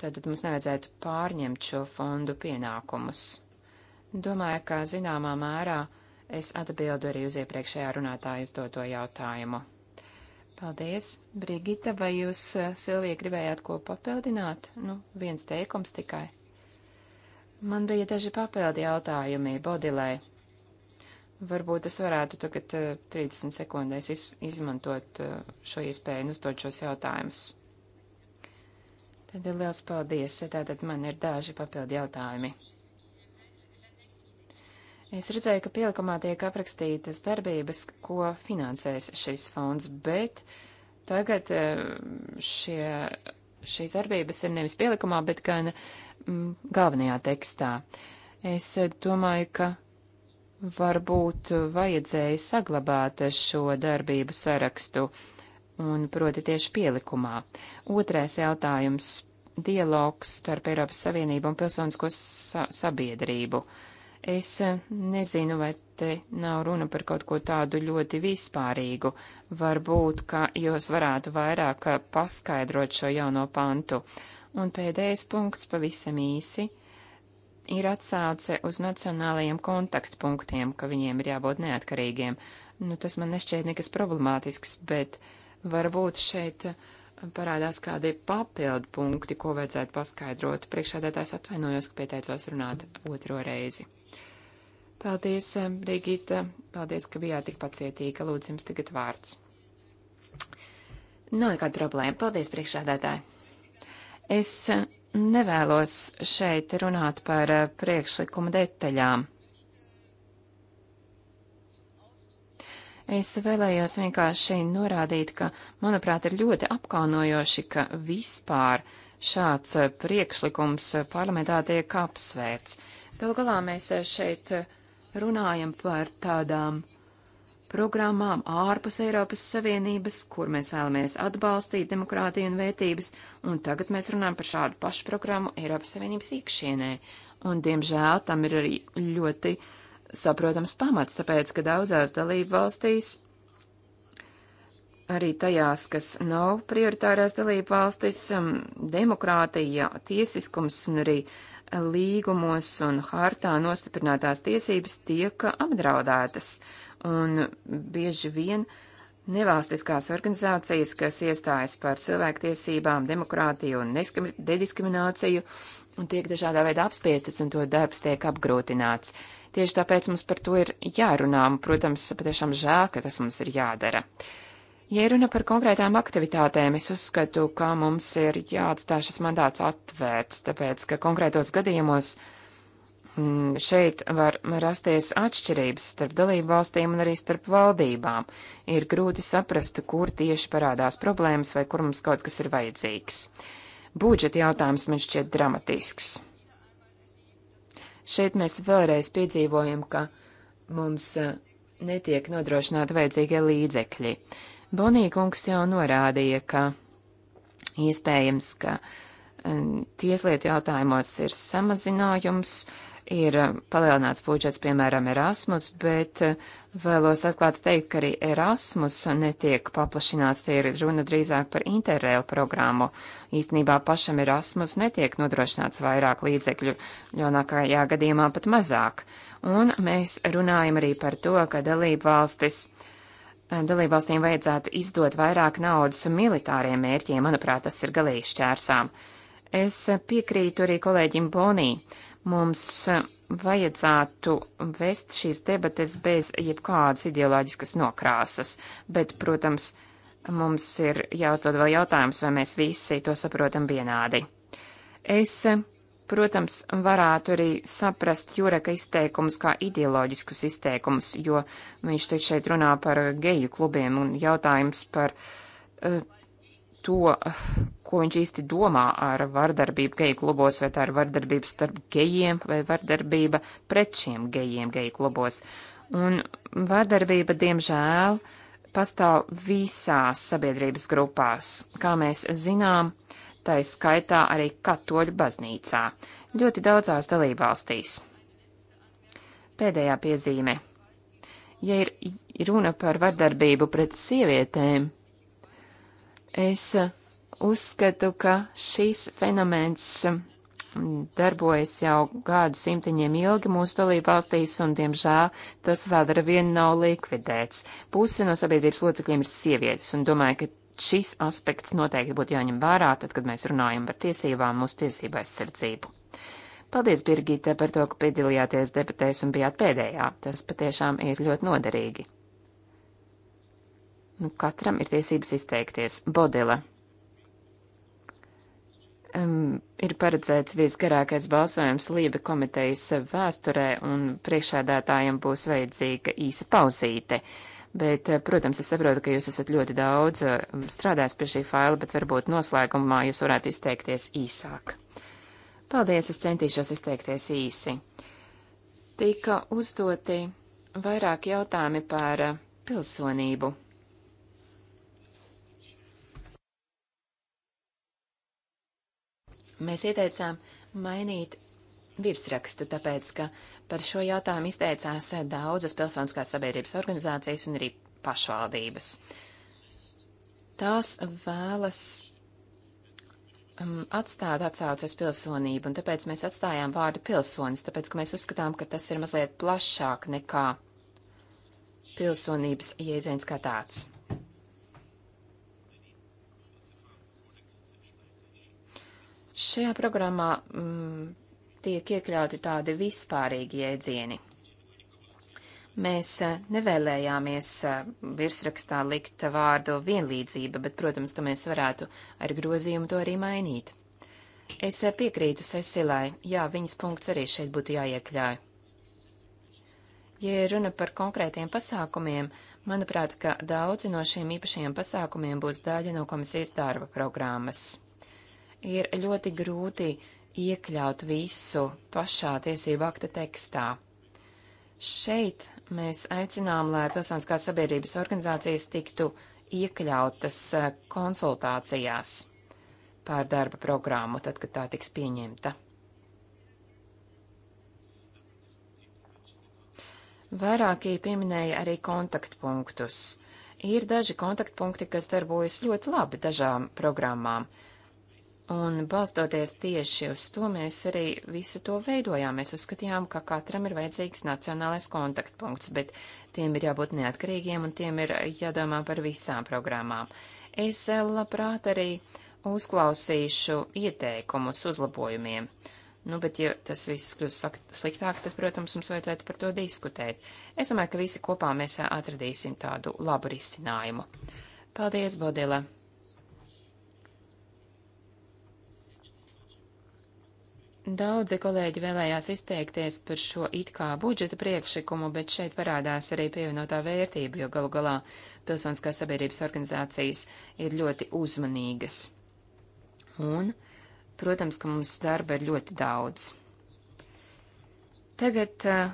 Tātad mums nevajadzētu pārņemt šo fondu pienākumus. Domāju, ka zināmā mērā es atbildu arī uz iepriekšējā runātāja uzdoto jautājumu. Paldies, Brigita, vai jūs, eh, Silvija, gribējāt ko papildināt? Nu, viens teikums tikai. Man bija daži papildi jautājumi Bodilē. Varbūt es varētu tagad 30 eh, sekundēs iz, izmantot eh, šo iespēju un uzdot šos jautājumus. Tad liels paldies, tātad man ir daži papildi jautājumi. Es redzēju, ka pielikumā tiek aprakstītas darbības, ko finansēs šis fonds, bet tagad eh, šie, šīs darbības ir nevis pielikumā, bet gan mm, galvenajā tekstā. Es domāju, ka varbūt vajadzēja saglabāt šo darbību sarakstu, un proti tieši pielikumā. Otrais jautājums - dialogs starp Eiropas Savienību un pilsonisko sa sabiedrību. Uh, Es eh, nezinu, vai te nav runa par kaut ko tādu ļoti vispārīgu. Varbūt, ka jūs varētu vairāk eh, paskaidrot šo jauno pantu. Un pēdējais punkts pavisam īsi ir atsauce uz nacionālajiem kontaktpunktiem, ka viņiem ir jābūt neatkarīgiem. Nu, tas man nešķiet nekas problemātisks, bet varbūt šeit eh, parādās kādi papildu punkti, ko vajadzētu paskaidrot. Priekšādētājs atvainojos, ka pieteicos runāt otro reizi. Paldies, eh, Brigita. Paldies, ka bijāt tik pacietīga. Lūdzu, jums tagad vārds. Nav nekāda problēma. Paldies, priekšsēdētāji. Es eh, nevēlos šeit runāt par eh, priekšlikuma detaļām. Es vēlējos vienkārši norādīt, ka, manuprāt, ir ļoti apkaunojoši, ka vispār šāds priekšlikums parlamentā tiek apsvērts. Galu galā mēs šeit uh, runājam par tādām programmām ārpus Eiropas Savienības, kur mēs vēlamies atbalstīt demokrātiju un vērtības, un tagad mēs runājam par šādu pašu programmu Eiropas Savienības iekšienē. Un, diemžēl, tam ir arī ļoti saprotams pamats, tāpēc, ka daudzās dalību valstīs, arī tajās, kas nav prioritārās dalību valstis, um, demokrātija, tiesiskums un arī uh, līgumos un hartā nostiprinātās tiesības tiek apdraudētas, un bieži vien nevalstiskās organizācijas, kas iestājas par cilvēktiesībām, demokrātiju un nediskrimināciju, un tiek dažādā veidā apspiestas, un to darbs tiek apgrūtināts. Tieši tāpēc mums par to ir jārunā, un, protams, patiešām žēl, ka tas mums ir jādara. Uh, Ja runa par konkrētām aktivitātēm, es uzskatu, ka mums ir jāatstāj šis mandāts atvērts, tāpēc, ka konkrētos gadījumos mm, šeit var rasties atšķirības starp dalību valstīm un arī starp valdībām. Ir grūti saprast, kur tieši parādās problēmas vai kur mums kaut kas ir vajadzīgs. Budžeta jautājums man šķiet dramatisks. Šeit mēs vēlreiz piedzīvojam, ka mums eh, netiek nodrošināti vajadzīgie līdzekļi. Uh, Bonīkungs jau norādīja, ka iespējams, ka mm, tieslietu jautājumos ir samazinājums, ir palielināts budžets, piemēram, Erasmus, bet mm, vēlos atklāt teikt, ka arī Erasmus netiek paplašināts, tie ir runa drīzāk par interrēlu programmu. Īstenībā pašam Erasmus netiek nodrošināts vairāk līdzekļu, ļaunākajā gadījumā pat mazāk. Un mēs runājam arī par to, ka dalību valstis dalībvalstīm vajadzētu izdot vairāk naudas militāriem mērķiem, manuprāt, tas ir galīgi šķērsām. Es piekrītu arī kolēģim Bonī. Mums vajadzētu vest šīs debates bez jebkādas ideoloģiskas nokrāsas, bet, protams, mums ir jāuzdod vēl jautājums, vai mēs visi to saprotam vienādi. Es Protams, varētu arī saprast Jureka izteikumus kā ideoloģiskus izteikumus, jo viņš teikt šeit runā par geju klubiem un jautājums par uh, to, ko viņš īsti domā ar vardarbību geju klubos, vai tā ir vardarbība starp gejiem vai vardarbība pret šiem gejiem geju klubos. Un vardarbība, diemžēl, pastāv visās sabiedrības grupās. Kā mēs zinām, uh, tai skaitā arī katoļu baznīcā, ļoti daudzās dalībvalstīs. Pēdējā piezīme. Ja ir runa par vardarbību pret sievietēm, es eh, uzskatu, ka šīs fenomens mm, darbojas jau gadu simtiņiem ilgi mūsu dalībvalstīs, un, diemžēl, tas vēl ar vienu nav likvidēts. Puse no sabiedrības locekļiem ir sievietes, un domāju, ka šis aspekts noteikti būtu jāņem vērā, tad, kad mēs runājam par tiesībām, mūsu tiesību aizsardzību. Paldies, Birgita, par to, ka piedalījāties debatēs un bijāt pēdējā. Tas patiešām ir ļoti noderīgi. Nu, katram ir tiesības izteikties. Bodila. Um, ir paredzēts visgarākais balsojums Lība komitejas vēsturē, un priekšādātājiem būs vajadzīga īsa pauzīte. Uh, Bet, eh, protams, es saprotu, ka jūs esat ļoti daudz eh, strādājis pie šī faila, bet varbūt noslēgumā jūs varētu izteikties īsāk. Paldies, es centīšos izteikties īsi. Tika uzdoti vairāk jautājumi par eh, pilsonību. Mēs ieteicām mainīt virsrakstu, tāpēc, ka uh, Par šo jautājumu izteicās daudzas pilsoniskās sabiedrības organizācijas un arī pašvaldības. Tās vēlas um, atstāt atsauces pilsonību, un tāpēc mēs atstājām vārdu pilsonis, tāpēc, ka mēs uzskatām, ka tas ir mazliet plašāk nekā pilsonības jēdziens kā tāds. Šajā programmā mm, tiek iekļauti tādi vispārīgi jēdzieni. Mēs eh, nevēlējāmies eh, virsrakstā likt vārdu vienlīdzība, bet, protams, ka mēs varētu ar grozījumu to arī mainīt. Es eh, piekrītu Sesilai, jā, viņas punkts arī šeit būtu jāiekļauj. Ja runa par konkrētiem pasākumiem, manuprāt, ka daudzi no šiem īpašajiem pasākumiem būs daļa no komisijas darba programmas. Ir ļoti grūti iekļaut visu pašā tiesību akta tekstā. Šeit mēs aicinām, lai pilsoniskās sabiedrības organizācijas tiktu iekļautas e, konsultācijās pār darba programmu, tad, kad tā tiks pieņemta. Vairākie pieminēja arī kontaktpunktus. Ir daži kontaktpunkti, kas darbojas ļoti labi dažām programmām. Uh, Un balstoties tieši uz to, mēs arī visu to veidojām. Mēs uzskatījām, ka katram ir vajadzīgs nacionālais kontaktpunkts, bet tiem ir jābūt neatkarīgiem un tiem ir jādomā par visām programmām. Es labprāt arī uzklausīšu ieteikumus uzlabojumiem. Nu, bet, ja tas viss kļūst sliktāk, tad, protams, mums vajadzētu par to diskutēt. Es domāju, ka visi kopā mēs atradīsim tādu labu risinājumu. Paldies, Bodila! Daudzi kolēģi vēlējās izteikties par šo it kā budžeta priekšlikumu, bet šeit parādās arī pievienotā vērtība, jo galu galā pilsoniskās sabiedrības organizācijas ir ļoti uzmanīgas. Un, protams, ka mums darba ir ļoti daudz. Tagad uh,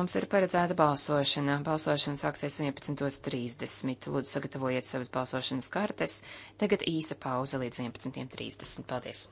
mums ir paredzēta balsošana. Balsošana sāksies 11.30. Lūdzu, sagatavojiet savas balsošanas kartes. Tagad īsa pauze līdz 11.30. Paldies!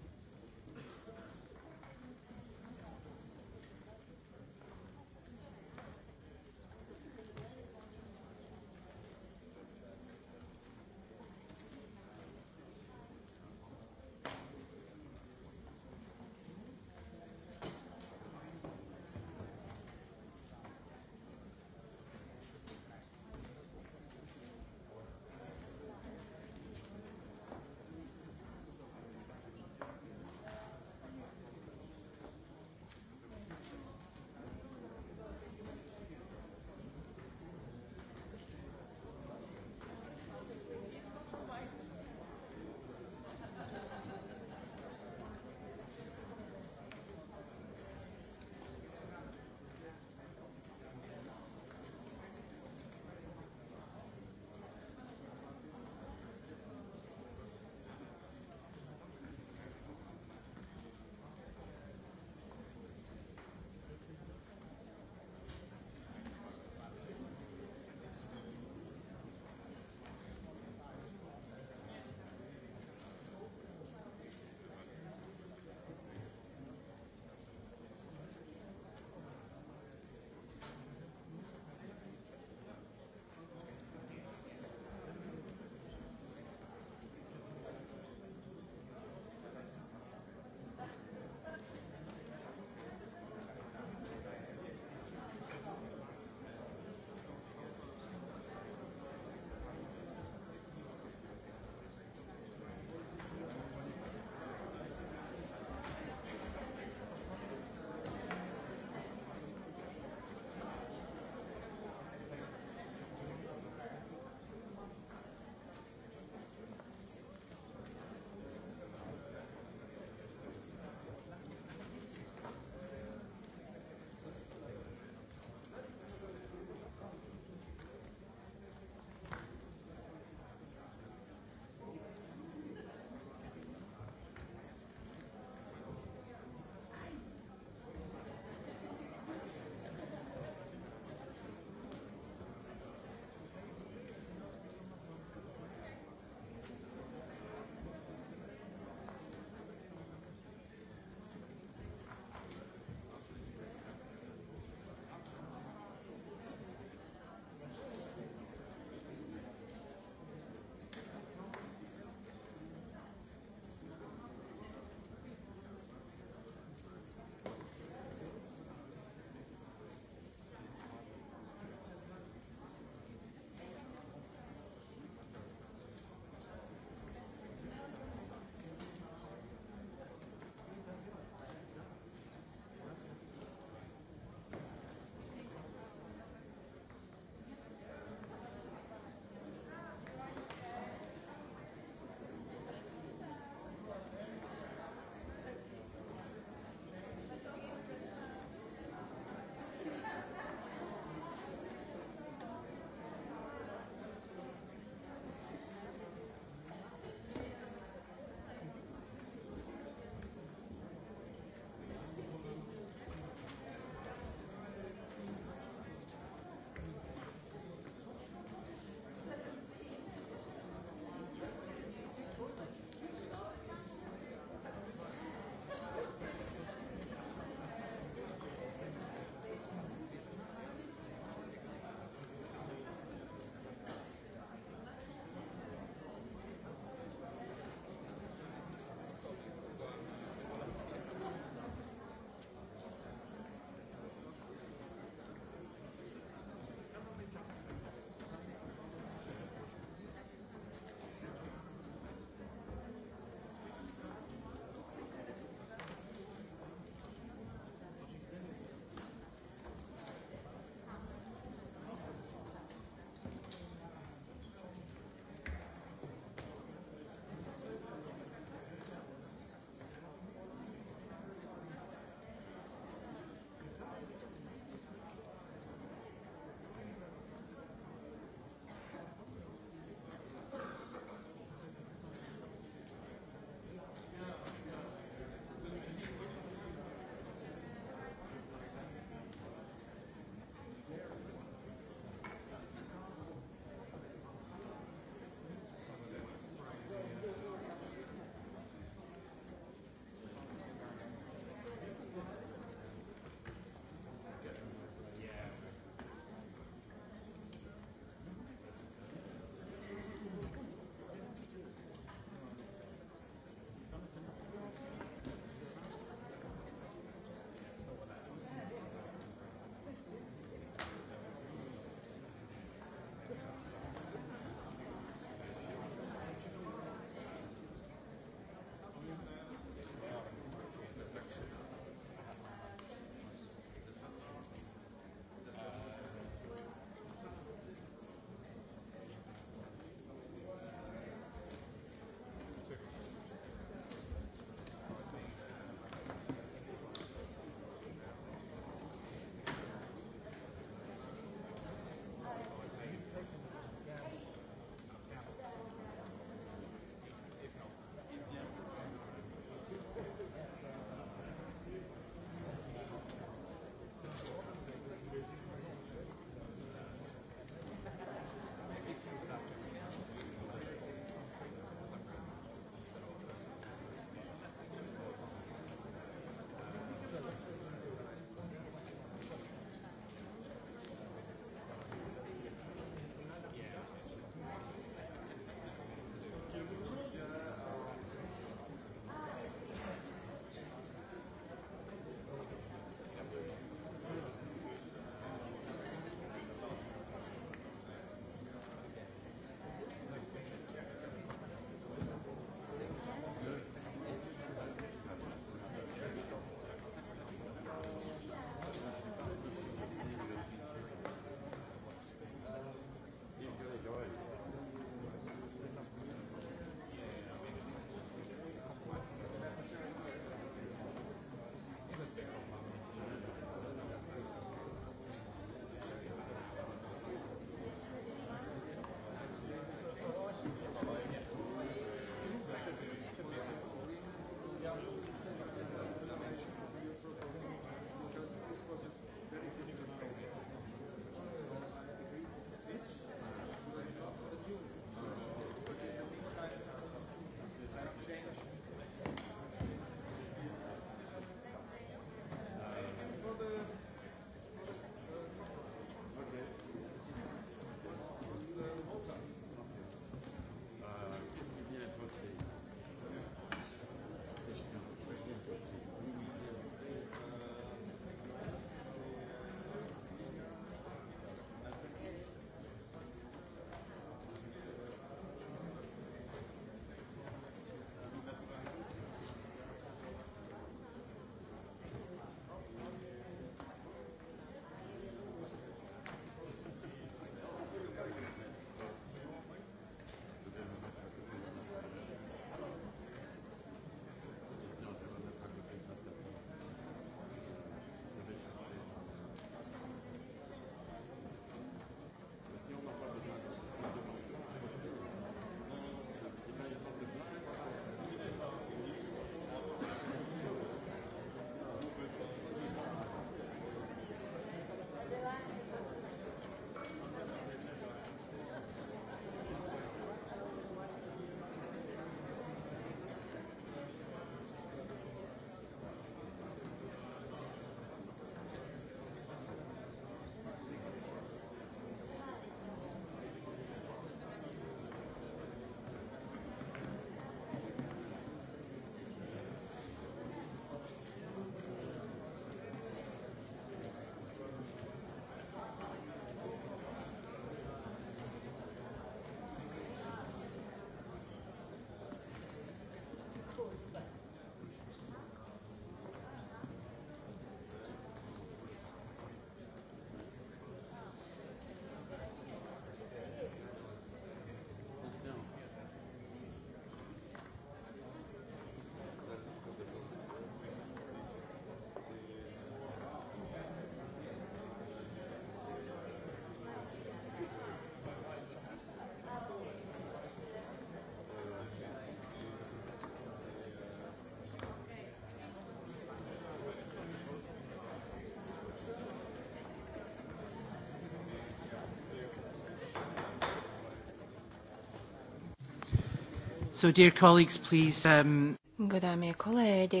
So, dear colleagues, please. Um... Godāmie kolēģi,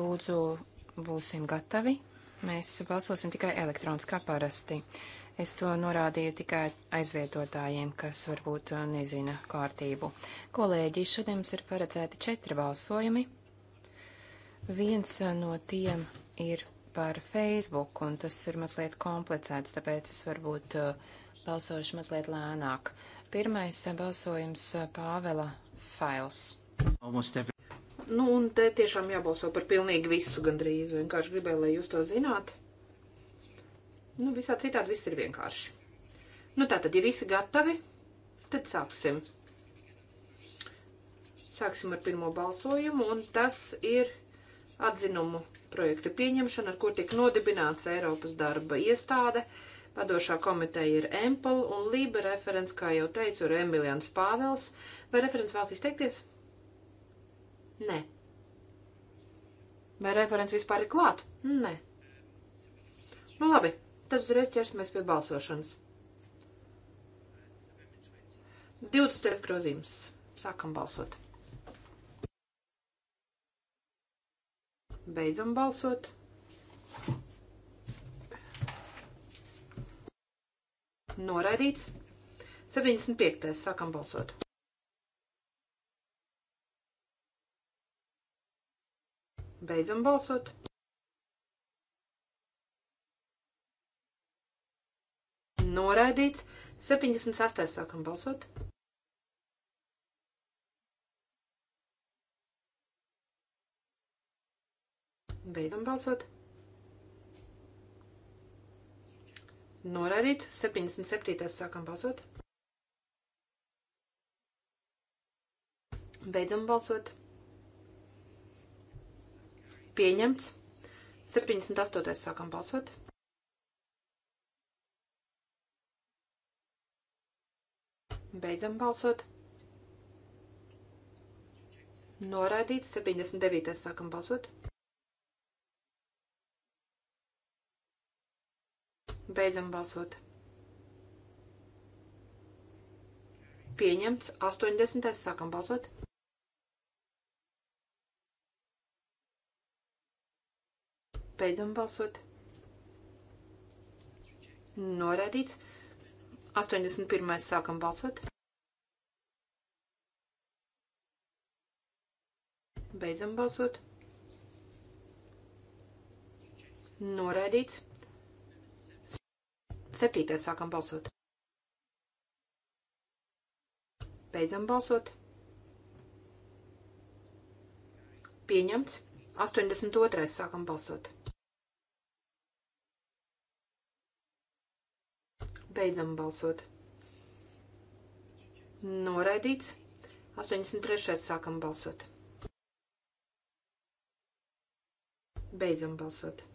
lūdzu, būsim gatavi. Mēs balsosim tikai elektroniski, kā parasti. Es to norādīju tikai aizvietotājiem, kas varbūt nezina kārtību. Kolēģi, šodien mums ir paredzēti četri balsojumi. Viens no tiem ir par Facebook, un tas ir mazliet komplicēts, tāpēc es varbūt uh, balsošu mazliet lēnāk. Pirmais balsojums Pāvela Files. Nu, un te tiešām jābalso par pilnīgi visu gandrīz. Vienkārši gribēju, lai jūs to zināt. Nu, visā citādi viss ir vienkārši. Nu, tātad, ja visi gatavi, tad sāksim. Sāksim ar pirmo balsojumu, un tas ir atzinumu projekta pieņemšana, ar kur tiek nodibināts Eiropas darba iestāde – Padošā komiteja ir Empel un Lība referents, kā jau teicu, ir Emilians Pāvels. Vai referents vēlas izteikties? Nē. Vai referents vispār ir klāt? Nē. Nu labi, tad uzreiz ķersimies pie balsošanas. 20. grozījums. Sākam balsot. Beidzam balsot. noraidīts. 75. sākam balsot. Beidzam balsot. Noraidīts. 78. sākam balsot. Beidzam balsot. Noraidīts. 77. sākam balsot. Beidzam balsot. Pieņemts. 78. sākam balsot. Beidzam balsot. Noraidīts. 79. sākam balsot. Beidzam balsot. Pieņemts. 80. Sākam balsot. Beidzam balsot. Noraidīts. 81. Sākam balsot. Beidzam balsot. Noraidīts. 27. sākam balsot. Beidzam balsot. Pieņemts. 82. sākam balsot. Beidzam balsot. Noraidīts. 83. sākam balsot. Beidzam balsot.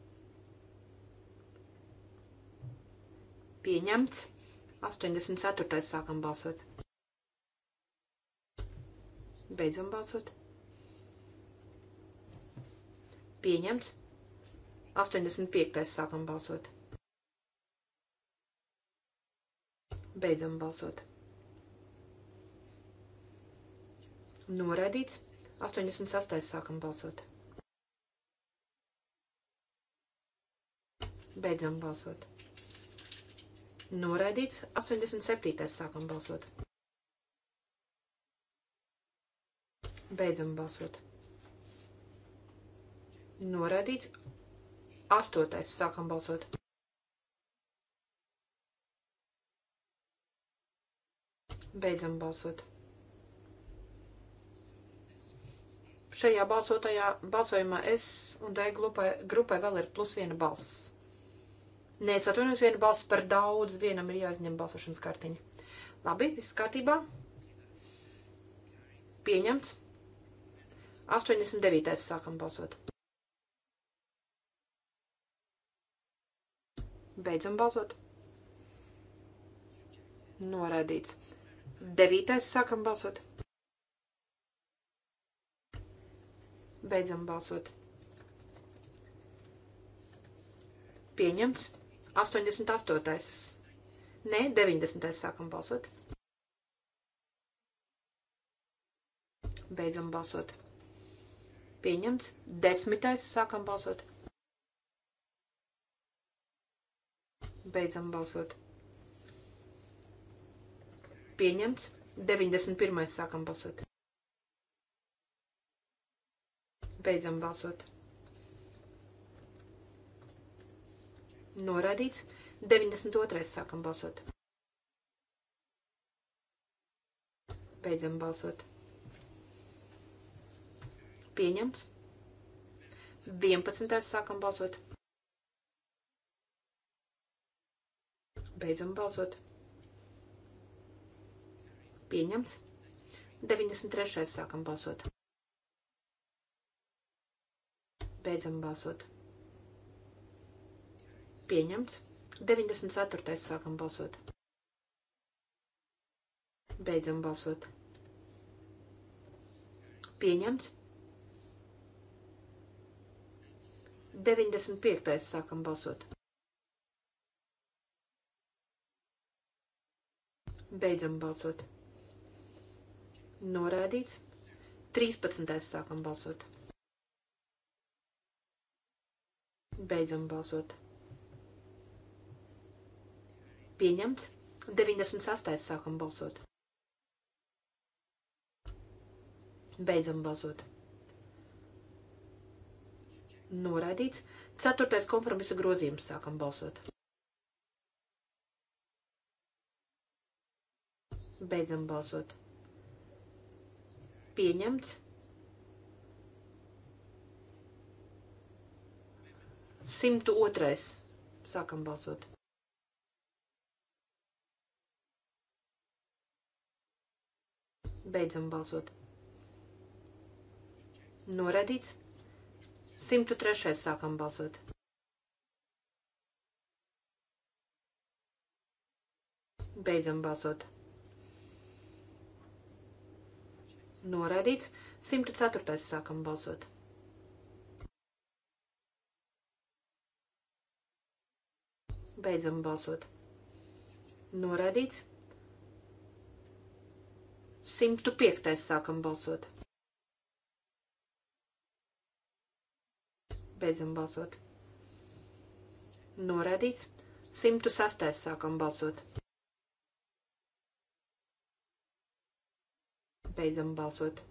Pieņemts. 84. sākam balsot. Beidzam balsot. Pieņemts. 85. sākam balsot. Beidzam balsot. Noraidīts. 88. sākam balsot. Beidzam balsot. Noraidīts 87. sākam balsot. Beidzam balsot. Noraidīts 8. sākam balsot. Beidzam balsot. Šajā balsotajā balsojumā S un D grupai, grupai vēl ir plus viena balss. Nē, es atvainojos, viena balss par daudz, vienam ir jāizņem balsošanas kartiņa. Labi, viss kārtībā. Pieņemts. 89. sākam balsot. Beidzam balsot. Noraidīts. 9. sākam balsot. Beidzam balsot. Pieņemts. 88. Nē, 90. sākam balsot. Beidzam balsot. Pieņemts. Desmitais sākam balsot. Beidzam balsot. Pieņemts. 91. sākam balsot. Beidzam balsot. Noraidīts. 92. sākam balsot. Beidzam balsot. Pieņemts. 11. sākam balsot. Beidzam balsot. Pieņemts. 93. sākam balsot. Beidzam balsot. Pieņemts. 94. sākam balsot. Beidzam balsot. Pieņemts. 95. sākam balsot. Beidzam balsot. Norādīts. 13. sākam balsot. Beidzam balsot. Pieņemts. 98. sākam balsot. Beidzam balsot. Noraidīts. Ceturtais kompromisa grozījums sākam balsot. Beidzam balsot. Pieņemts. Simtu otrais. Sākam balsot. Beidzam balsot. Noraidīts. 103. sākam balsot. Beidzam balsot. Noraidīts. 104. sākam balsot. Beidzam balsot. Noraidīts. 105. sākam balsot. Beidzam balsot. Noraidīts. 106. sākam balsot. Beidzam balsot.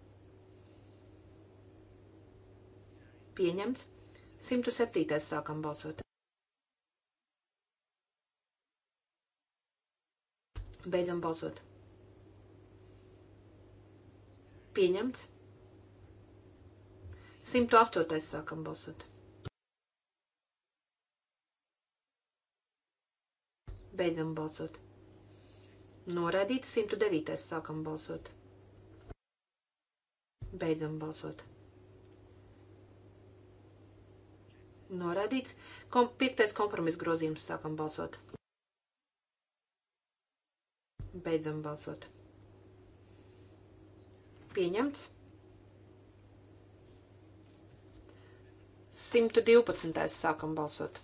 Pieņemts. 107. sākam balsot. Beidzam balsot. Pieņemts. 108. sākam balsot. Beidzam balsot. Noraidīts 109. sākam balsot. Beidzam balsot. Noraidīts. Kom piektais kompromiss grozījums sākam balsot. Beidzam balsot. Pieņemts. 112. sākam balsot.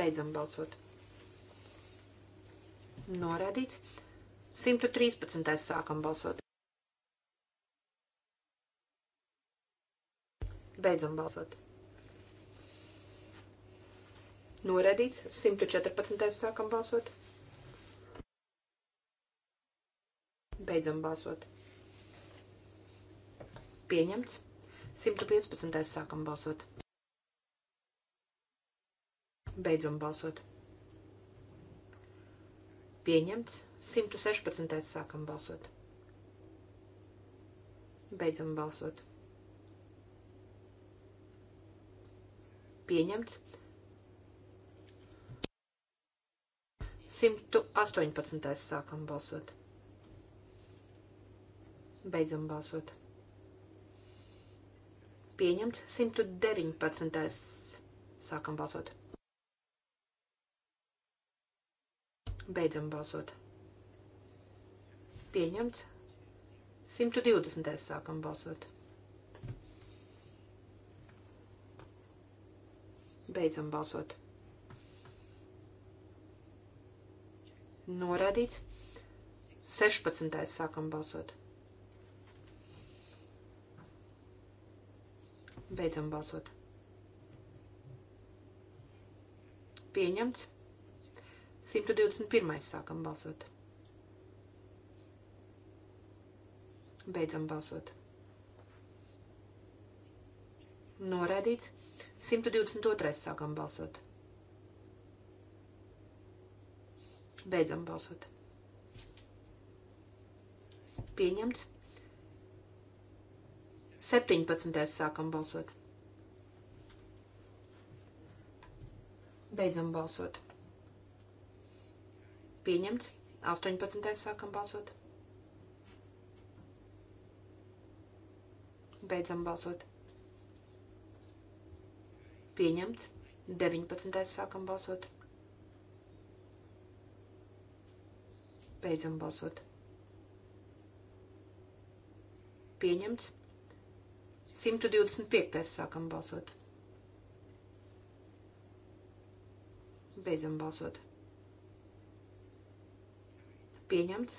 Beidzam balsot. Norādīts. 113. sākam balsot. Beidzam balsot. Norādīts. 114. sākam balsot. Beidzam balsot. Pieņemts. 115. sākam balsot. Beidzam balsot. Pieņemts. 116. sākam balsot. Beidzam balsot. Pieņemts. 118. sākam balsot. Beidzam balsot. Pieņemts 119. Sākam balsot. Beidzam balsot. Pieņemts 120. Sākam balsot. Beidzam balsot. Norādīts 16. Sākam balsot. Beidzam balsot. Pieņemts. 121. sākam balsot. Beidzam balsot. Noraidīts. 122. sākam balsot. Beidzam balsot. Pieņemts. 17. sākam balsot. Beidzam balsot. Pieņemts. 18. sākam balsot. Beidzam balsot. Pieņemts. 19. sākam balsot. Beidzam balsot. Pieņemts. 125. sākam balsot. Beidzam balsot. Pieņemts.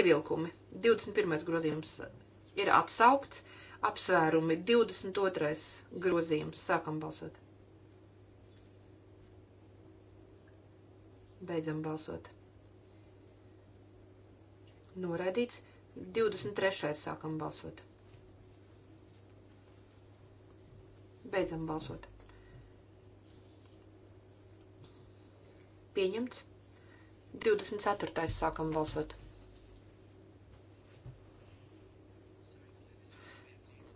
Ievilkumi. 21. grozījums ir atsaukts. Apsvērumi. 22. grozījums. Sākam balsot. Beidzam balsot. Noraidīts. 23. sākam balsot. Beidzam balsot. Pieņemts. 24. sākam balsot.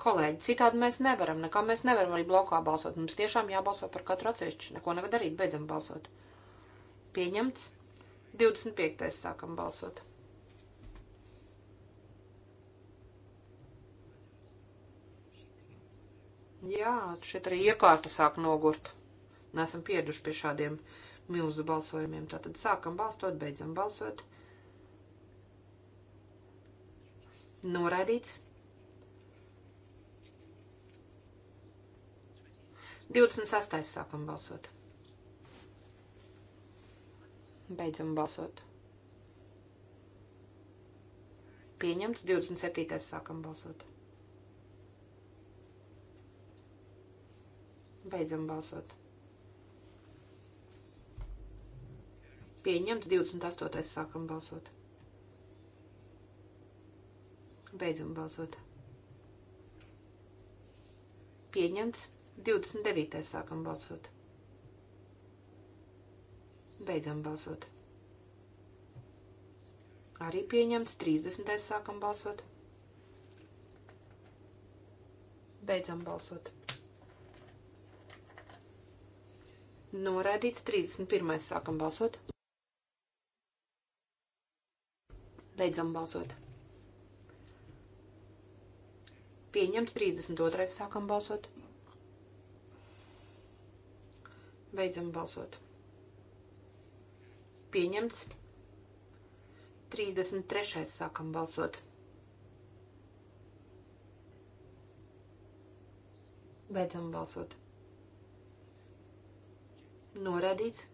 Kolēģi, citādi mēs nevaram, nekā mēs nevaram arī blokā balsot. Mums tiešām jābalso par katru atsevišķu. Neko nevar darīt, beidzam balsot. Pieņemts. 25. sākam balsot. Jā, šeit arī iekārta sāk nogurt. Nesam pieraduši pie šādiem milzu balsojumiem. Tātad sākam balstot, beidzam balsot. Noraidīts. 26. sākam balsot. Beidzam balsot. Pieņemts. 27. sākam balsot. Beidzam balsot. Pieņemts 28. sākam balsot. Beidzam balsot. Pieņemts 29. sākam balsot. Beidzam balsot. Arī pieņemts 30. sākam balsot. Beidzam balsot. Noraidīts 31. Sākam balsot. Beidzam balsot. Pieņemts 32. Sākam balsot. Beidzam balsot. Pieņemts 33. Sākam balsot. Beidzam balsot. Noraidīts.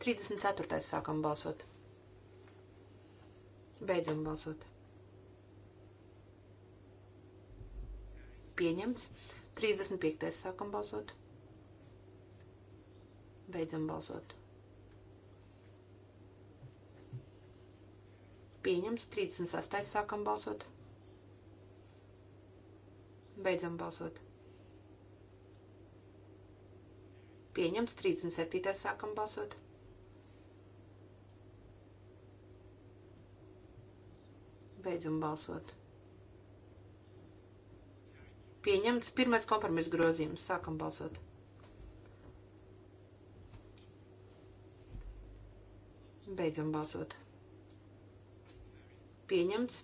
34. sākam balsot. Beidzam balsot. Pieņemts. 35. sākam balsot. Beidzam balsot. Pieņemts. 36. sākam balsot. Beidzam balsot. Pieņemts 37. sākam balsot. Beidzam balsot. Pieņemts pirmais kompromiss grozījums. Sākam balsot. Beidzam balsot. Pieņemts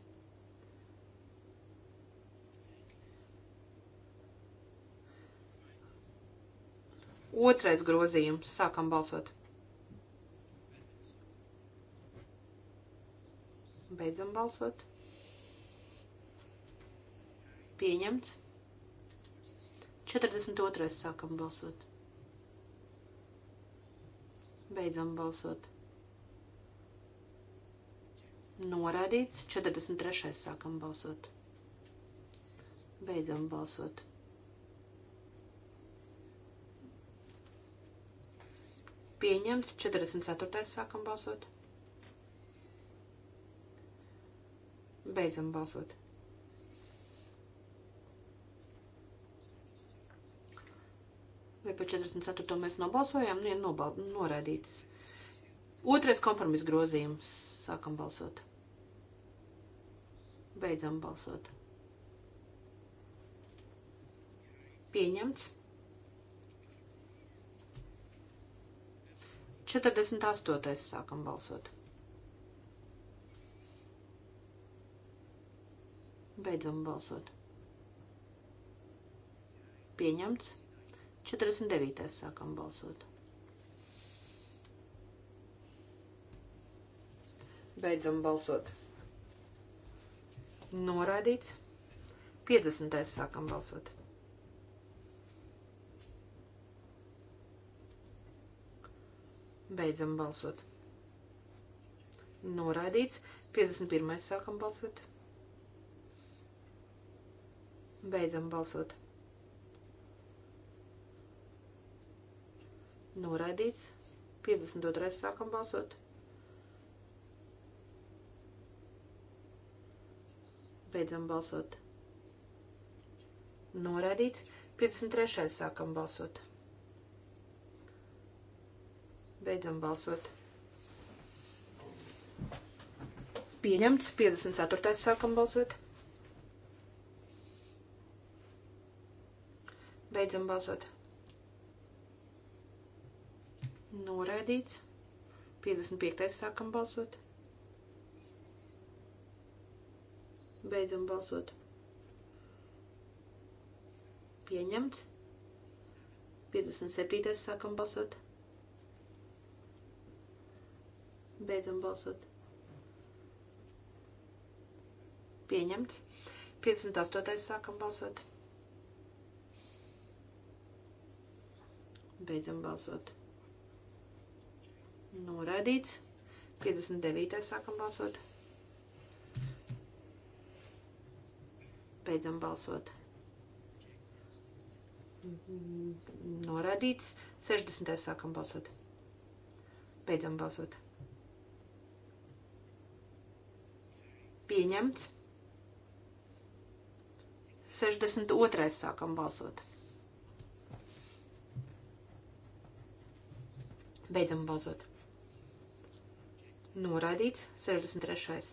Otrais grozījums. Sākam balsot. Beidzam balsot. Pieņemts. 42. sākam balsot. Beidzam balsot. Noraidīts. 43. sākam balsot. Beidzam balsot. Pieņemts. 44. sākam balsot. Beidzam balsot. Vai par 44. mēs nobalsojām? Nē, nu, nobal, noraidīts. Otrais kompromis grozījums. Sākam balsot. Beidzam balsot. Pieņemts. 48. sākam balsot. Beidzam balsot. Pieņemts. 49. sākam balsot. Beidzam balsot. Noraidīts. 50. sākam balsot. Beidzam balsot. Noraidīts. 51. sākam balsot. Beidzam balsot. Noraidīts. 52. sākam balsot. Beidzam balsot. Noraidīts. 53. sākam balsot. Beidzam balsot. Pieņemts. 54. sākam balsot. Beidzam balsot. Noraidīts. 55. sākam balsot. Beidzam balsot. Pieņemts. 57. sākam balsot. Beidzam balsot. Pieņemts. 58. sākam balsot. Beidzam balsot. Noraidīts. 59. sākam balsot. Beidzam balsot. Noraidīts. 60. sākam balsot. Beidzam balsot. Pieņemts. 62. sākam balsot. Beidzam balsot. Noraidīts. 63.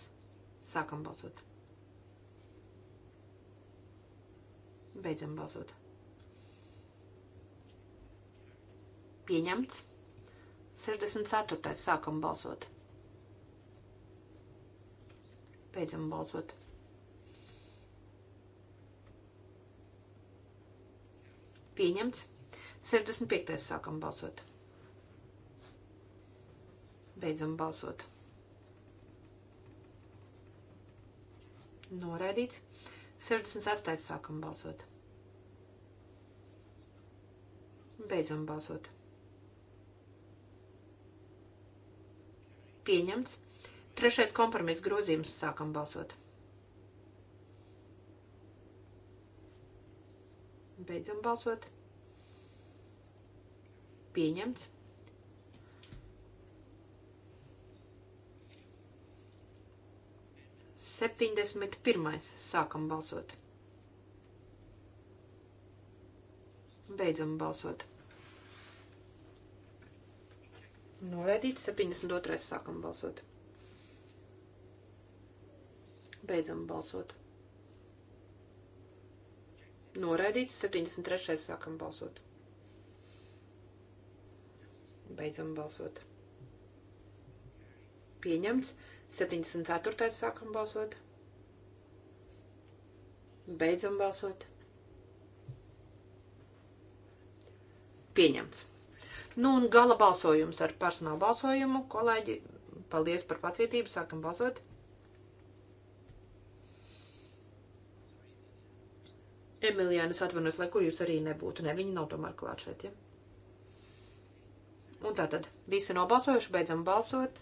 Sākam balsot. Beidzam balsot. Pieņemts. 64. Sākam balsot. Beidzam balsot. Pieņemts. 65. sākam balsot. Beidzam balsot. Noraidīts. 68. sākam balsot. Beidzam balsot. Pieņemts. Trešais kompromiss grozījums sākam balsot. Beidzam balsot. Pieņemts. Septiņdesmit pirmais sākam balsot. Beidzam balsot. Noraidīts 72. sākam balsot. Beidzam balsot. Noraidīts 73. sākam balsot. Beidzam balsot. Pieņemts 74. sākam balsot. Beidzam balsot. Pieņemts. Nu un gala balsojums ar personālu balsojumu. Kolēģi, paldies par pacietību. Sākam balsot. Emilijanas atvainojas, lai kur jūs arī nebūtu. Ne, viņi nav tomēr klāt šeit, ja? Un tātad, visi nobalsojuši, beidzam balsot.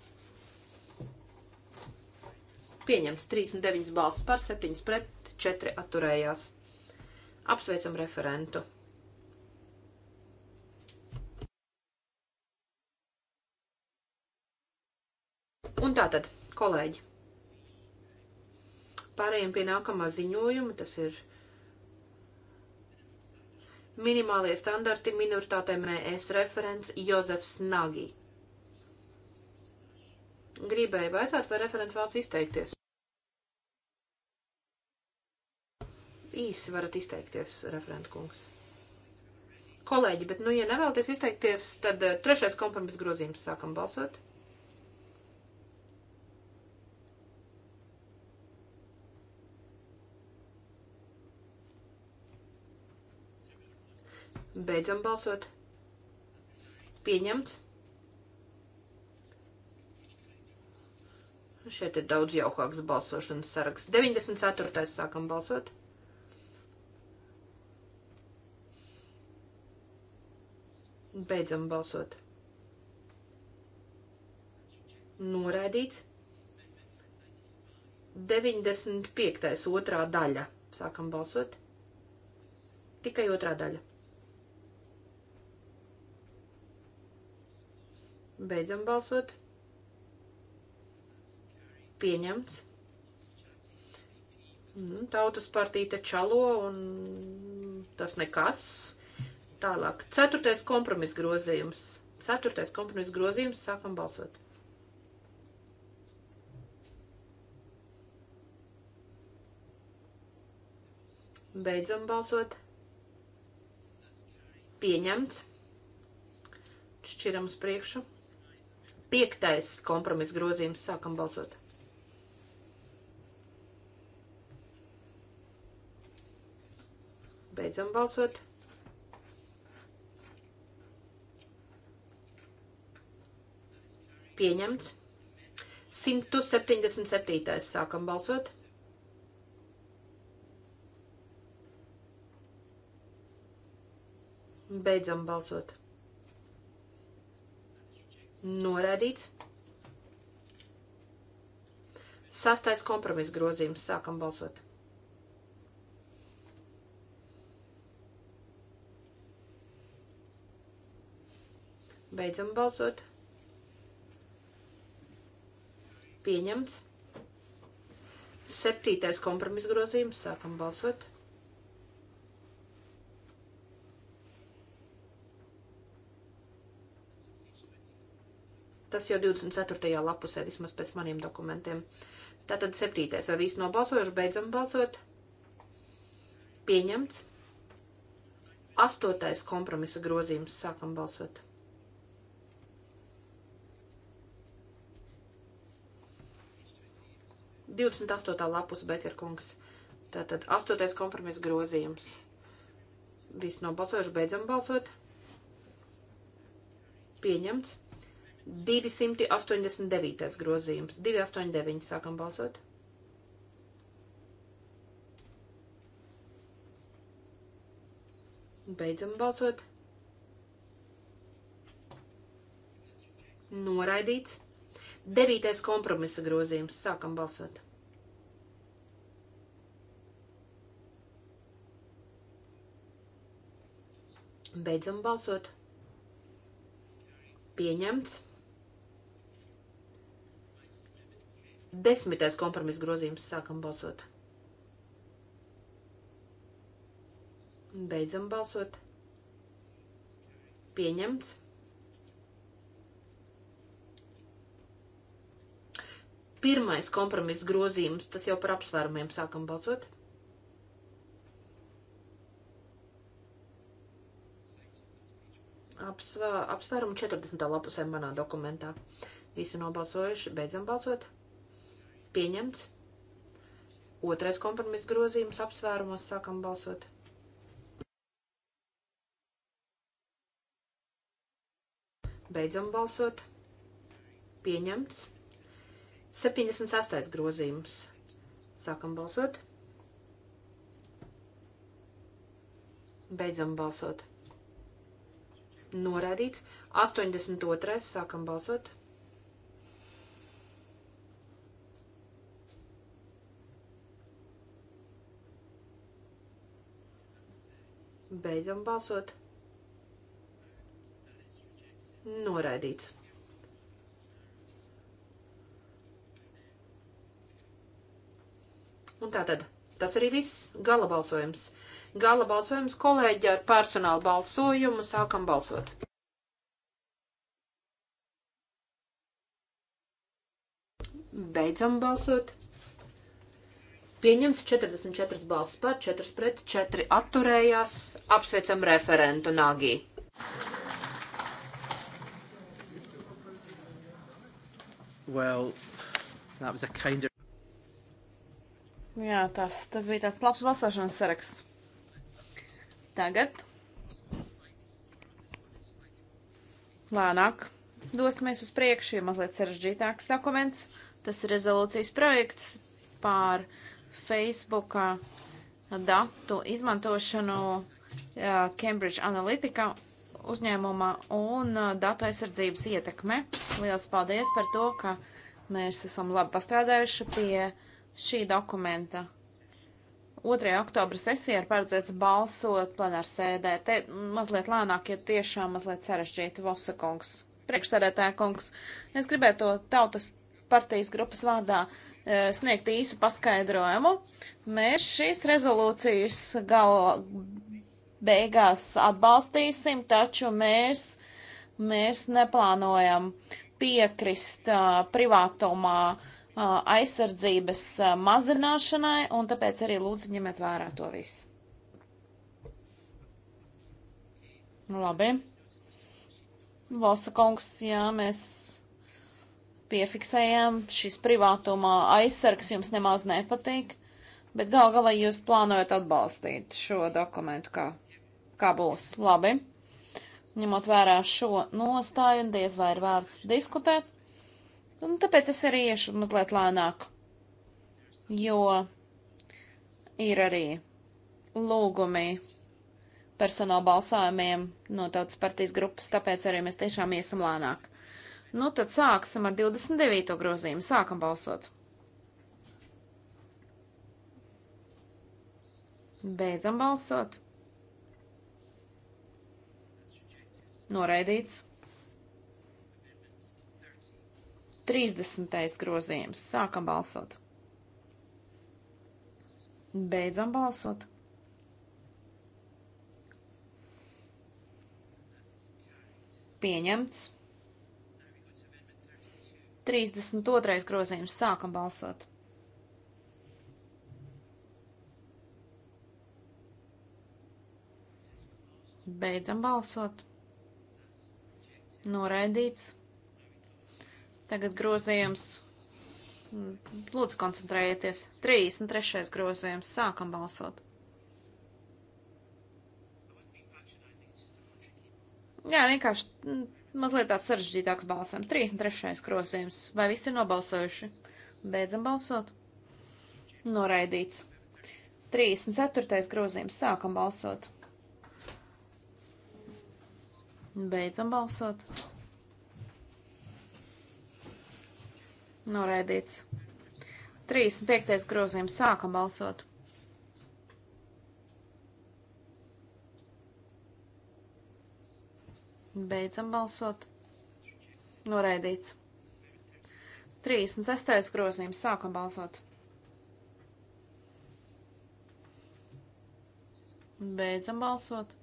Pieņems 39 balsas par, 7 pret, 4 atturējās. Apsveicam referentu. Un tātad, kolēģi, pārējiem pie nākamā ziņojuma, tas ir minimālie standarti minoritātēm ES referents Jozefs Nagī. Gribēju vaicāt, vai referents vēlas izteikties? Īsi varat izteikties, referenta kungs. Kolēģi, bet nu, ja nevēlaties izteikties, tad eh, trešais kompromiss grozījums sākam balsot. Beidzam balsot. Pieņemts. Šeit ir daudz jaukāks balsošanas saraksts. 94. sākam balsot. Beidzam balsot. Noraidīts. 95. otrā daļa. Sākam balsot. Tikai otrā daļa. Beidzam balsot. Pieņemts. Nu, tautas partija te čalo un tas nekas. Tālāk. Ceturtais kompromis grozījums. Ceturtais kompromis grozījums. Sākam balsot. Beidzam balsot. Pieņemts. Šķiram uz priekšu. Piektais kompromiss grozījums. Sākam balsot. Beidzam balsot. Pieņemts. 177. Sākam balsot. Beidzam balsot. Norādīts. Sastais kompromiss grozījums. Sākam balsot. Beidzam balsot. Pieņemts. Septītais kompromiss grozījums. Sākam balsot. Pieņemts. Tas jau 24. lapusē, vismaz pēc maniem dokumentiem. Tātad 7. vai visi nobalsojuši, beidzam balsot. Pieņemts. 8. kompromisa grozījums, sākam balsot. Divdesmit astotā lapus Bekerkungs. Tātad astotais kompromisa grozījums. Visi nobalsojuši, beidzam balsot. Pieņemts. 289. grozījums. 289. sākam balsot. Beidzam balsot. Noraidīts. 9. kompromisa grozījums. Sākam balsot. Beidzam balsot. Pieņemts. Desmitais kompromiss grozījums sākam balsot. Beidzam balsot. Pieņemts. Pirmais kompromiss grozījums, tas jau par apsvērumiem sākam balsot. Apsvērumu 40. lapusē manā dokumentā. Visi nobalsojuši, beidzam balsot. Balsot. Pieņemts. Otrais kompromiss grozījums apsvērumos sākam balsot. Beidzam balsot. Pieņemts. 78. grozījums. Sākam balsot. Beidzam balsot. Noraidīts. 82. Sākam balsot. Beidzam balsot. Noraidīts. Un tā tad. Tas arī viss gala balsojums. Gala balsojums kolēģi ar personālu balsojumu sākam balsot. Beidzam balsot. Pieņemts 44 balss par, 4 pret, 4 atturējās. Apsveicam referentu Nāgī. Well, that was a kind of... Jā, tas, tas bija tāds labs balsošanas saraksts. Tagad lēnāk dosimies uz priekšu, jo mazliet sarežģītāks dokuments. Tas ir rezolūcijas projekts pār Facebooka datu izmantošanu eh, Cambridge Analytica uzņēmumā un eh, datu aizsardzības ietekme. Lielas paldies par to, ka mēs esam labi pastrādājuši pie šī dokumenta. 2. oktobra sesija ir paredzēts balsot plenārsēdē. Te mazliet lēnāk ir tiešām mazliet sarežģīti Vosakungs. Priekšsēdētāja kungs, es gribētu tautas partijas grupas vārdā E, sniegt īsu paskaidrojumu. Mēs šīs rezolūcijas gal beigās atbalstīsim, taču mēs, mēs neplānojam piekrist uh, privātumā uh, aizsardzības uh, mazināšanai, un tāpēc arī lūdzu ņemiet vērā to visu. Labi. Valsa kungs, jā, mēs piefiksējām, šis privātuma aizsargs jums nemaz nepatīk, bet gal galā jūs plānojat atbalstīt šo dokumentu, kā, kā būs labi. Ņemot vērā šo nostāju, diez vai ir vērts diskutēt, un tāpēc es arī iešu mazliet lēnāk, jo ir arī lūgumi personāla balsājumiem no tautas partijas grupas, tāpēc arī mēs tiešām iesim lēnāk. Nu, tad sāksim ar 29. grozījumu. Sākam balsot. Beidzam balsot. Noraidīts. 30. grozījums. Sākam balsot. Beidzam balsot. Pieņemts. 32. grozījums. Sākam balsot. Beidzam balsot. Noraidīts. Tagad grozījums. Lūdzu, koncentrējieties. 33. grozījums. Sākam balsot. Jā, vienkārši mazliet tāds sarežģītāks balsojums. 33. krosējums. Vai visi ir nobalsojuši? Beidzam balsot. Noraidīts. 34. grozījums. Sākam balsot. Beidzam balsot. Noraidīts. 35. grozījums. Sākam balsot. Beidzam balsot. Noraidīts. 36. grozījums. Sākam balsot. Beidzam balsot.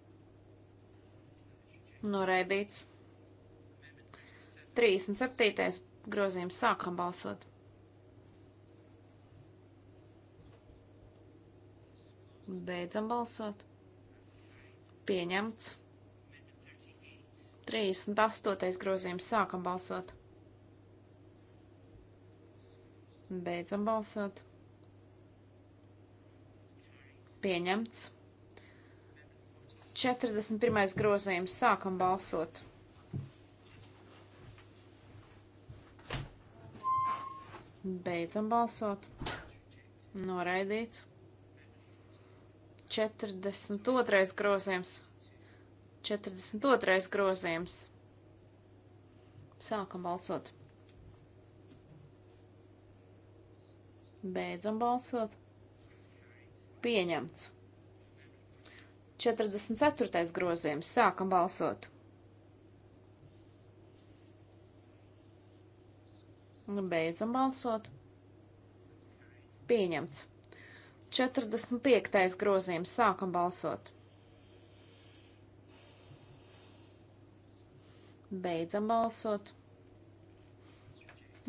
Noraidīts. 37. grozījums. Sākam balsot. Beidzam balsot. Pieņemts. 38. grozījums. Sākam balsot. Beidzam balsot. Pieņemts. 41. grozījums. Sākam balsot. Beidzam balsot. Noraidīts. 42. grozījums. 42. grozījums. Sākam balsot. Beidzam balsot. Pieņemts. 44. grozījums. Sākam balsot. Beidzam balsot. Pieņemts. 45. grozījums. Sākam balsot. Beidzam balsot.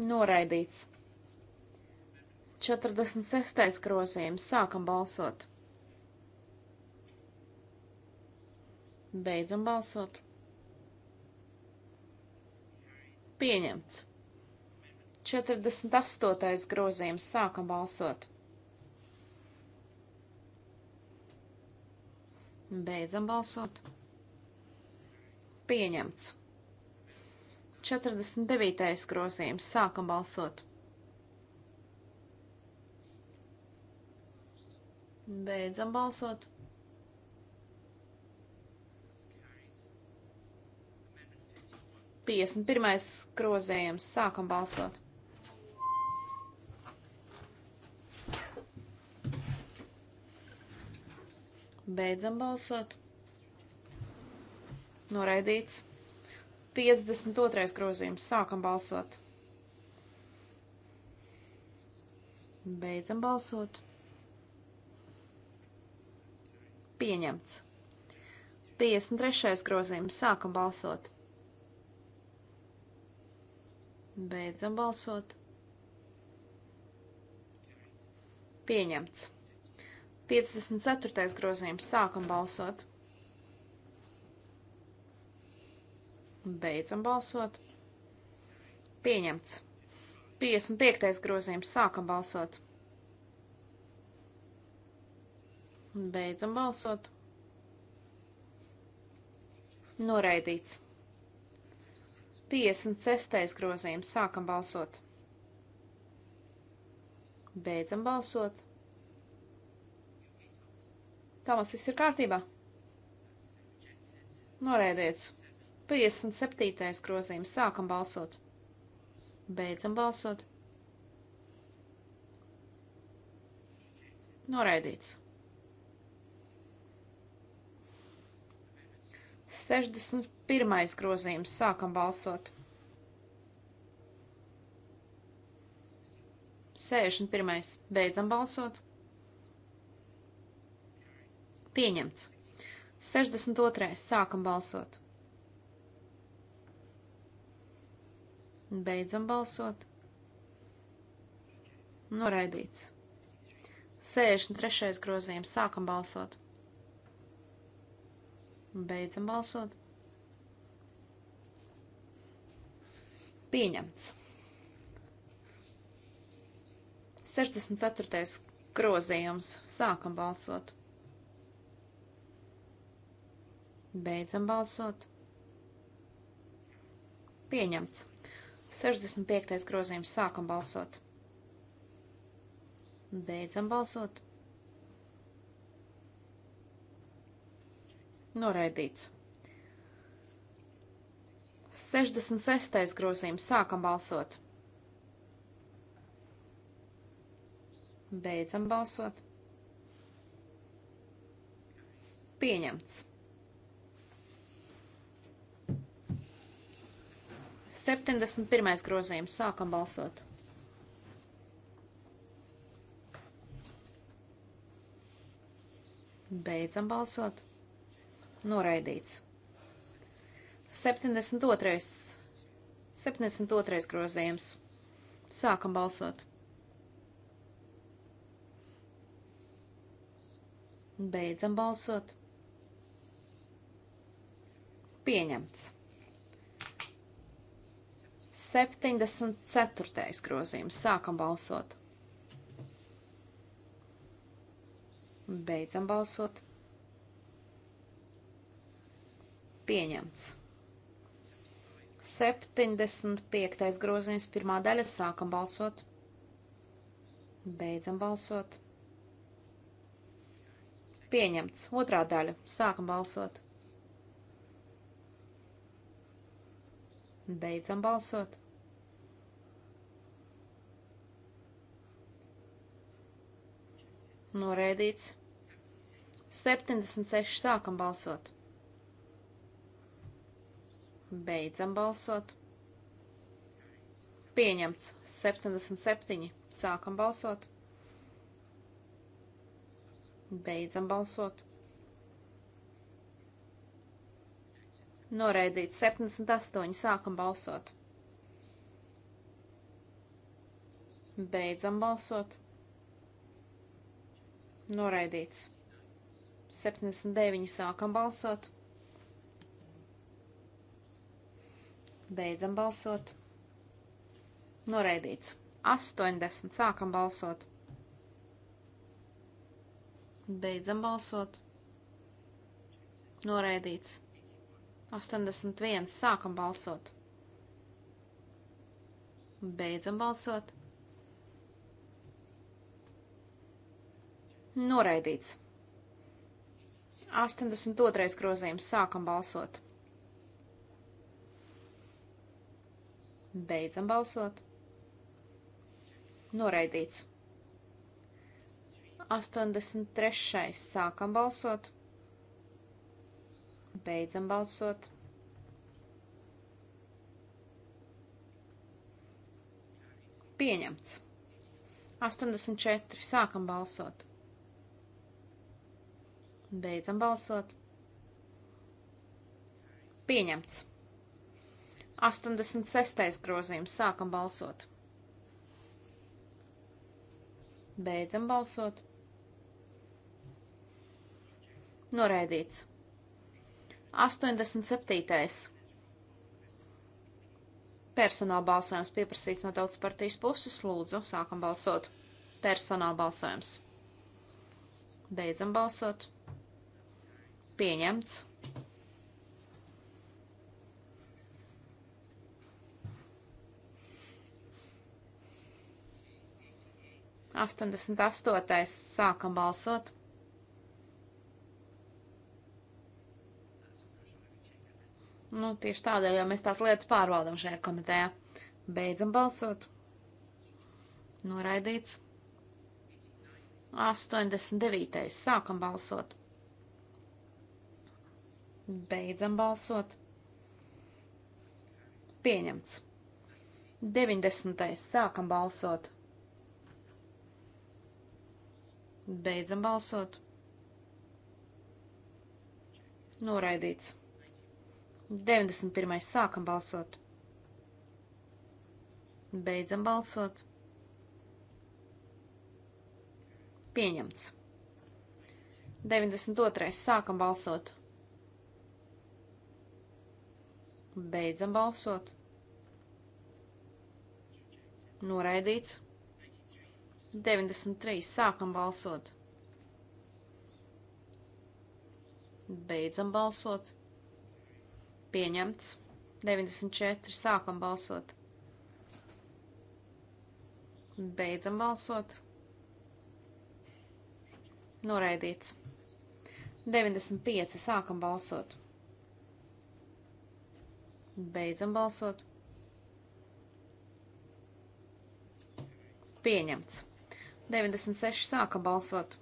Noraidīts. 46. grozījums. Sākam balsot. Beidzam balsot. Pieņemts. 48. grozījums. Sākam balsot. Beidzam balsot. Pieņemts. 49. grozījums. Sākam balsot. Beidzam balsot. Piesmit pirmais grozījums. Sākam balsot. Beidzam balsot. Noraidīts. 52. grozījums. Sākam balsot. Beidzam balsot. Pieņemts. 53. grozījums. Sākam balsot. Beidzam balsot. Pieņemts. 54. grozījums. Sākam balsot. Beidzam balsot. Pieņemts. 55. grozījums. Sākam balsot. Beidzam balsot. Noraidīts. 56. grozījums. Sākam balsot. Beidzam balsot. Tomas, viss ir kārtībā? Norēdieties! 57. grozījums. Sākam balsot. Beidzam balsot. Noraidīts. 61. grozījums. Sākam balsot. 61. Beidzam balsot. Pieņemts. 62. Sākam balsot. Beidzam balsot. Noraidīts. 63. grozījums. Sākam balsot. Beidzam balsot. Pieņemts. 64. grozījums. Sākam balsot. Beidzam balsot. Pieņemts. 65. grozījums. Sākam balsot. Beidzam balsot. Noraidīts. 66. grozījums. Sākam balsot. Beidzam balsot. Pieņemts. 71. grozījums. Sākam balsot. Beidzam balsot. Noraidīts. 72. 72. grozījums. Sākam balsot. Beidzam balsot. Pieņemts. 74. grozījums. Sākam balsot. Beidzam balsot. Pieņemts. 75. grozījums. Pirmā daļa. Sākam balsot. Beidzam balsot. Pieņemts. Otrā daļa. Sākam balsot. Beidzam balsot. Noraidīts. 76. Sākam balsot. Beidzam balsot. Pieņemts. 77. Sākam balsot. Beidzam balsot. Noraidīts. 78. Sākam balsot. Beidzam balsot. Noraidīts. 79 sākam balsot. Beidzam balsot. Noraidīts. 80 sākam balsot. Beidzam balsot. Noraidīts. 81 sākam balsot. Beidzam balsot. Noraidīts. 82. grozījums. Sākam balsot. Beidzam balsot. Noraidīts. 83. Sākam balsot. Beidzam balsot. Pieņemts. 84. Sākam balsot. Beidzam balsot. Pieņemts. 86. grozījums. Sākam balsot. Beidzam balsot. Noraidīts. 87. Personāla balsojums pieprasīts no tautas partijas puses. Lūdzu, sākam balsot. Personāla balsojums. Beidzam balsot. Pieņemts. Astoņdesmit astotais sākam balsot. Nu, tieši tādēļ, jo mēs tās lietas pārvaldam šajā komitejā. Beidzam balsot. Noraidīts. 89. Sākam balsot. Beidzam balsot. Pieņemts. 90. Sākam balsot. Beidzam balsot. Noraidīts. 91. Sākam balsot. Beidzam balsot. Pieņemts. 92. Sākam balsot. Beidzam balsot. Noraidīts. 93. Sākam balsot. Beidzam balsot. Pieņemts. 94. Sākam balsot. Beidzam balsot. Noraidīts. 95. Sākam balsot. Beidzam balsot. Pieņemts. 96 sākam balsot.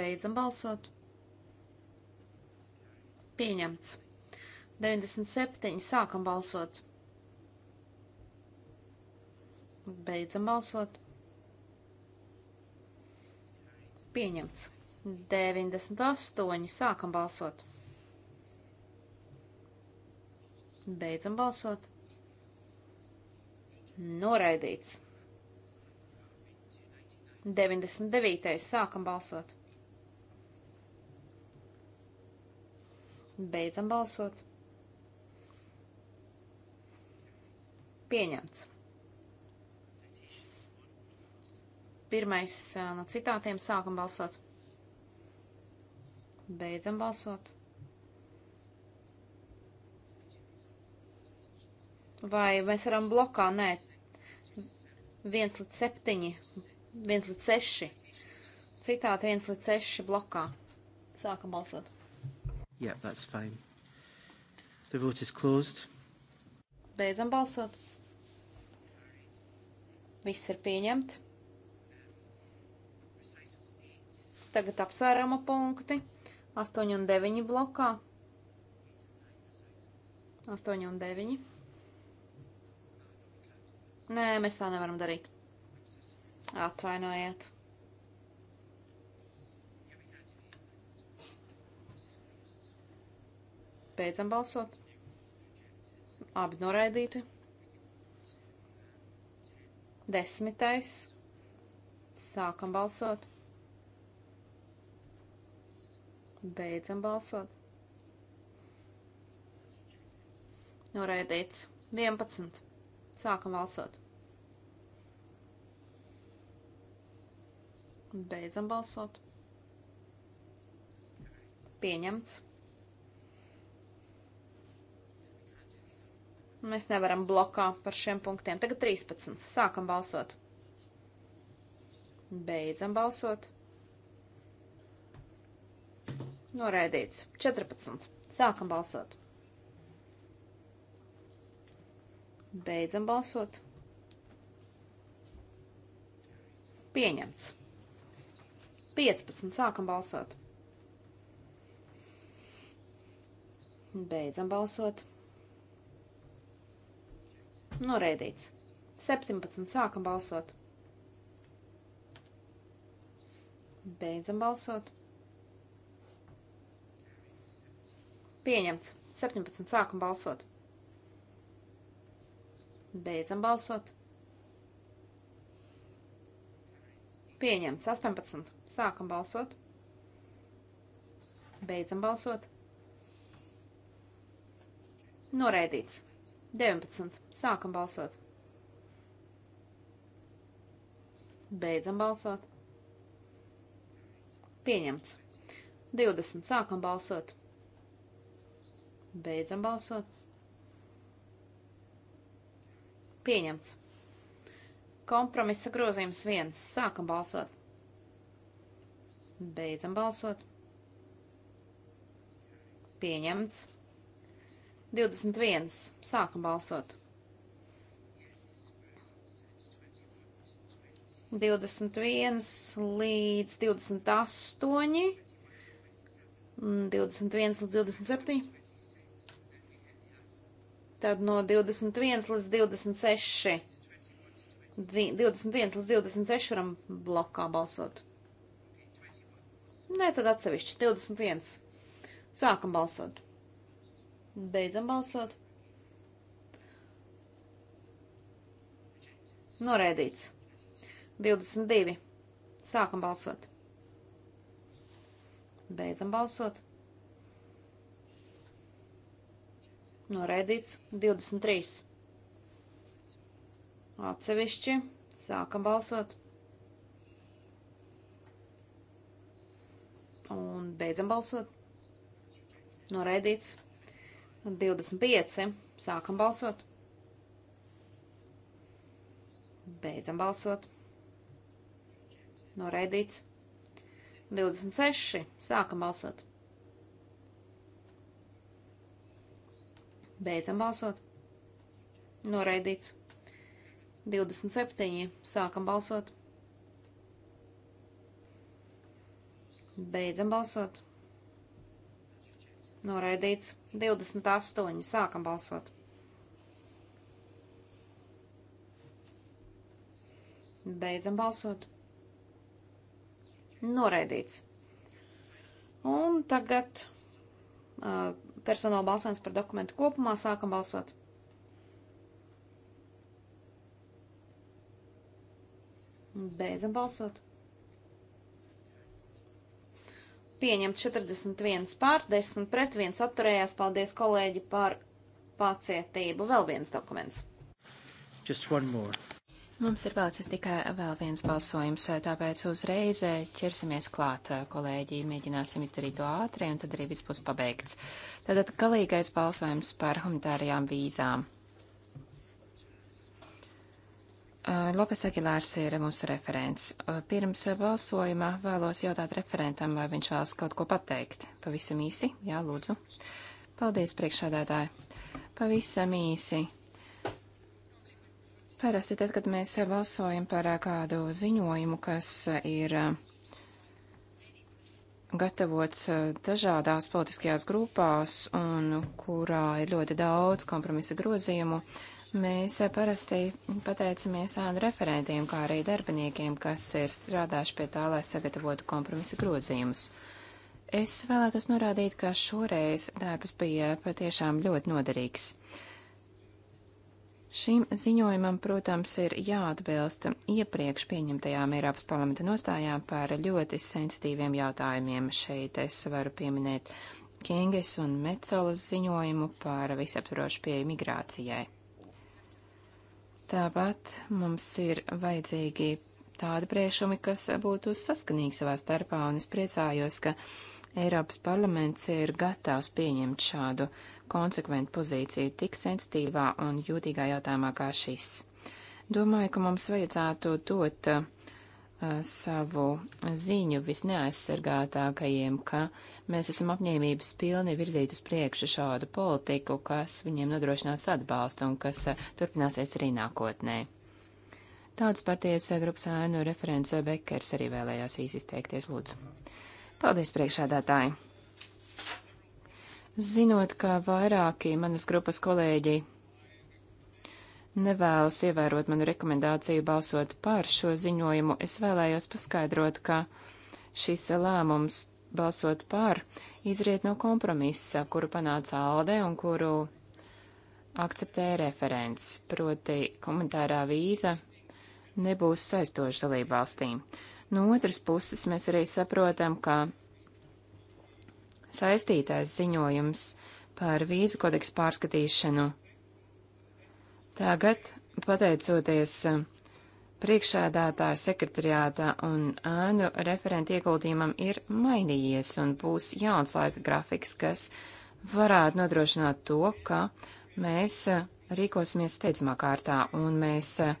Beidzam balsot. Pieņemts. 97 sākam balsot. Beidzam balsot. Pieņemts. 98 sākam balsot. Beidzam balsot. Noraidīts. 99. Sākam balsot. Beidzam balsot. Pieņemts. Pirmais eh, no citātiem sākam balsot. Beidzam balsot. Vai mēs varam blokā? Nē. 1 līdz 7, 1 līdz 6. Citāti 1 līdz 6 blokā. Sākam balsot. Yeah, that's fine. The vote is closed. Beidzam balsot. Viss ir pieņemts. Tagad apsvērama punkti. 8 un 9 blokā. 8 un 9. Nē, mēs tā nevaram darīt. Atvainojiet. Beidzam balsot. Abi noraidīti. Desmitais. Sākam balsot. Beidzam balsot. Noraidīts. 11. Sākam balsot. Beidzam balsot. Pieņemts. Mēs nevaram blokā par šiem punktiem. Tagad 13. Sākam balsot. Beidzam balsot. Noraidīts. 14. Sākam balsot. Beidzam balsot. Pieņemts. 15. Sākam balsot. Beidzam balsot. Noreidīts. 17. Sākam balsot. Beidzam balsot. Pieņemts. 17. Sākam balsot. Beidzam balsot. Pieņemts 18. Sākam balsot. Beidzam balsot. Noraidīts 19. Sākam balsot. Beidzam balsot. Pieņemts 20. Sākam balsot. Beidzam balsot. Pieņemts. Kompromisa grozījums viens. Sākam balsot. Beidzam balsot. Pieņemts. 21. Sākam balsot. 21 līdz 28. 21 līdz 27. Tad no 21 līdz 26. 21 līdz 26 varam blokā balsot. Nē, tad atsevišķi. 21. Sākam balsot. Beidzam balsot. Noraidīts. 22. Sākam balsot. Beidzam balsot. noraidīts 23. Atsevišķi sākam balsot. Un beidzam balsot. Noraidīts 25. Sākam balsot. Beidzam balsot. Noraidīts 26. Sākam balsot. Beidzam balsot. Noraidīts. 27. Sākam balsot. Beidzam balsot. Noraidīts. 28. Sākam balsot. Beidzam balsot. Noraidīts. Un tagad uh, Personāla balsojums par dokumentu kopumā. Sākam balsot. Beidzam balsot. Pieņemt 41 pār, 10 pret, 1 atturējās. Paldies, kolēģi, par pacietību. Vēl viens dokuments. Just one more. Mums ir vēlcis tikai vēl viens balsojums, tāpēc uzreiz ķersimies klāt, kolēģi, mēģināsim izdarīt to ātri, un tad arī viss būs pabeigts. Tātad galīgais balsojums par humanitārajām vīzām. Lopes Agilārs ir mūsu referents. Pirms balsojuma vēlos jautāt referentam, vai viņš vēlas kaut ko pateikt. Pavisam īsi, jā, lūdzu. Paldies, priekšādātāji. Pavisam īsi. Parasti tad, kad mēs balsojam par kādu ziņojumu, kas ir gatavots dažādās politiskajās grupās un kurā ir ļoti daudz kompromisa grozījumu, Mēs parasti pateicamies ānu referentiem, kā arī darbiniekiem, kas ir strādājuši pie tā, lai sagatavotu kompromisa grozījumus. Es vēlētos norādīt, ka šoreiz darbs bija patiešām ļoti noderīgs. Šim ziņojumam, protams, ir jāatbilst iepriekš pieņemtajām Eiropas parlamenta nostājām par ļoti sensitīviem jautājumiem. Šeit es varu pieminēt Kinges un Metzolas ziņojumu par visaptvarošu pieeju migrācijai. Tāpat mums ir vajadzīgi tādi priekšumi, kas būtu saskanīgi savā starpā, un es priecājos, ka Eiropas parlaments ir gatavs pieņemt šādu konsekventu pozīciju tik sensitīvā un jūtīgā jautājumā kā šis. Domāju, ka mums vajadzētu dot uh, savu ziņu visneaizsargātākajiem, ka mēs esam apņēmības pilni virzīt uz priekšu šādu politiku, kas viņiem nodrošinās atbalstu un kas uh, turpināsies arī nākotnē. Tautas partijas uh, grupas ēnu referents uh, Bekers arī vēlējās īsi izteikties, lūdzu. Paldies, priekšādātāji! Zinot, ka vairāki manas grupas kolēģi nevēlas ievērot manu rekomendāciju balsot par šo ziņojumu, es vēlējos paskaidrot, ka šis lēmums balsot par izriet no kompromisa, kuru panāca Alde un kuru akceptēja referents, proti komentārā vīza nebūs saistoša dalību valstīm. No otras puses, mēs arī saprotam, ka saistītais ziņojums par vīzu kodeksu pārskatīšanu tagad, pateicoties eh, priekšādātāja sekretariāta un ēnu referenta ieguldījumam, ir mainījies un būs jauns laika grafiks, kas varētu nodrošināt to, ka mēs eh, rīkosimies steidzamā kārtā un mēs uh,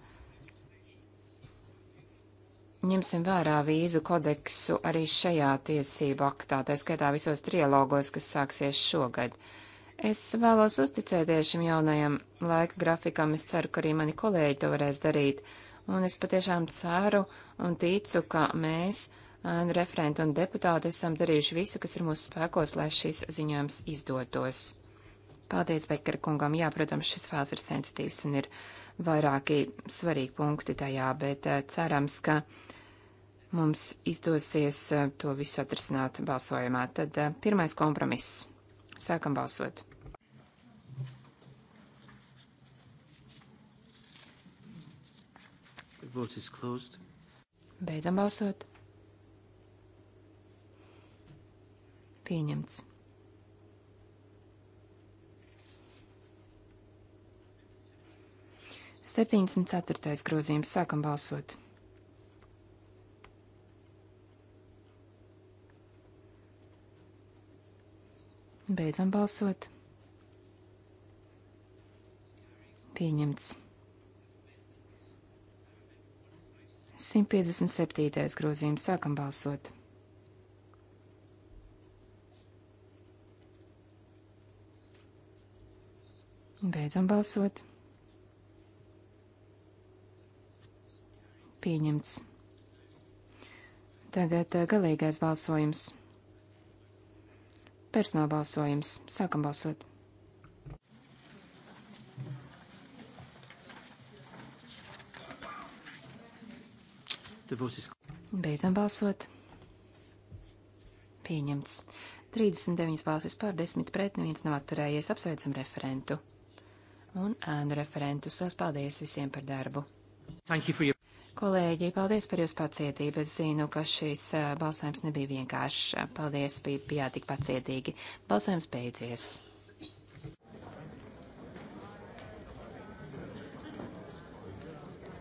ņemsim vērā vīzu kodeksu arī šajā tiesību aktā, tā skaitā visos trialogos, kas sāksies šogad. Es vēlos uzticēties šim jaunajam laika grafikam, es ceru, ka arī mani kolēģi to varēs darīt, un es patiešām ceru un ticu, ka mēs, referenti un deputāti, esam darījuši visu, kas ir mūsu spēkos, lai šis ziņojums izdotos. Paldies Bekara kungam, jā, protams, šis fāzes ir sensitīvs un ir vairāki svarīgi punkti tajā, bet cerams, ka mums izdosies eh, to visu atrisināt balsojumā. Tad eh, pirmais kompromiss. Sākam balsot. Beidzam balsot. Pieņemts. Septiņdesmit ceturtais grozījums. Sākam balsot. Beidzam balsot. Pieņemts. 157. grozījums sākam balsot. Beidzam balsot. Pieņemts. Tagad uh, galīgais balsojums. Personāla balsojums. Sākam balsot. Beidzam balsot. Pieņemts. 39 balsis pār 10 pret, neviens nav atturējies. Apsveicam referentu. Un ēnu referentus. Paldies visiem par darbu. You your... Kolēģi, paldies par jūsu pacietību. Es zinu, ka šis eh, balsojums nebija vienkāršs. Paldies, bijāt tik pacietīgi. Balsojums beidzies.